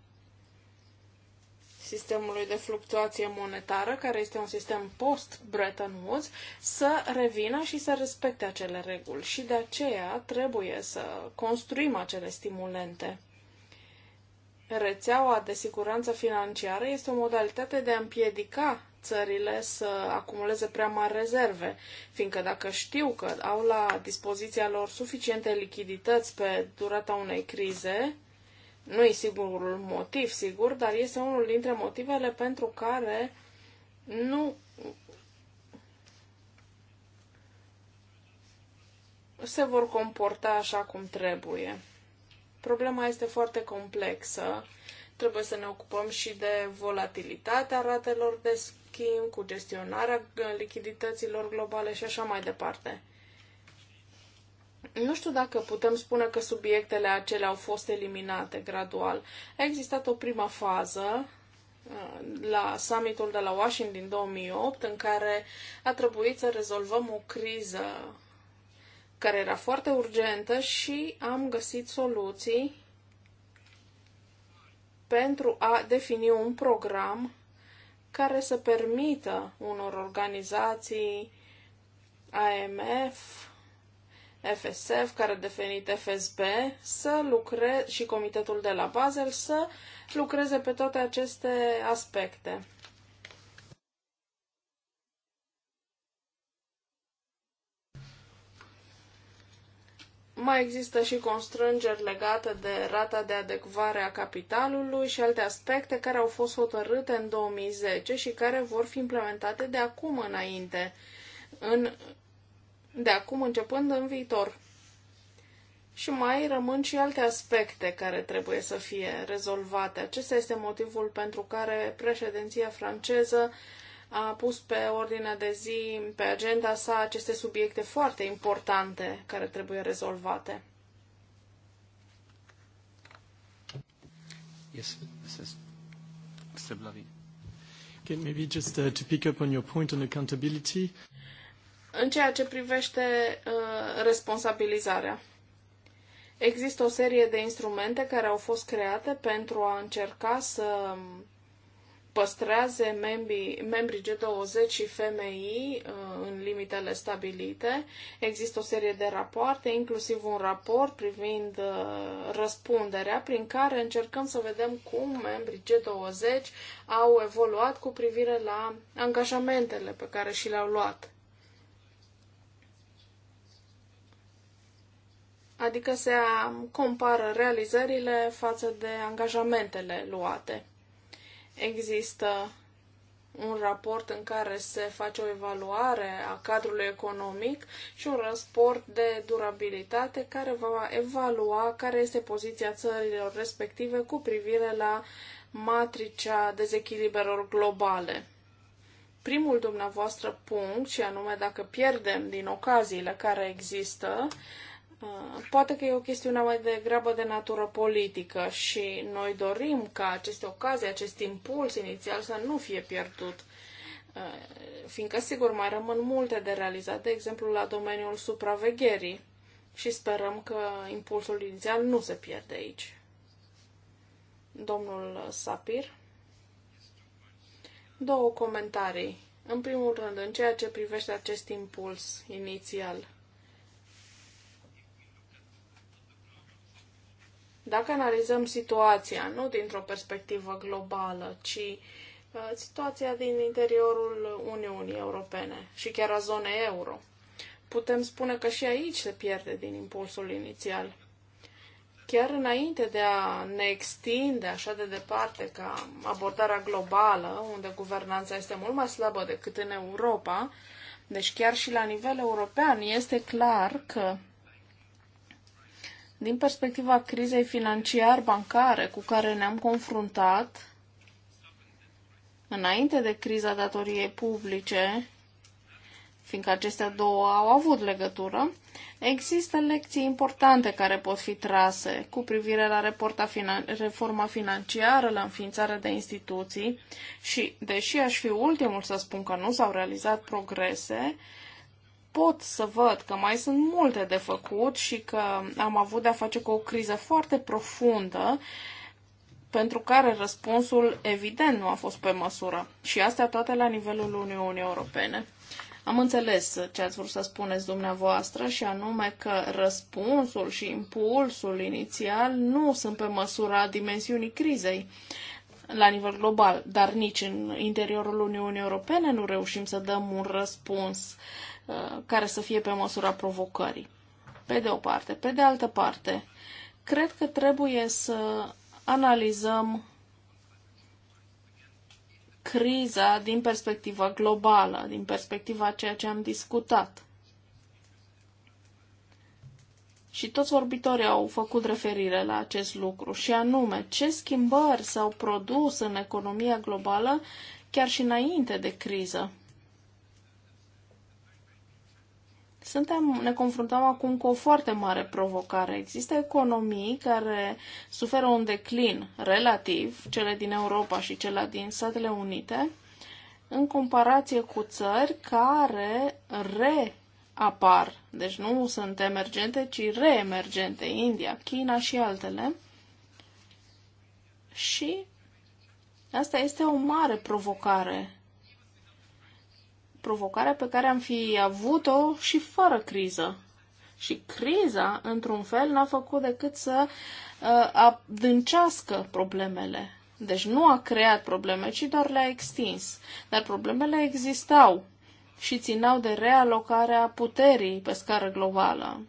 sistemului de fluctuație monetară, care este un sistem post-Bretton Woods, să revină și să respecte acele reguli. Și de aceea trebuie să construim acele stimulente. Rețeaua de siguranță financiară este o modalitate de a împiedica țările să acumuleze prea mari rezerve, fiindcă dacă știu că au la dispoziția lor suficiente lichidități pe durata unei crize, nu e singurul motiv, sigur, dar este unul dintre motivele pentru care nu se vor comporta așa cum trebuie. Problema este foarte complexă. Trebuie să ne ocupăm și de volatilitatea ratelor de schimb, cu gestionarea lichidităților globale și așa mai departe. Nu știu dacă putem spune că subiectele acelea au fost eliminate gradual. A existat o prima fază uh, la summitul de la Washington din 2008, în care a trebuit să rezolvăm o criză care era foarte urgentă și am găsit soluții pentru a defini un program care să permită unor organizații AMF, FSF, care a definit FSB, să lucre și Comitetul de la Basel să lucreze pe toate aceste aspecte. Mai există și constrângeri legate de rata de adecvare a capitalului și alte aspecte care au fost hotărâte în 2010 și care vor fi implementate de acum înainte în de acum începând în viitor. Și mai rămân și alte aspecte care trebuie să fie rezolvate. Acesta este motivul pentru care președinția franceză a pus pe ordinea de zi, pe agenda sa, aceste subiecte foarte importante care trebuie rezolvate. Yes, this is Mr. Okay, maybe just uh, to pick up on your point on accountability. În ceea ce privește uh, responsabilizarea, există o serie de instrumente care au fost create pentru a încerca să păstreze membrii, membrii G20 și FMI uh, în limitele stabilite. Există o serie de rapoarte, inclusiv un raport privind uh, răspunderea, prin care încercăm să vedem cum membrii G20 au evoluat cu privire la angajamentele pe care și le-au luat. Adică se compară realizările față de angajamentele luate. Există un raport în care se face o evaluare a cadrului economic și un raport de durabilitate care va evalua care este poziția țărilor respective cu privire la matricea dezechilibrelor globale. Primul dumneavoastră punct, și anume dacă pierdem din ocaziile care există, Mm, poate că e o chestiune mai degrabă de natură politică și noi dorim ca aceste ocazii, acest impuls inițial să nu fie pierdut, eh, fiindcă sigur mai rămân multe de realizat, de exemplu la domeniul supravegherii și sperăm că impulsul inițial nu se pierde aici. Domnul Sapir. Două comentarii. În primul rând, în ceea ce privește acest impuls inițial – Dacă analizăm situația nu dintr-o perspectivă globală, ci uh, situația din interiorul Uniunii Europene și chiar a zonei euro, putem spune că și aici se pierde din impulsul inițial. Chiar înainte de a ne extinde așa de departe ca abordarea globală, unde guvernanța este mult mai slabă decât în Europa, deci chiar și la nivel european este clar că din perspectiva crizei financiar-bancare cu care ne-am confruntat, înainte de criza datoriei publice, fiindcă acestea două au avut legătură, există lecții importante care pot fi trase cu privire la finan- reforma financiară, la înființarea de instituții și, deși aș fi ultimul să spun că nu s-au realizat progrese, pot să văd că mai sunt multe de făcut și că am avut de-a face cu o criză foarte profundă pentru care răspunsul evident nu a fost pe măsură. Și astea toate la nivelul Uniunii Europene. Am înțeles ce ați vrut să spuneți dumneavoastră și anume că răspunsul și impulsul inițial nu sunt pe măsura dimensiunii crizei la nivel global, dar nici în interiorul Uniunii Europene nu reușim să dăm un răspuns care să fie pe măsura provocării. Pe de o parte. Pe de altă parte, cred că trebuie să analizăm criza din perspectiva globală, din perspectiva ceea ce am discutat. Și toți vorbitorii au făcut referire la acest lucru, și anume ce schimbări s-au produs în economia globală chiar și înainte de criză. Suntem, ne confruntăm acum cu o foarte mare provocare. Există economii care suferă un declin relativ, cele din Europa și cele din Statele Unite, în comparație cu țări care reapar. Deci nu sunt emergente, ci reemergente. India, China și altele. Și asta este o mare provocare provocare pe care am fi avut-o și fără criză. Și criza, într-un fel, n-a făcut decât să uh, adâncească problemele. Deci nu a creat probleme, ci doar le-a extins. Dar problemele existau și țineau de realocarea puterii pe scară globală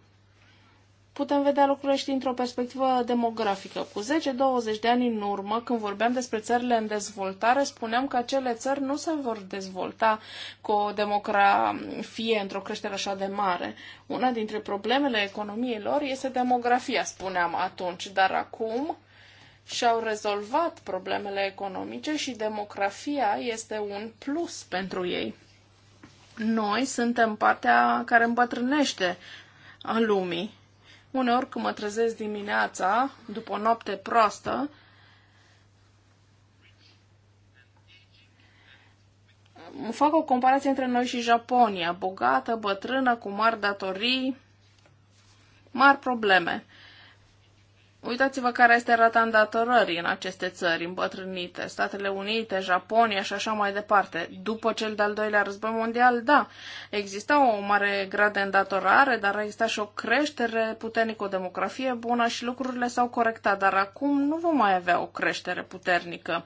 putem vedea lucrurile și dintr-o perspectivă demografică. Cu 10-20 de ani în urmă, când vorbeam despre țările în dezvoltare, spuneam că acele țări nu se vor dezvolta cu o demografie într-o creștere așa de mare. Una dintre problemele economiei lor este demografia, spuneam atunci, dar acum și-au rezolvat problemele economice și demografia este un plus pentru ei. Noi suntem partea care îmbătrânește a lumii Uneori când mă trezesc dimineața, după o noapte proastă, fac o comparație între noi și Japonia, bogată, bătrână, cu mari datorii, mari probleme. Uitați-vă care este rata îndatorării în aceste țări îmbătrânite, Statele Unite, Japonia și așa mai departe. După cel de-al doilea război mondial, da, exista o mare grad de îndatorare, dar exista și o creștere puternică, o demografie bună și lucrurile s-au corectat, dar acum nu vom mai avea o creștere puternică.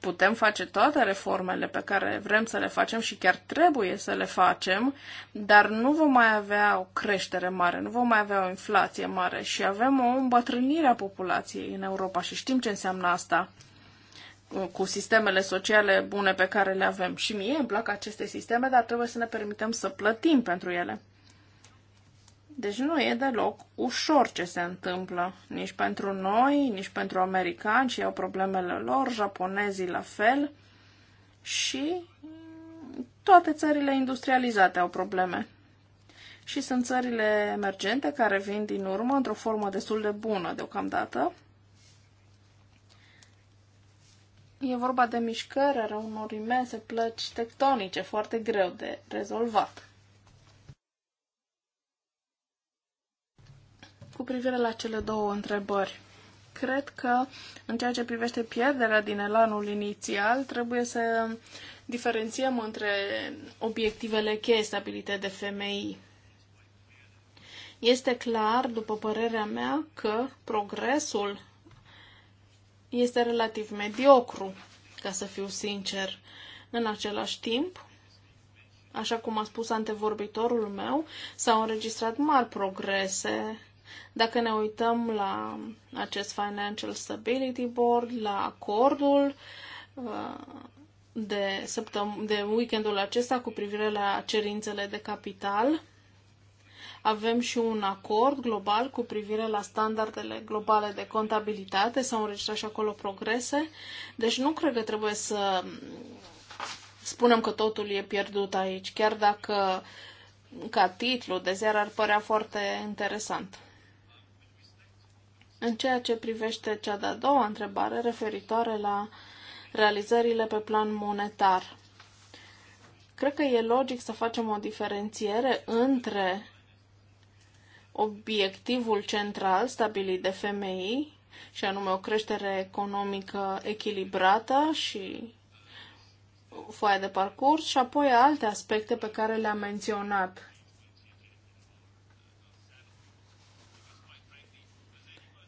Putem face toate reformele pe care vrem să le facem și chiar trebuie să le facem, dar nu vom mai avea o creștere mare, nu vom mai avea o inflație mare și avem o îmbătrânire a populației în Europa și știm ce înseamnă asta cu sistemele sociale bune pe care le avem. Și mie îmi plac aceste sisteme, dar trebuie să ne permitem să plătim pentru ele. Deci nu e deloc ușor ce se întâmplă, nici pentru noi, nici pentru americani și au problemele lor, japonezii la fel și toate țările industrializate au probleme și sunt țările emergente care vin din urmă într-o formă destul de bună deocamdată. E vorba de mișcări ale unor imense plăci tectonice foarte greu de rezolvat. Cu privire la cele două întrebări, cred că în ceea ce privește pierderea din elanul inițial, trebuie să diferențiem între obiectivele cheie stabilite de femei este clar, după părerea mea, că progresul este relativ mediocru, ca să fiu sincer. În același timp, așa cum a spus antevorbitorul meu, s-au înregistrat mari progrese. Dacă ne uităm la acest Financial Stability Board, la acordul uh, de, săptăm- de weekendul acesta cu privire la cerințele de capital, avem și un acord global cu privire la standardele globale de contabilitate, s-au înregistrat și acolo progrese, deci nu cred că trebuie să spunem că totul e pierdut aici, chiar dacă ca titlu de ziar ar părea foarte interesant. În ceea ce privește cea de-a doua întrebare referitoare la realizările pe plan monetar, cred că e logic să facem o diferențiere între obiectivul central stabilit de FMI, și anume o creștere economică echilibrată și foaia de parcurs și apoi alte aspecte pe care le-am menționat.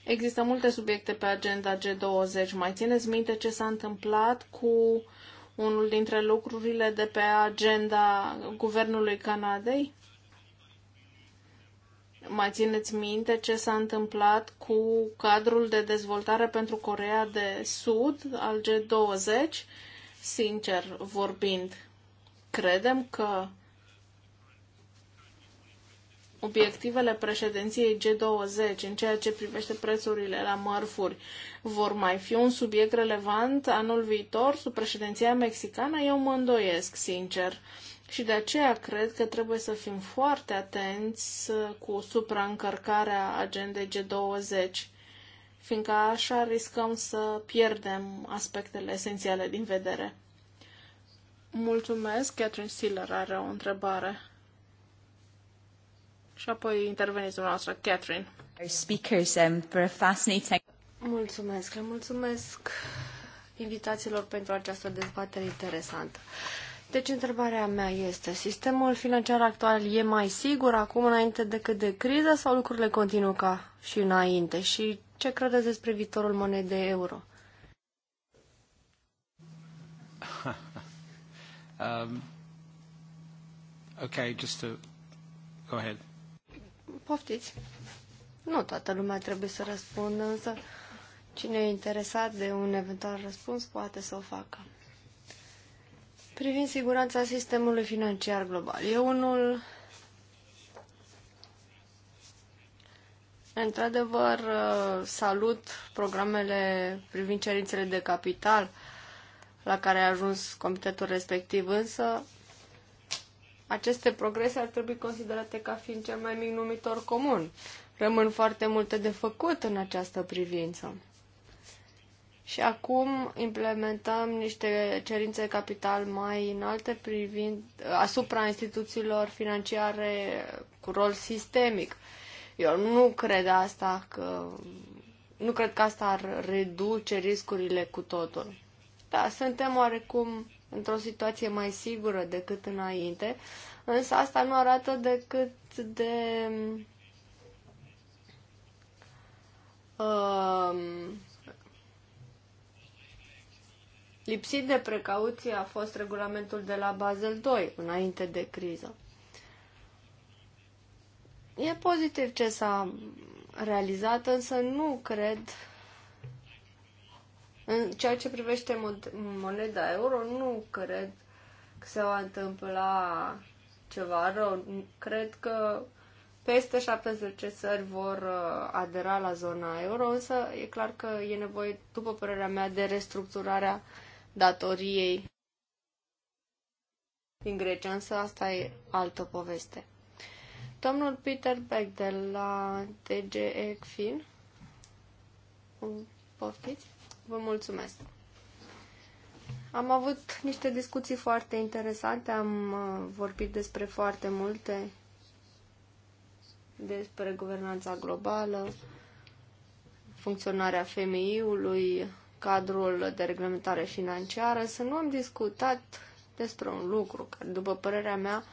Există multe subiecte pe agenda G20. Mai țineți minte ce s-a întâmplat cu unul dintre lucrurile de pe agenda Guvernului Canadei? Mai țineți minte ce s-a întâmplat cu cadrul de dezvoltare pentru Corea de Sud al G20? Sincer vorbind, credem că obiectivele președinției G20 în ceea ce privește prețurile la mărfuri vor mai fi un subiect relevant anul viitor sub președinția mexicană? Eu mă îndoiesc, sincer. Uh, și de aceea cred că trebuie să fim foarte atenți uh, cu supraîncărcarea agendei G20, fiindcă așa riscăm să pierdem aspectele esențiale din vedere. Mulțumesc. Catherine Stiller are o întrebare. Și apoi interveniți dumneavoastră, Catherine. Speakers, um, for a fascinating... Mulțumesc, le mulțumesc invitațiilor pentru această dezbatere interesantă. Uh, deci întrebarea mea este, sistemul financiar actual e mai sigur acum înainte decât de criză sau lucrurile continuă ca și înainte? Și ce credeți despre viitorul monedei euro? [LAUGHS] um, ok, just to go ahead. Poftiți. Nu toată lumea trebuie să răspundă, însă cine e interesat de un eventual răspuns poate să o facă privind siguranța sistemului financiar global. E unul, într-adevăr, salut programele privind cerințele de capital la care a ajuns comitetul respectiv, însă aceste progrese ar trebui considerate ca fiind cel mai mic numitor comun. Rămân foarte multe de făcut în această privință. Și acum implementăm niște cerințe capital mai înalte privind asupra instituțiilor financiare cu rol sistemic. Eu nu cred asta că nu cred că asta ar reduce riscurile cu totul. Da, suntem oarecum într-o situație mai sigură decât înainte, însă asta nu arată decât de uh, Lipsit de precauție a fost regulamentul de la Basel II, înainte de criză. E pozitiv ce s-a realizat, însă nu cred în ceea ce privește moneda euro, nu cred că se va întâmpla ceva rău. Cred că peste 70 țări vor uh, adera la zona euro, însă e clar că e nevoie, după părerea mea, de restructurarea datoriei din Grecia, însă asta e altă poveste. Domnul Peter Beck de la TG ECFIN, poftiți, vă mulțumesc. Am avut niște discuții foarte interesante, am uh, vorbit despre foarte multe, despre guvernanța globală, funcționarea femeiului, cadrul de reglementare financiară, să nu am discutat despre un lucru care, după părerea mea,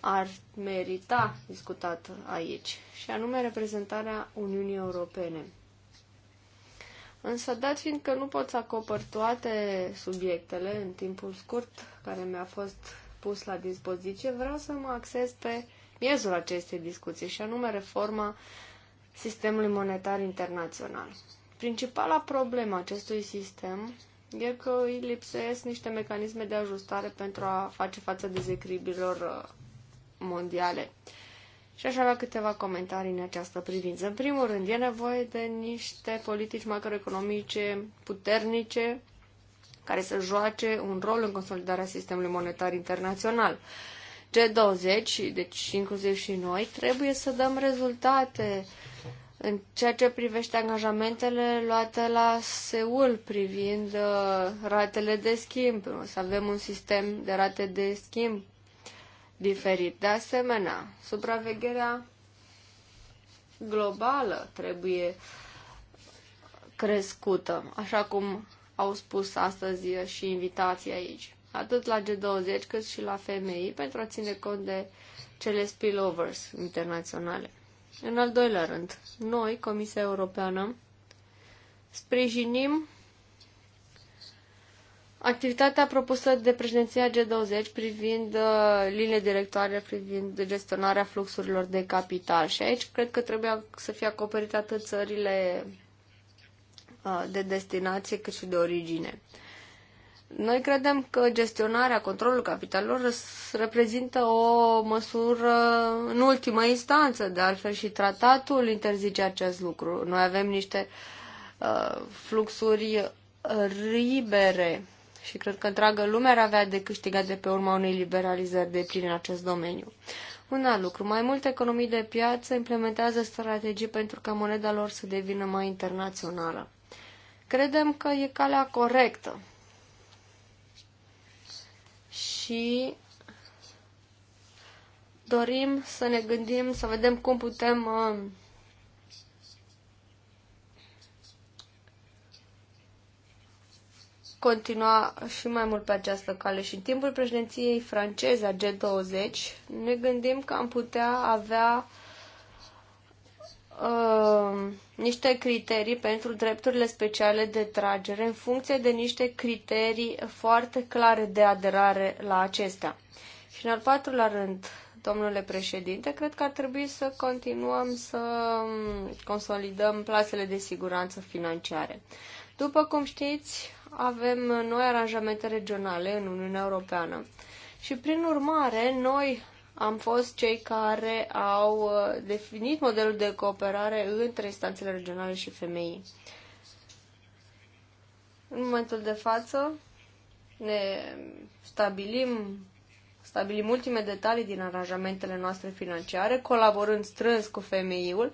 ar merita discutat aici, și anume reprezentarea Uniunii Europene. Însă, dat fiind că nu pot să acopăr toate subiectele în timpul scurt care mi-a fost pus la dispoziție, vreau să mă axez pe miezul acestei discuții, și anume reforma sistemului monetar internațional. Principala problemă acestui sistem e că îi lipsesc niște mecanisme de ajustare pentru a face față dezechilibrilor uh, mondiale. Și aș avea câteva comentarii în această privință. În primul rând, e nevoie de niște politici macroeconomice puternice care să joace un rol în consolidarea sistemului monetar internațional. G20, deci inclusiv și noi, trebuie să dăm rezultate uh, în ceea ce privește angajamentele luate la Seul privind uh, ratele de schimb, o să avem un sistem de rate de schimb diferit. De asemenea, supravegherea globală trebuie crescută, așa cum au spus astăzi și invitații aici, atât la G20 cât și la FMI, pentru a ține cont de cele spillovers internaționale. În al doilea rând, noi, Comisia Europeană, sprijinim activitatea propusă de președinția G20 privind uh, linie directoare, privind gestionarea fluxurilor de capital. Și aici cred că trebuie să fie acoperite atât țările uh, de destinație cât și de origine. Uh, noi credem că gestionarea, controlul capitalelor reprezintă o măsură în ultimă instanță, de altfel și tratatul interzice acest lucru. Noi avem niște uh, fluxuri libere și cred că întreaga lumea ar avea de câștigat de pe urma unei liberalizări de plin în acest domeniu. Un alt lucru, mai multe economii de piață implementează strategii pentru ca moneda lor să devină mai internațională. Credem că e calea corectă și dorim să ne gândim, să vedem cum putem uh, continua și mai mult pe această cale și în timpul președinției franceze a G20 ne gândim că am putea avea uh, niște criterii pentru drepturile speciale de tragere în funcție de niște criterii foarte clare de aderare la acestea. Și în al patrulea rând, domnule președinte, cred că ar trebui să continuăm să consolidăm plasele de siguranță financiare. După cum știți, avem noi aranjamente regionale în Uniunea Europeană și, prin urmare, noi am fost cei care au uh, definit modelul de cooperare între instanțele regionale și femei. În momentul de față ne stabilim, stabilim ultime detalii din aranjamentele noastre financiare, colaborând strâns cu femeiul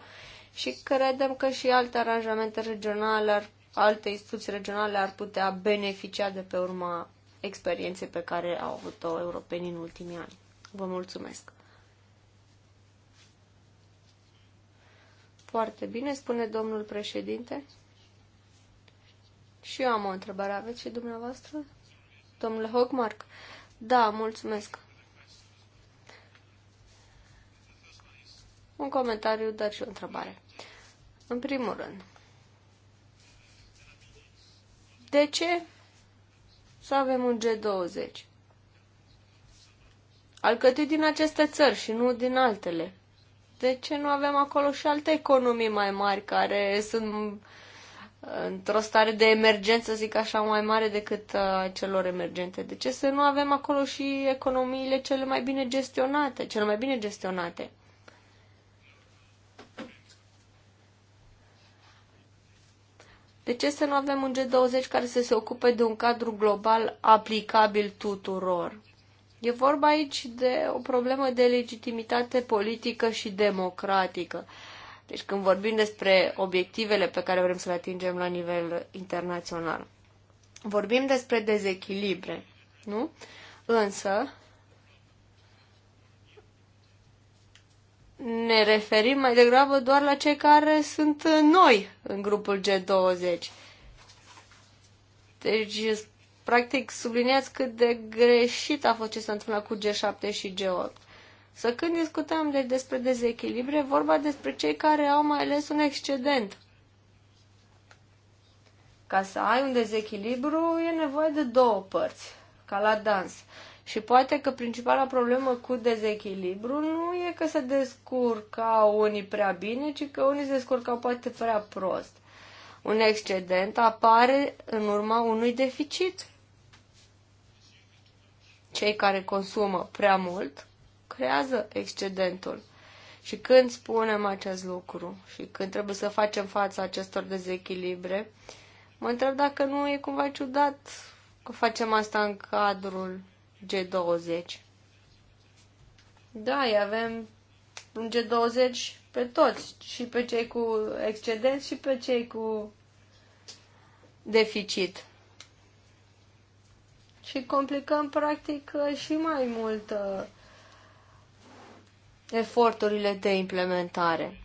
și credem că și alte aranjamente regionale, alte instituții regionale ar putea beneficia de pe urma experienței pe care au avut-o europenii în ultimii ani. Vă mulțumesc. Foarte bine, spune domnul președinte. Și eu am o întrebare. Aveți și dumneavoastră? Domnule Hogmark? Da, mulțumesc. Un comentariu, dar și o întrebare. În primul rând, de ce să avem un G20? alcătuit din aceste țări și nu din altele. De ce nu avem acolo și alte economii mai mari care sunt uh, într-o stare de emergență, zic așa, mai mare decât uh, celor emergente. De ce să nu avem acolo și economiile cele mai bine gestionate, cele mai bine gestionate? De ce să nu avem un G20 care să se ocupe de un cadru global aplicabil tuturor? E vorba aici de o problemă de legitimitate politică și democratică. Deci când vorbim despre obiectivele pe care vrem să le atingem la nivel internațional, vorbim despre dezechilibre, nu? Însă, ne referim mai degrabă doar la cei care sunt noi în grupul G20. Deci Practic, subliniați cât de greșit a fost ce s-a întâmplat cu G7 și G8. Să când discutăm de, despre dezechilibre, vorba despre cei care au mai ales un excedent. Ca să ai un dezechilibru, e nevoie de două părți, ca la dans. Și poate că principala problemă cu dezechilibru nu e că se descurcau unii prea bine, ci că unii se descurcau poate prea prost. Un excedent apare în urma unui deficit cei care consumă prea mult creează excedentul. Și când spunem acest lucru și când trebuie să facem fața acestor dezechilibre, mă întreb dacă nu e cumva ciudat că facem asta în cadrul G20. Da, îi avem un G20 pe toți, și pe cei cu excedent și pe cei cu deficit și complicăm practic și mai mult uh, eforturile de implementare.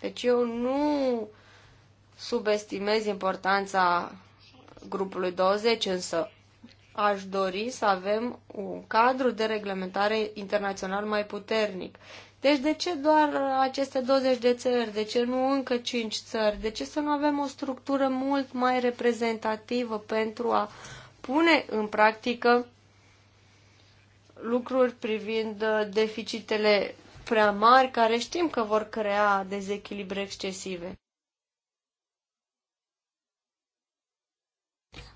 Deci eu nu subestimez importanța grupului 20, însă aș dori să avem un cadru de reglementare internațional mai puternic. Deci de ce doar aceste 20 de țări? De ce nu încă 5 țări? De ce să nu avem o structură mult mai reprezentativă pentru a uh, pune în practică lucruri privind uh, deficitele prea mari, care știm că vor crea dezechilibre excesive.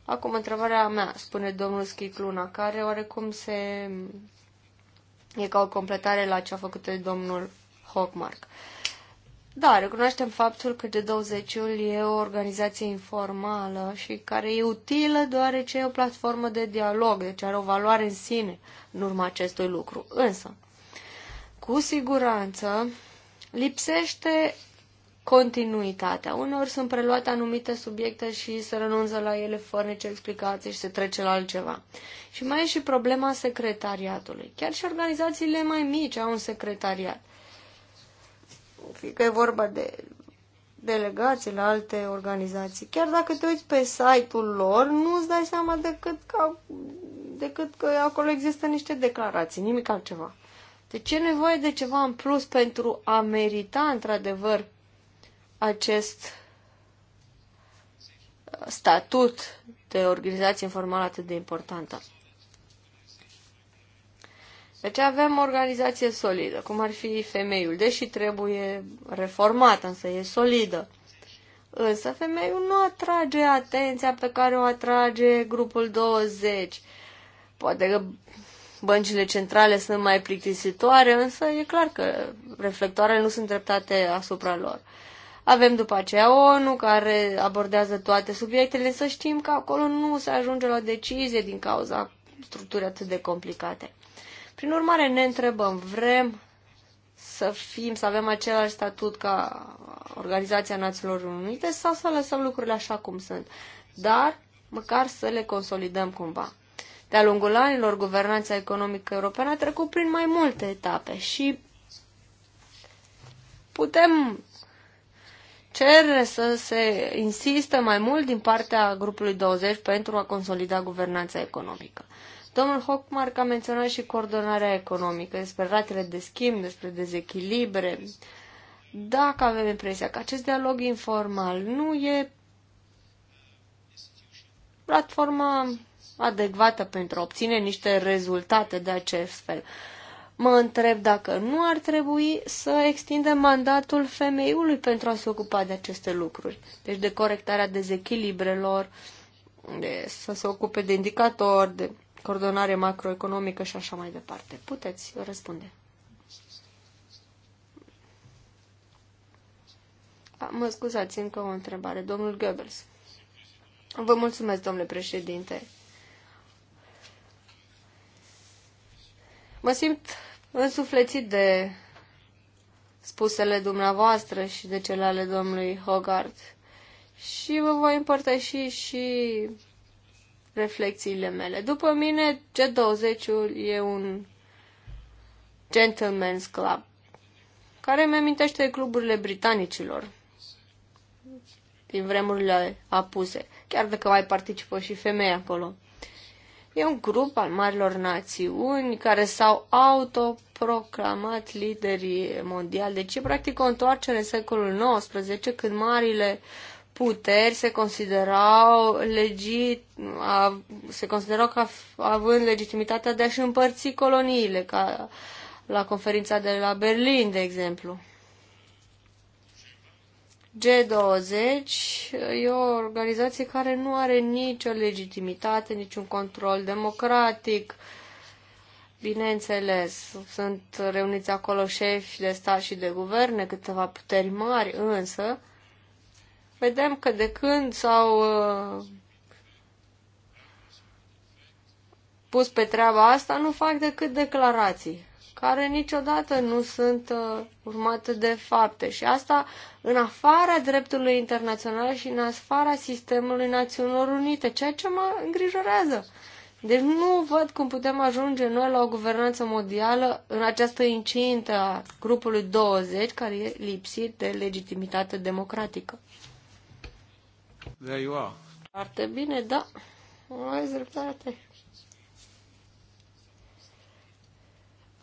Acum, întrebarea mea, spune domnul Schicluna, care oarecum se... e ca o completare la ce a făcut domnul Hockmark. Uh, da, recunoaștem faptul că G21 e o organizație informală și care e utilă deoarece e o platformă de dialog, deci are o valoare în sine în urma acestui lucru. Însă, cu siguranță, lipsește continuitatea. Uneori sunt preluate anumite subiecte și se renunță la ele fără nicio explicație și se trece la altceva. Și mai e și problema secretariatului. Chiar și organizațiile mai mici au un secretariat fie că e vorba de delegații la alte organizații, chiar dacă te uiți pe site-ul lor, nu îți dai seama decât că, decât că acolo există niște declarații, nimic altceva. Deci e nevoie de ceva în plus pentru a merita într-adevăr acest uh, statut de organizație informală atât de importantă. Deci avem o organizație solidă, cum ar fi femeiul, deși trebuie reformată, însă e solidă. Însă femeiul nu atrage atenția pe care o atrage grupul 20. Poate că băncile centrale sunt mai plictisitoare, însă e clar că reflectoarele nu sunt dreptate asupra lor. Avem după aceea ONU care abordează toate subiectele, să știm că acolo nu se ajunge la decizie din cauza structurii atât de complicate. Prin urmare, ne întrebăm, vrem să fim, să avem același statut ca Organizația Națiunilor Unite sau să lăsăm lucrurile așa cum sunt, dar măcar să le consolidăm cumva. De-a lungul anilor, guvernanța economică europeană a trecut prin mai multe etape și putem cere să se insistă mai mult din partea grupului 20 pentru a consolida guvernanța economică. Domnul Hockmark a menționat și coordonarea economică, despre ratele de schimb, despre dezechilibre. Dacă avem impresia că acest dialog informal nu e platforma adecvată pentru a obține niște rezultate de acest fel, mă întreb dacă nu ar trebui să extindem mandatul femeiului pentru a se ocupa de aceste lucruri, deci de corectarea dezechilibrelor, de, să se ocupe de indicatori, de coordonare macroeconomică și așa mai departe. Puteți răspunde. Mă scuzați, încă o întrebare. Domnul Goebbels. Vă mulțumesc, domnule președinte. Mă simt însuflețit de spusele dumneavoastră și de cele ale domnului Hogarth. Și vă voi împărtăși și reflexiile mele. După mine, G20-ul e un gentleman's club care îmi amintește cluburile britanicilor din vremurile apuse, chiar dacă mai participă și femei acolo. E un grup al marilor națiuni care s-au autoproclamat liderii mondiali. Deci e practic o întoarcere în secolul XIX, când marile uh, puteri se considerau legit, a, se considerau ca având legitimitatea de a-și împărți coloniile, ca la conferința de la Berlin, de exemplu. G20 e o organizație care nu are nicio legitimitate, niciun control democratic. Bineînțeles, sunt reuniți acolo șefi de stat și de guverne, câteva puteri mari, însă vedem că de când s-au uh, pus pe treaba asta, nu fac decât declarații, care niciodată nu sunt uh, urmate de fapte. Și asta în afara dreptului internațional și în afara sistemului Națiunilor Unite, ceea ce mă îngrijorează. Deci nu văd cum putem ajunge noi la o guvernanță mondială în această incintă a grupului 20, care e lipsit de legitimitate democratică. There you are. Foarte bine, da. Ai dreptate.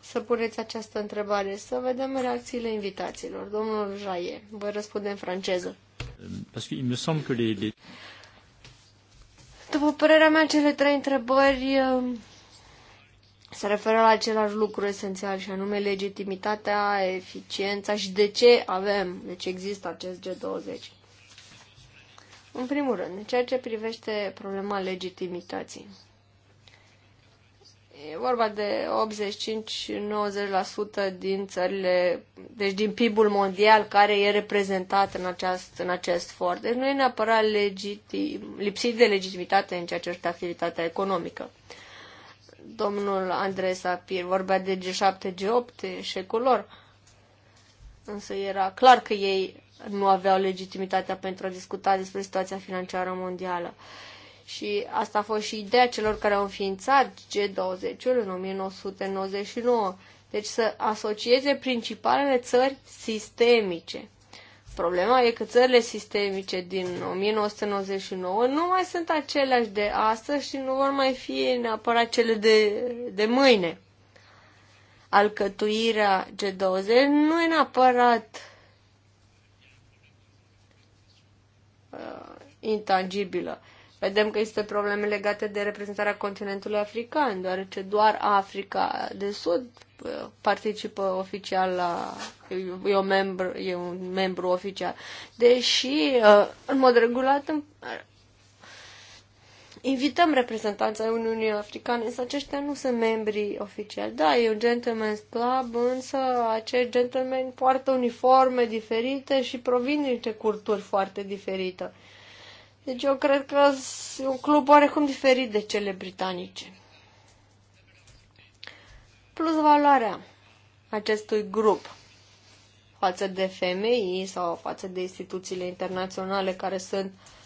Să puneți această întrebare, să vedem reacțiile invitațiilor. Domnul Jaie, vă răspunde în franceză. După părerea mea, cele trei întrebări um, se referă la același lucru esențial și anume legitimitatea, eficiența și de ce avem, de ce există acest G20. În primul rând, în ceea ce privește problema legitimității. E vorba de 85-90% din țările, deci din PIB-ul mondial care e reprezentat în, aceast, în acest for. Deci nu e neapărat legitim, lipsit de legitimitate în ceea ce este afilitatea economică. Domnul Andrei Sapir vorbea de G7, G8, eșecul lor. Însă era clar că ei nu aveau legitimitatea pentru a discuta despre situația financiară mondială. Și asta a fost și ideea celor care au înființat G20-ul în 1999. Deci să asocieze principalele țări sistemice. Problema e că țările sistemice din 1999 nu mai sunt aceleași de astăzi și nu vor mai fi neapărat cele de, de mâine. Alcătuirea G20 nu e neapărat uh, intangibilă. Vedem că există probleme legate de reprezentarea continentului african, deoarece doar Africa de Sud uh, participă oficial la. e, un membru, e un membru oficial. Deși, uh, în mod regulat, invităm reprezentanța Uniunii Africane, însă aceștia nu sunt membri oficiali. Da, e un gentleman's club, însă acești gentlemen poartă uniforme diferite și provin dintre culturi foarte diferite. Deci eu cred că e un club oarecum diferit de cele britanice. Plus valoarea acestui grup față de femei sau față de instituțiile internaționale care sunt uh,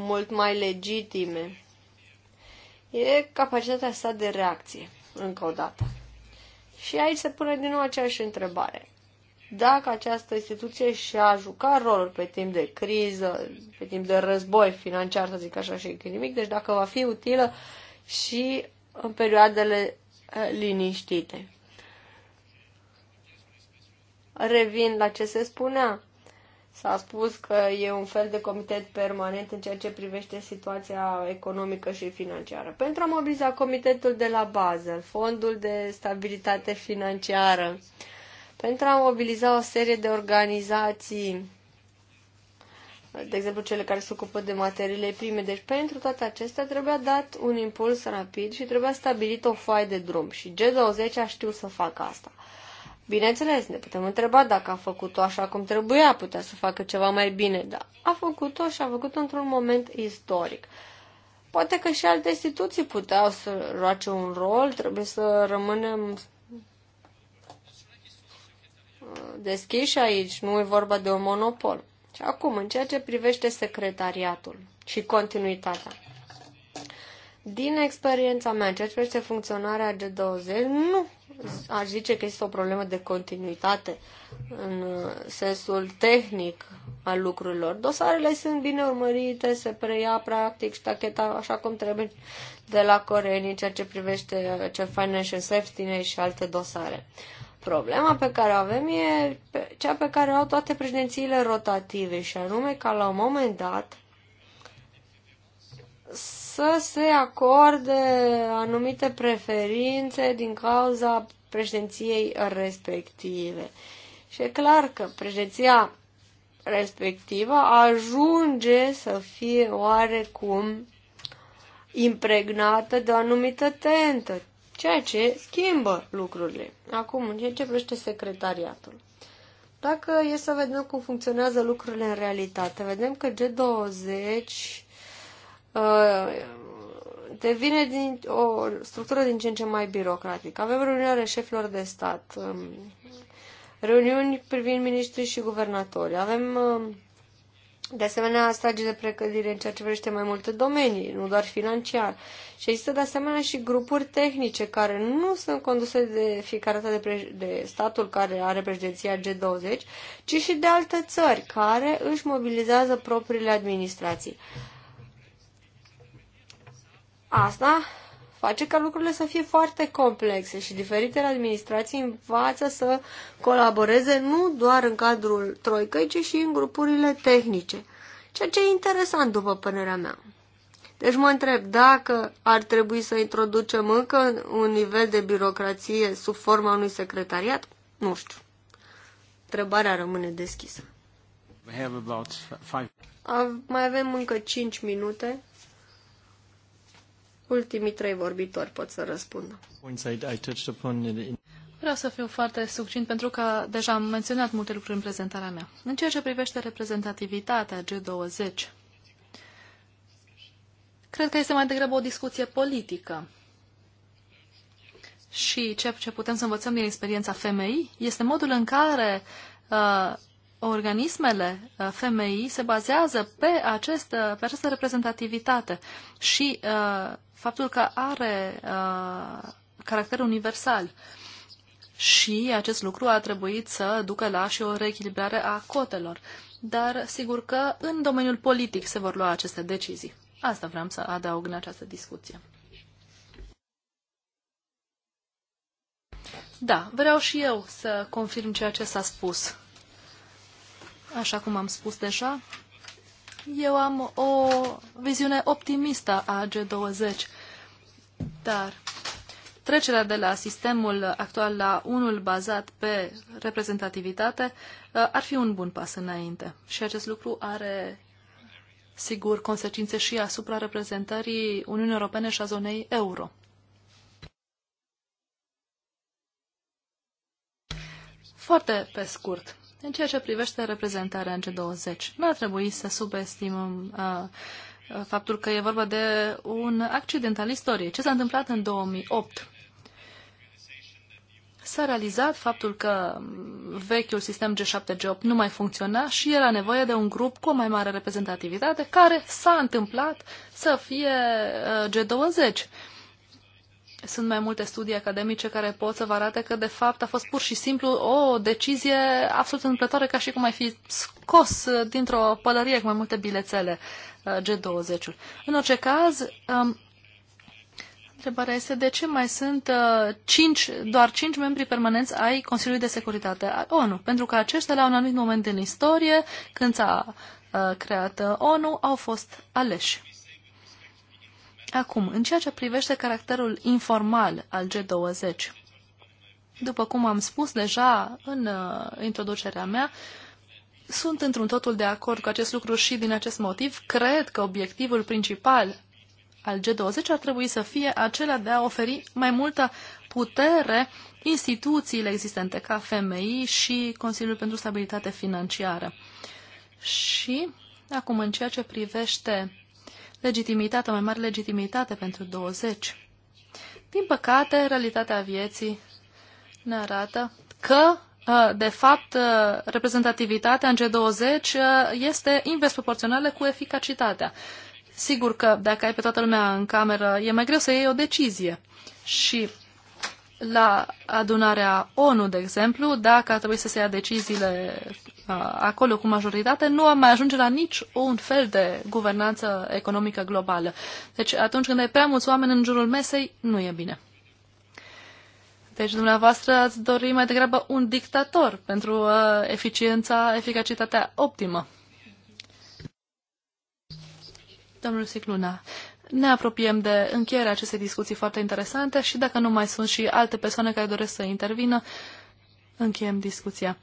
mult mai legitime e capacitatea sa de reacție, încă o dată. Și aici se pune din nou aceeași întrebare. Dacă această instituție și-a jucat rolul pe timp de criză, pe timp de război financiar, să zic așa, și economic, deci dacă va fi utilă și în perioadele eh, liniștite. Revin la ce se spunea. S-a spus că e un fel de comitet permanent în ceea ce privește situația economică și financiară. Pentru a mobiliza comitetul de la bază, fondul de stabilitate financiară, pentru a mobiliza o serie de organizații, de exemplu cele care se ocupă de materiile prime. Deci pentru toate acestea trebuia dat un impuls rapid și trebuia stabilit o foaie de drum. Și G20 a știut să facă asta. Bineînțeles, ne putem întreba dacă a făcut-o așa cum trebuia, putea să facă ceva mai bine, dar a făcut-o și a făcut-o într-un moment istoric. Poate că și alte instituții puteau să roace un rol, trebuie să rămânem uh, deschiși aici, nu e vorba de un monopol. Și acum, în ceea ce privește secretariatul și continuitatea. Din experiența mea, în ceea ce privește funcționarea G20, nu aș zice că este o problemă de continuitate în sensul tehnic al lucrurilor. Dosarele sunt bine urmărite, se preia practic ștacheta așa cum trebuie de la coreeni, ceea ce privește ce financial safety și alte dosare. Problema pe care o avem e cea pe care o au toate președințiile rotative și anume ca la un moment dat să se acorde anumite preferințe din cauza președinției respective. Și e clar că președinția respectivă ajunge să fie oarecum impregnată de o anumită tentă, ceea ce schimbă lucrurile. Acum, în ceea ce privește secretariatul. Dacă e să vedem cum funcționează lucrurile în realitate, vedem că G20 Uh, devine din, o structură din ce în ce mai birocratică. Avem reuniuni ale șefilor de stat, um, reuniuni privind ministrii și guvernatori, avem um, de asemenea stagii de precădire în ceea ce privește mai multe domenii, nu doar financiar. Și există de asemenea și grupuri tehnice care nu sunt conduse de fiecare dată de, de statul care are președinția G20, ci și de alte țări care își mobilizează propriile administrații. Uh, Asta face ca lucrurile să fie foarte complexe și diferitele administrații învață să colaboreze nu doar în cadrul troicăi, ci și în grupurile tehnice, ceea ce e interesant după părerea mea. Deci mă întreb dacă ar trebui să introducem încă un nivel de birocrație sub forma unui secretariat? Nu știu. Întrebarea rămâne deschisă. Mai avem încă 5 minute. Ultimii trei vorbitori pot să răspundă. Vreau să fiu foarte succint pentru că deja am menționat multe lucruri în prezentarea mea. În ceea ce privește reprezentativitatea G20, cred că este mai degrabă o discuție politică. Și ceea ce putem să învățăm din experiența femei este modul în care uh, organismele uh, femei se bazează pe, acest, uh, pe această reprezentativitate și uh, faptul că are uh, caracter universal. Și acest lucru a trebuit să ducă la și o reechilibrare a cotelor. Dar sigur că în domeniul politic se vor lua aceste decizii. Asta vreau să adaug în această discuție. Da, vreau și eu să confirm ceea ce s-a spus. Așa cum am spus deja, eu am o viziune optimistă a G20, dar trecerea de la sistemul actual la unul bazat pe reprezentativitate uh, ar fi un bun pas înainte. Și acest lucru are, sigur, consecințe și asupra reprezentării Uniunii Europene și a zonei euro. Foarte pe scurt, în ceea ce privește reprezentarea în G20, nu ar trebui să subestimăm uh, uh, faptul că e vorba de un accidental istoriei. Ce s-a întâmplat în 2008? S-a realizat faptul că um, vechiul sistem G7-G8 nu mai funcționa și era nevoie de un grup cu o mai mare reprezentativitate care s-a întâmplat să fie uh, G20 sunt mai multe studii academice care pot să vă arate că, de fapt, a fost pur și simplu o decizie absolut întâmplătoare, ca și cum ai fi scos dintr-o pălărie cu mai multe bilețele uh, G20-ul. În orice caz, um, întrebarea este de ce mai sunt uh, cinci, doar cinci membri permanenți ai Consiliului de Securitate al ONU, pentru că aceștia, la un anumit moment din istorie, când s-a uh, creat ONU, au fost aleși. Acum, în ceea ce privește caracterul informal al G20, după cum am spus deja în uh, introducerea mea, sunt într-un totul de acord cu acest lucru și din acest motiv cred că obiectivul principal al G20 ar trebui să fie acela de a oferi mai multă putere instituțiile existente ca FMI și Consiliul pentru Stabilitate Financiară. Și acum în ceea ce privește legitimitate, o mai mare legitimitate pentru 20. Din păcate, realitatea vieții ne arată că, uh, de fapt, uh, reprezentativitatea în G20 uh, este invers proporțională cu eficacitatea. Sigur că dacă ai pe toată lumea în cameră, e mai greu să iei o decizie. Și la adunarea ONU, de exemplu, dacă ar trebui să se ia deciziile Uh, acolo cu majoritate, nu am mai ajunge la nici un fel de guvernanță economică globală. Deci atunci când ai prea mulți oameni în jurul mesei, nu e bine. Deci dumneavoastră ați dori mai degrabă un dictator pentru uh, eficiența, eficacitatea optimă. Domnul Sicluna, ne apropiem de încheierea acestei discuții foarte interesante și dacă nu mai sunt și alte persoane care doresc să intervină, uh, încheiem discuția.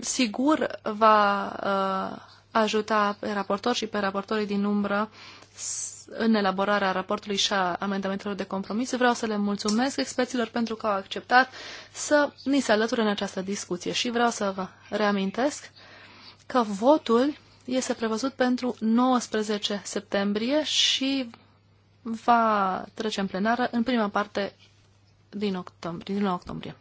Sigur va uh, ajuta pe raportor și pe raportorii din umbră în elaborarea raportului și a amendamentelor de compromis. Vreau să le mulțumesc experților pentru că au acceptat să ni se alăture în această discuție și vreau să vă reamintesc că votul este prevăzut pentru 19 septembrie și va trece în plenară în prima parte din octombrie. Din octombrie.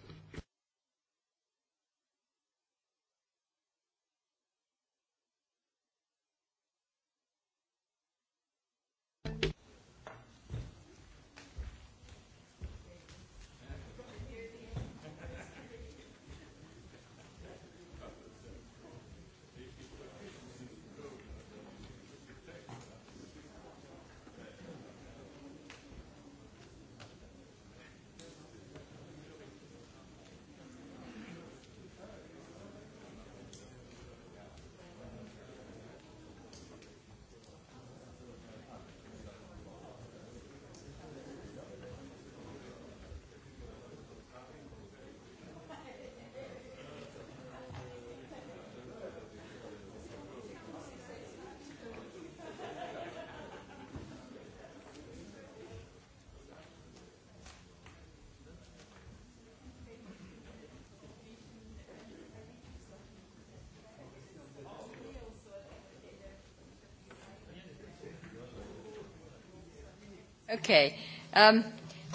Okay. Um,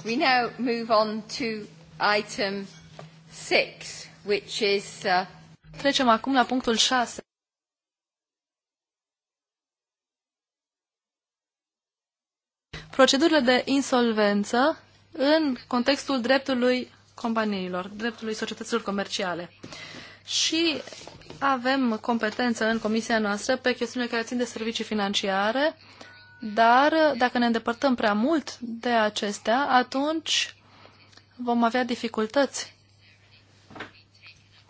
we now move on to item 6, which is... Uh... Trecem acum la punctul 6. Procedurile de insolvență în contextul dreptului companiilor, dreptului societăților comerciale. Și avem competență în comisia noastră pe chestiunile care țin de servicii financiare, dar uh, dacă ne îndepărtăm prea mult de acestea, atunci vom avea dificultăți.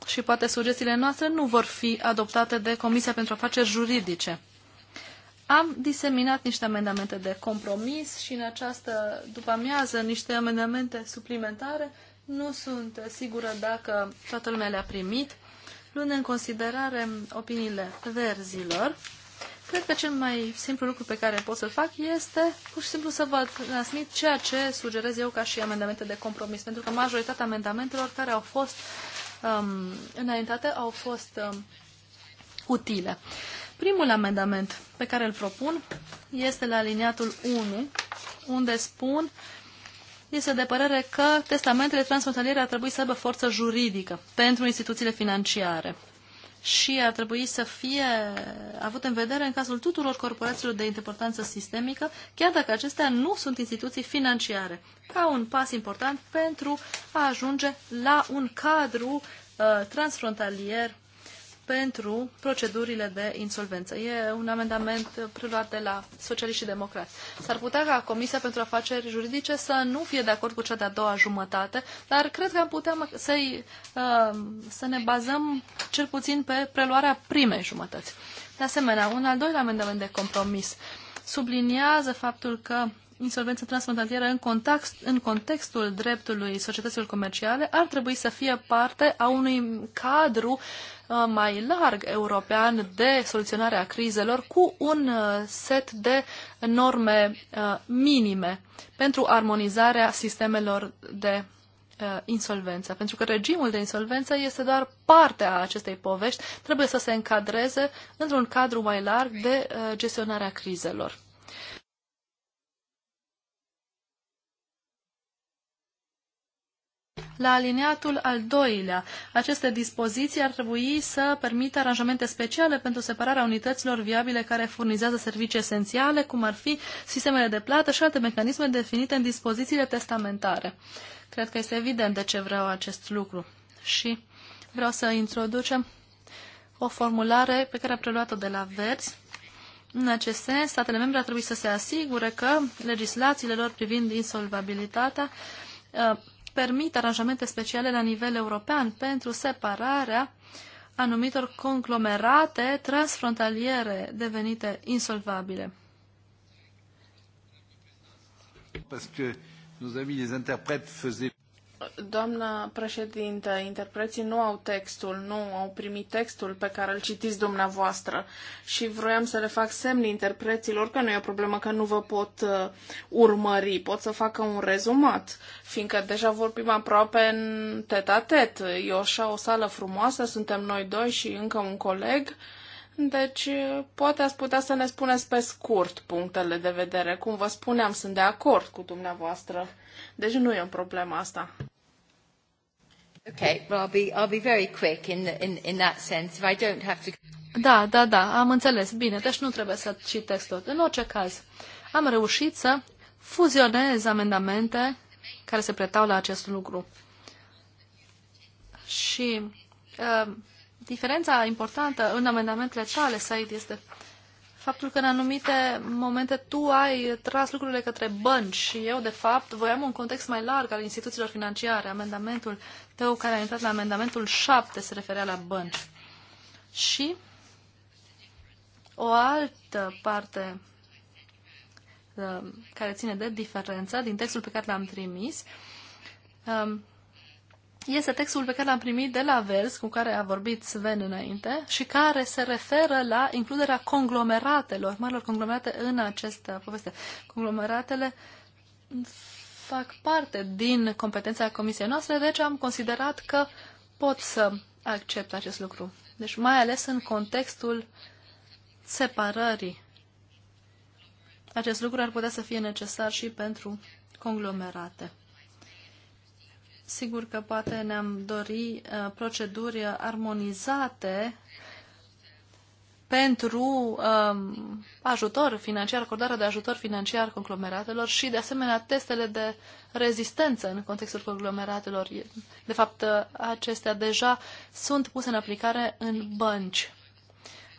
Și poate sugestiile noastre nu vor fi adoptate de Comisia pentru Afaceri Juridice. Am diseminat niște amendamente de compromis și în această după amiază niște amendamente suplimentare. Nu sunt sigură dacă toată lumea le-a primit luând în considerare opiniile verzilor, Cred că cel mai simplu lucru pe care pot să-l fac este pur și simplu să vă transmit ceea ce sugerez eu ca și amendamente de compromis, pentru că majoritatea amendamentelor care au fost um, înaintate au fost um, utile. Primul amendament pe care îl propun este la aliniatul 1, unde spun este de părere că testamentele transfrontaliere ar trebui să aibă forță juridică pentru instituțiile financiare și ar trebui să fie avut în vedere în cazul tuturor corporațiilor de importanță sistemică, chiar dacă acestea nu sunt instituții financiare, ca un pas important pentru a ajunge la un cadru uh, transfrontalier pentru procedurile de insolvență. E un amendament preluat de la socialiști și democrați. S-ar putea ca Comisia pentru Afaceri Juridice să nu fie de acord cu cea de-a doua jumătate, dar cred că am putea să, uh, să ne bazăm cel puțin pe preluarea primei jumătăți. De asemenea, un al doilea amendament de compromis subliniază faptul că insolvența transfrontalieră în, context, în contextul dreptului societăților comerciale ar trebui să fie parte a unui cadru Uh, mai larg european de soluționare a crizelor cu un uh, set de norme uh, minime pentru armonizarea sistemelor de insolvență, pentru că regimul de insolvență este doar parte a acestei povești, trebuie să se încadreze într-un cadru mai larg de gestionarea crizelor. la aliniatul al doilea. Aceste dispoziții ar trebui să permită aranjamente speciale pentru separarea unităților viabile care furnizează servicii esențiale, cum ar fi sistemele de plată și alte mecanisme definite în dispozițiile testamentare. Cred că este evident de ce vreau acest lucru. Și vreau să introducem o formulare pe care am preluat-o de la Verzi, în acest sens, statele membre ar trebui să se asigure că legislațiile lor privind insolvabilitatea uh, permit aranjamente speciale la nivel european pentru separarea anumitor conglomerate transfrontaliere devenite insolvabile. Parce que nos amis les interprètes faisaient Doamna președintă, interpreții nu au textul, nu au primit textul pe care îl citiți dumneavoastră și vroiam să le fac semn interpreților că nu e o problemă că nu vă pot uh, urmări, pot să facă un rezumat, fiindcă deja vorbim aproape în tet-a-tet. -tet. E așa o sală frumoasă, suntem noi doi și încă un coleg. Deci, uh, poate ați putea să ne spuneți pe scurt punctele de vedere. Cum vă spuneam, sunt de acord cu dumneavoastră. Deci nu e o problemă asta. Okay, well, I'll be, I'll be very quick in, in, in that sense. If I don't have to... Da, da, da, am înțeles. Bine, deci nu trebuie să citesc tot. În orice caz, am reușit să fuzionez amendamente care se pretau la acest lucru. Și uh, diferența importantă în amendamentele tale, Said, este faptul că în anumite momente tu ai tras lucrurile către bănci și eu, de fapt, voiam un context mai larg al instituțiilor financiare. Amendamentul tău care a intrat la amendamentul 7 se referea la bănci. Și o altă parte uh, care ține de diferența din textul pe care l-am trimis um, este textul pe care l-am primit de la Vers, cu care a vorbit Sven înainte, și care se referă la includerea conglomeratelor, marilor conglomerate în această poveste. Conglomeratele fac parte din competența comisiei noastre, deci am considerat că pot să accept acest lucru. Deci mai ales în contextul separării. Acest lucru ar putea să fie necesar și pentru conglomerate. Sigur că poate ne-am dori uh, proceduri armonizate pentru um, ajutor financiar, acordarea de ajutor financiar conglomeratelor și, de asemenea, testele de rezistență în contextul conglomeratelor. De fapt, uh, acestea deja sunt puse în aplicare în bănci.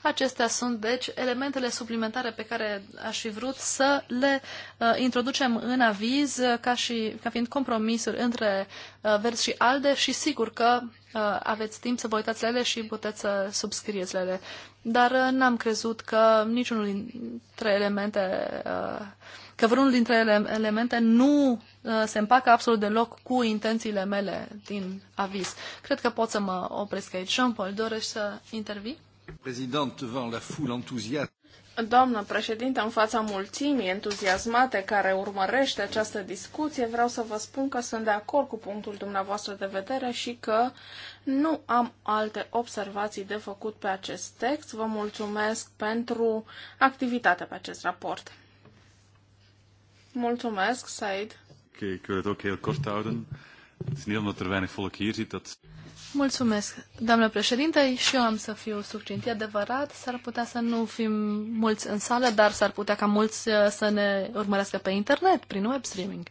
Acestea sunt, deci, elementele suplimentare pe care aș fi vrut să le uh, introducem în aviz uh, ca, și, ca fiind compromisuri între uh, vers și alde și sigur că uh, aveți timp să vă uitați la ele și puteți să subscrieți la ele. Dar uh, n-am crezut că niciunul dintre elemente, uh, că vreunul dintre ele, elemente nu uh, se împacă absolut deloc cu intențiile mele din aviz. Cred că pot să mă opresc aici. Jean-Paul, dorești să intervii? Doamnă președinte, în fața mulțimii entuziasmate care urmărește această discuție, vreau să vă spun că sunt de acord cu punctul dumneavoastră de vedere și că nu am alte observații de făcut pe acest text. Vă mulțumesc pentru activitatea pe acest raport. Mulțumesc, Said. Ok, okay, ik wil het ook heel kort houden. Het is niet omdat er weinig volk hier zit dat... Mulțumesc, doamnă președinte, și eu am să fiu succint. E adevărat, s-ar putea să nu fim mulți în sală, dar s-ar putea ca mulți uh, să ne urmărească pe internet, prin web streaming.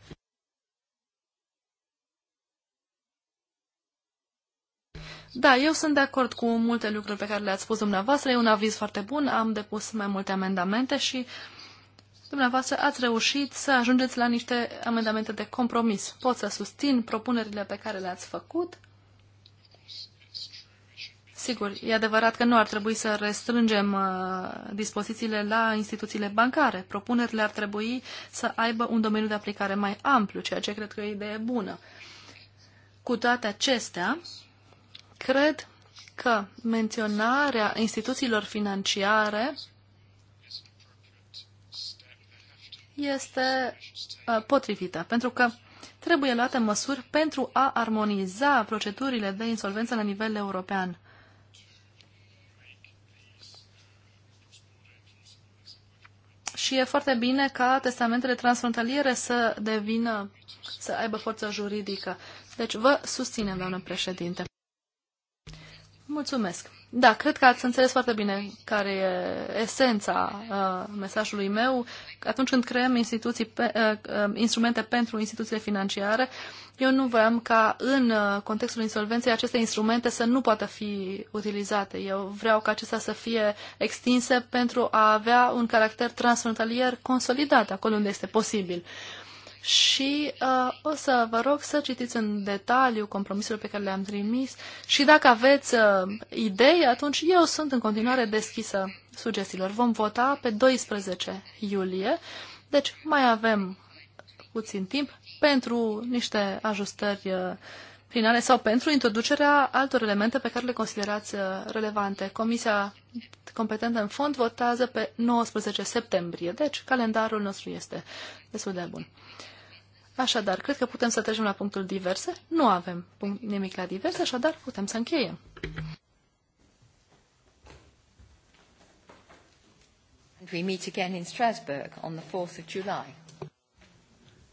Da, eu sunt de acord cu multe lucruri pe care le-ați spus dumneavoastră. E un aviz foarte bun, am depus mai multe amendamente și dumneavoastră ați reușit să ajungeți la niște amendamente de compromis. Pot să susțin propunerile pe care le-ați făcut Sigur, e adevărat că nu ar trebui să restrângem uh, dispozițiile la instituțiile bancare. Propunerile ar trebui să aibă un domeniu de aplicare mai amplu, ceea ce cred că e o idee bună. Cu toate acestea, cred că menționarea instituțiilor financiare este uh, potrivită, pentru că trebuie luate măsuri pentru a armoniza procedurile de insolvență la nivel european și e foarte bine ca testamentele transfrontaliere să devină, să aibă forță juridică. Deci vă susținem, doamnă președinte. Mulțumesc. Da, cred că ați înțeles foarte bine care e esența uh, mesajului meu. Atunci când creăm instituții pe, uh, uh instrumente pentru instituțiile financiare, eu nu vreau ca în uh, contextul insolvenței aceste instrumente să nu poată fi utilizate. Eu vreau ca acestea să fie extinse pentru a avea un caracter transfrontalier consolidat acolo unde este posibil. Uh, și uh, o să vă rog să citiți în detaliu compromisurile pe care le-am trimis și dacă aveți uh, idei, atunci eu sunt în continuare deschisă sugestiilor. Vom vota pe 12 iulie, deci mai avem puțin timp pentru niște ajustări uh, finale sau pentru introducerea altor elemente pe care le considerați uh, relevante. Comisia competentă în fond votează pe 19 septembrie, deci calendarul nostru este destul de bun. Așadar, cred că putem să trecem la punctul diverse. Nu avem punct nimic la diverse, așadar putem să încheiem. And we meet again in Strasbourg on the 4th of July.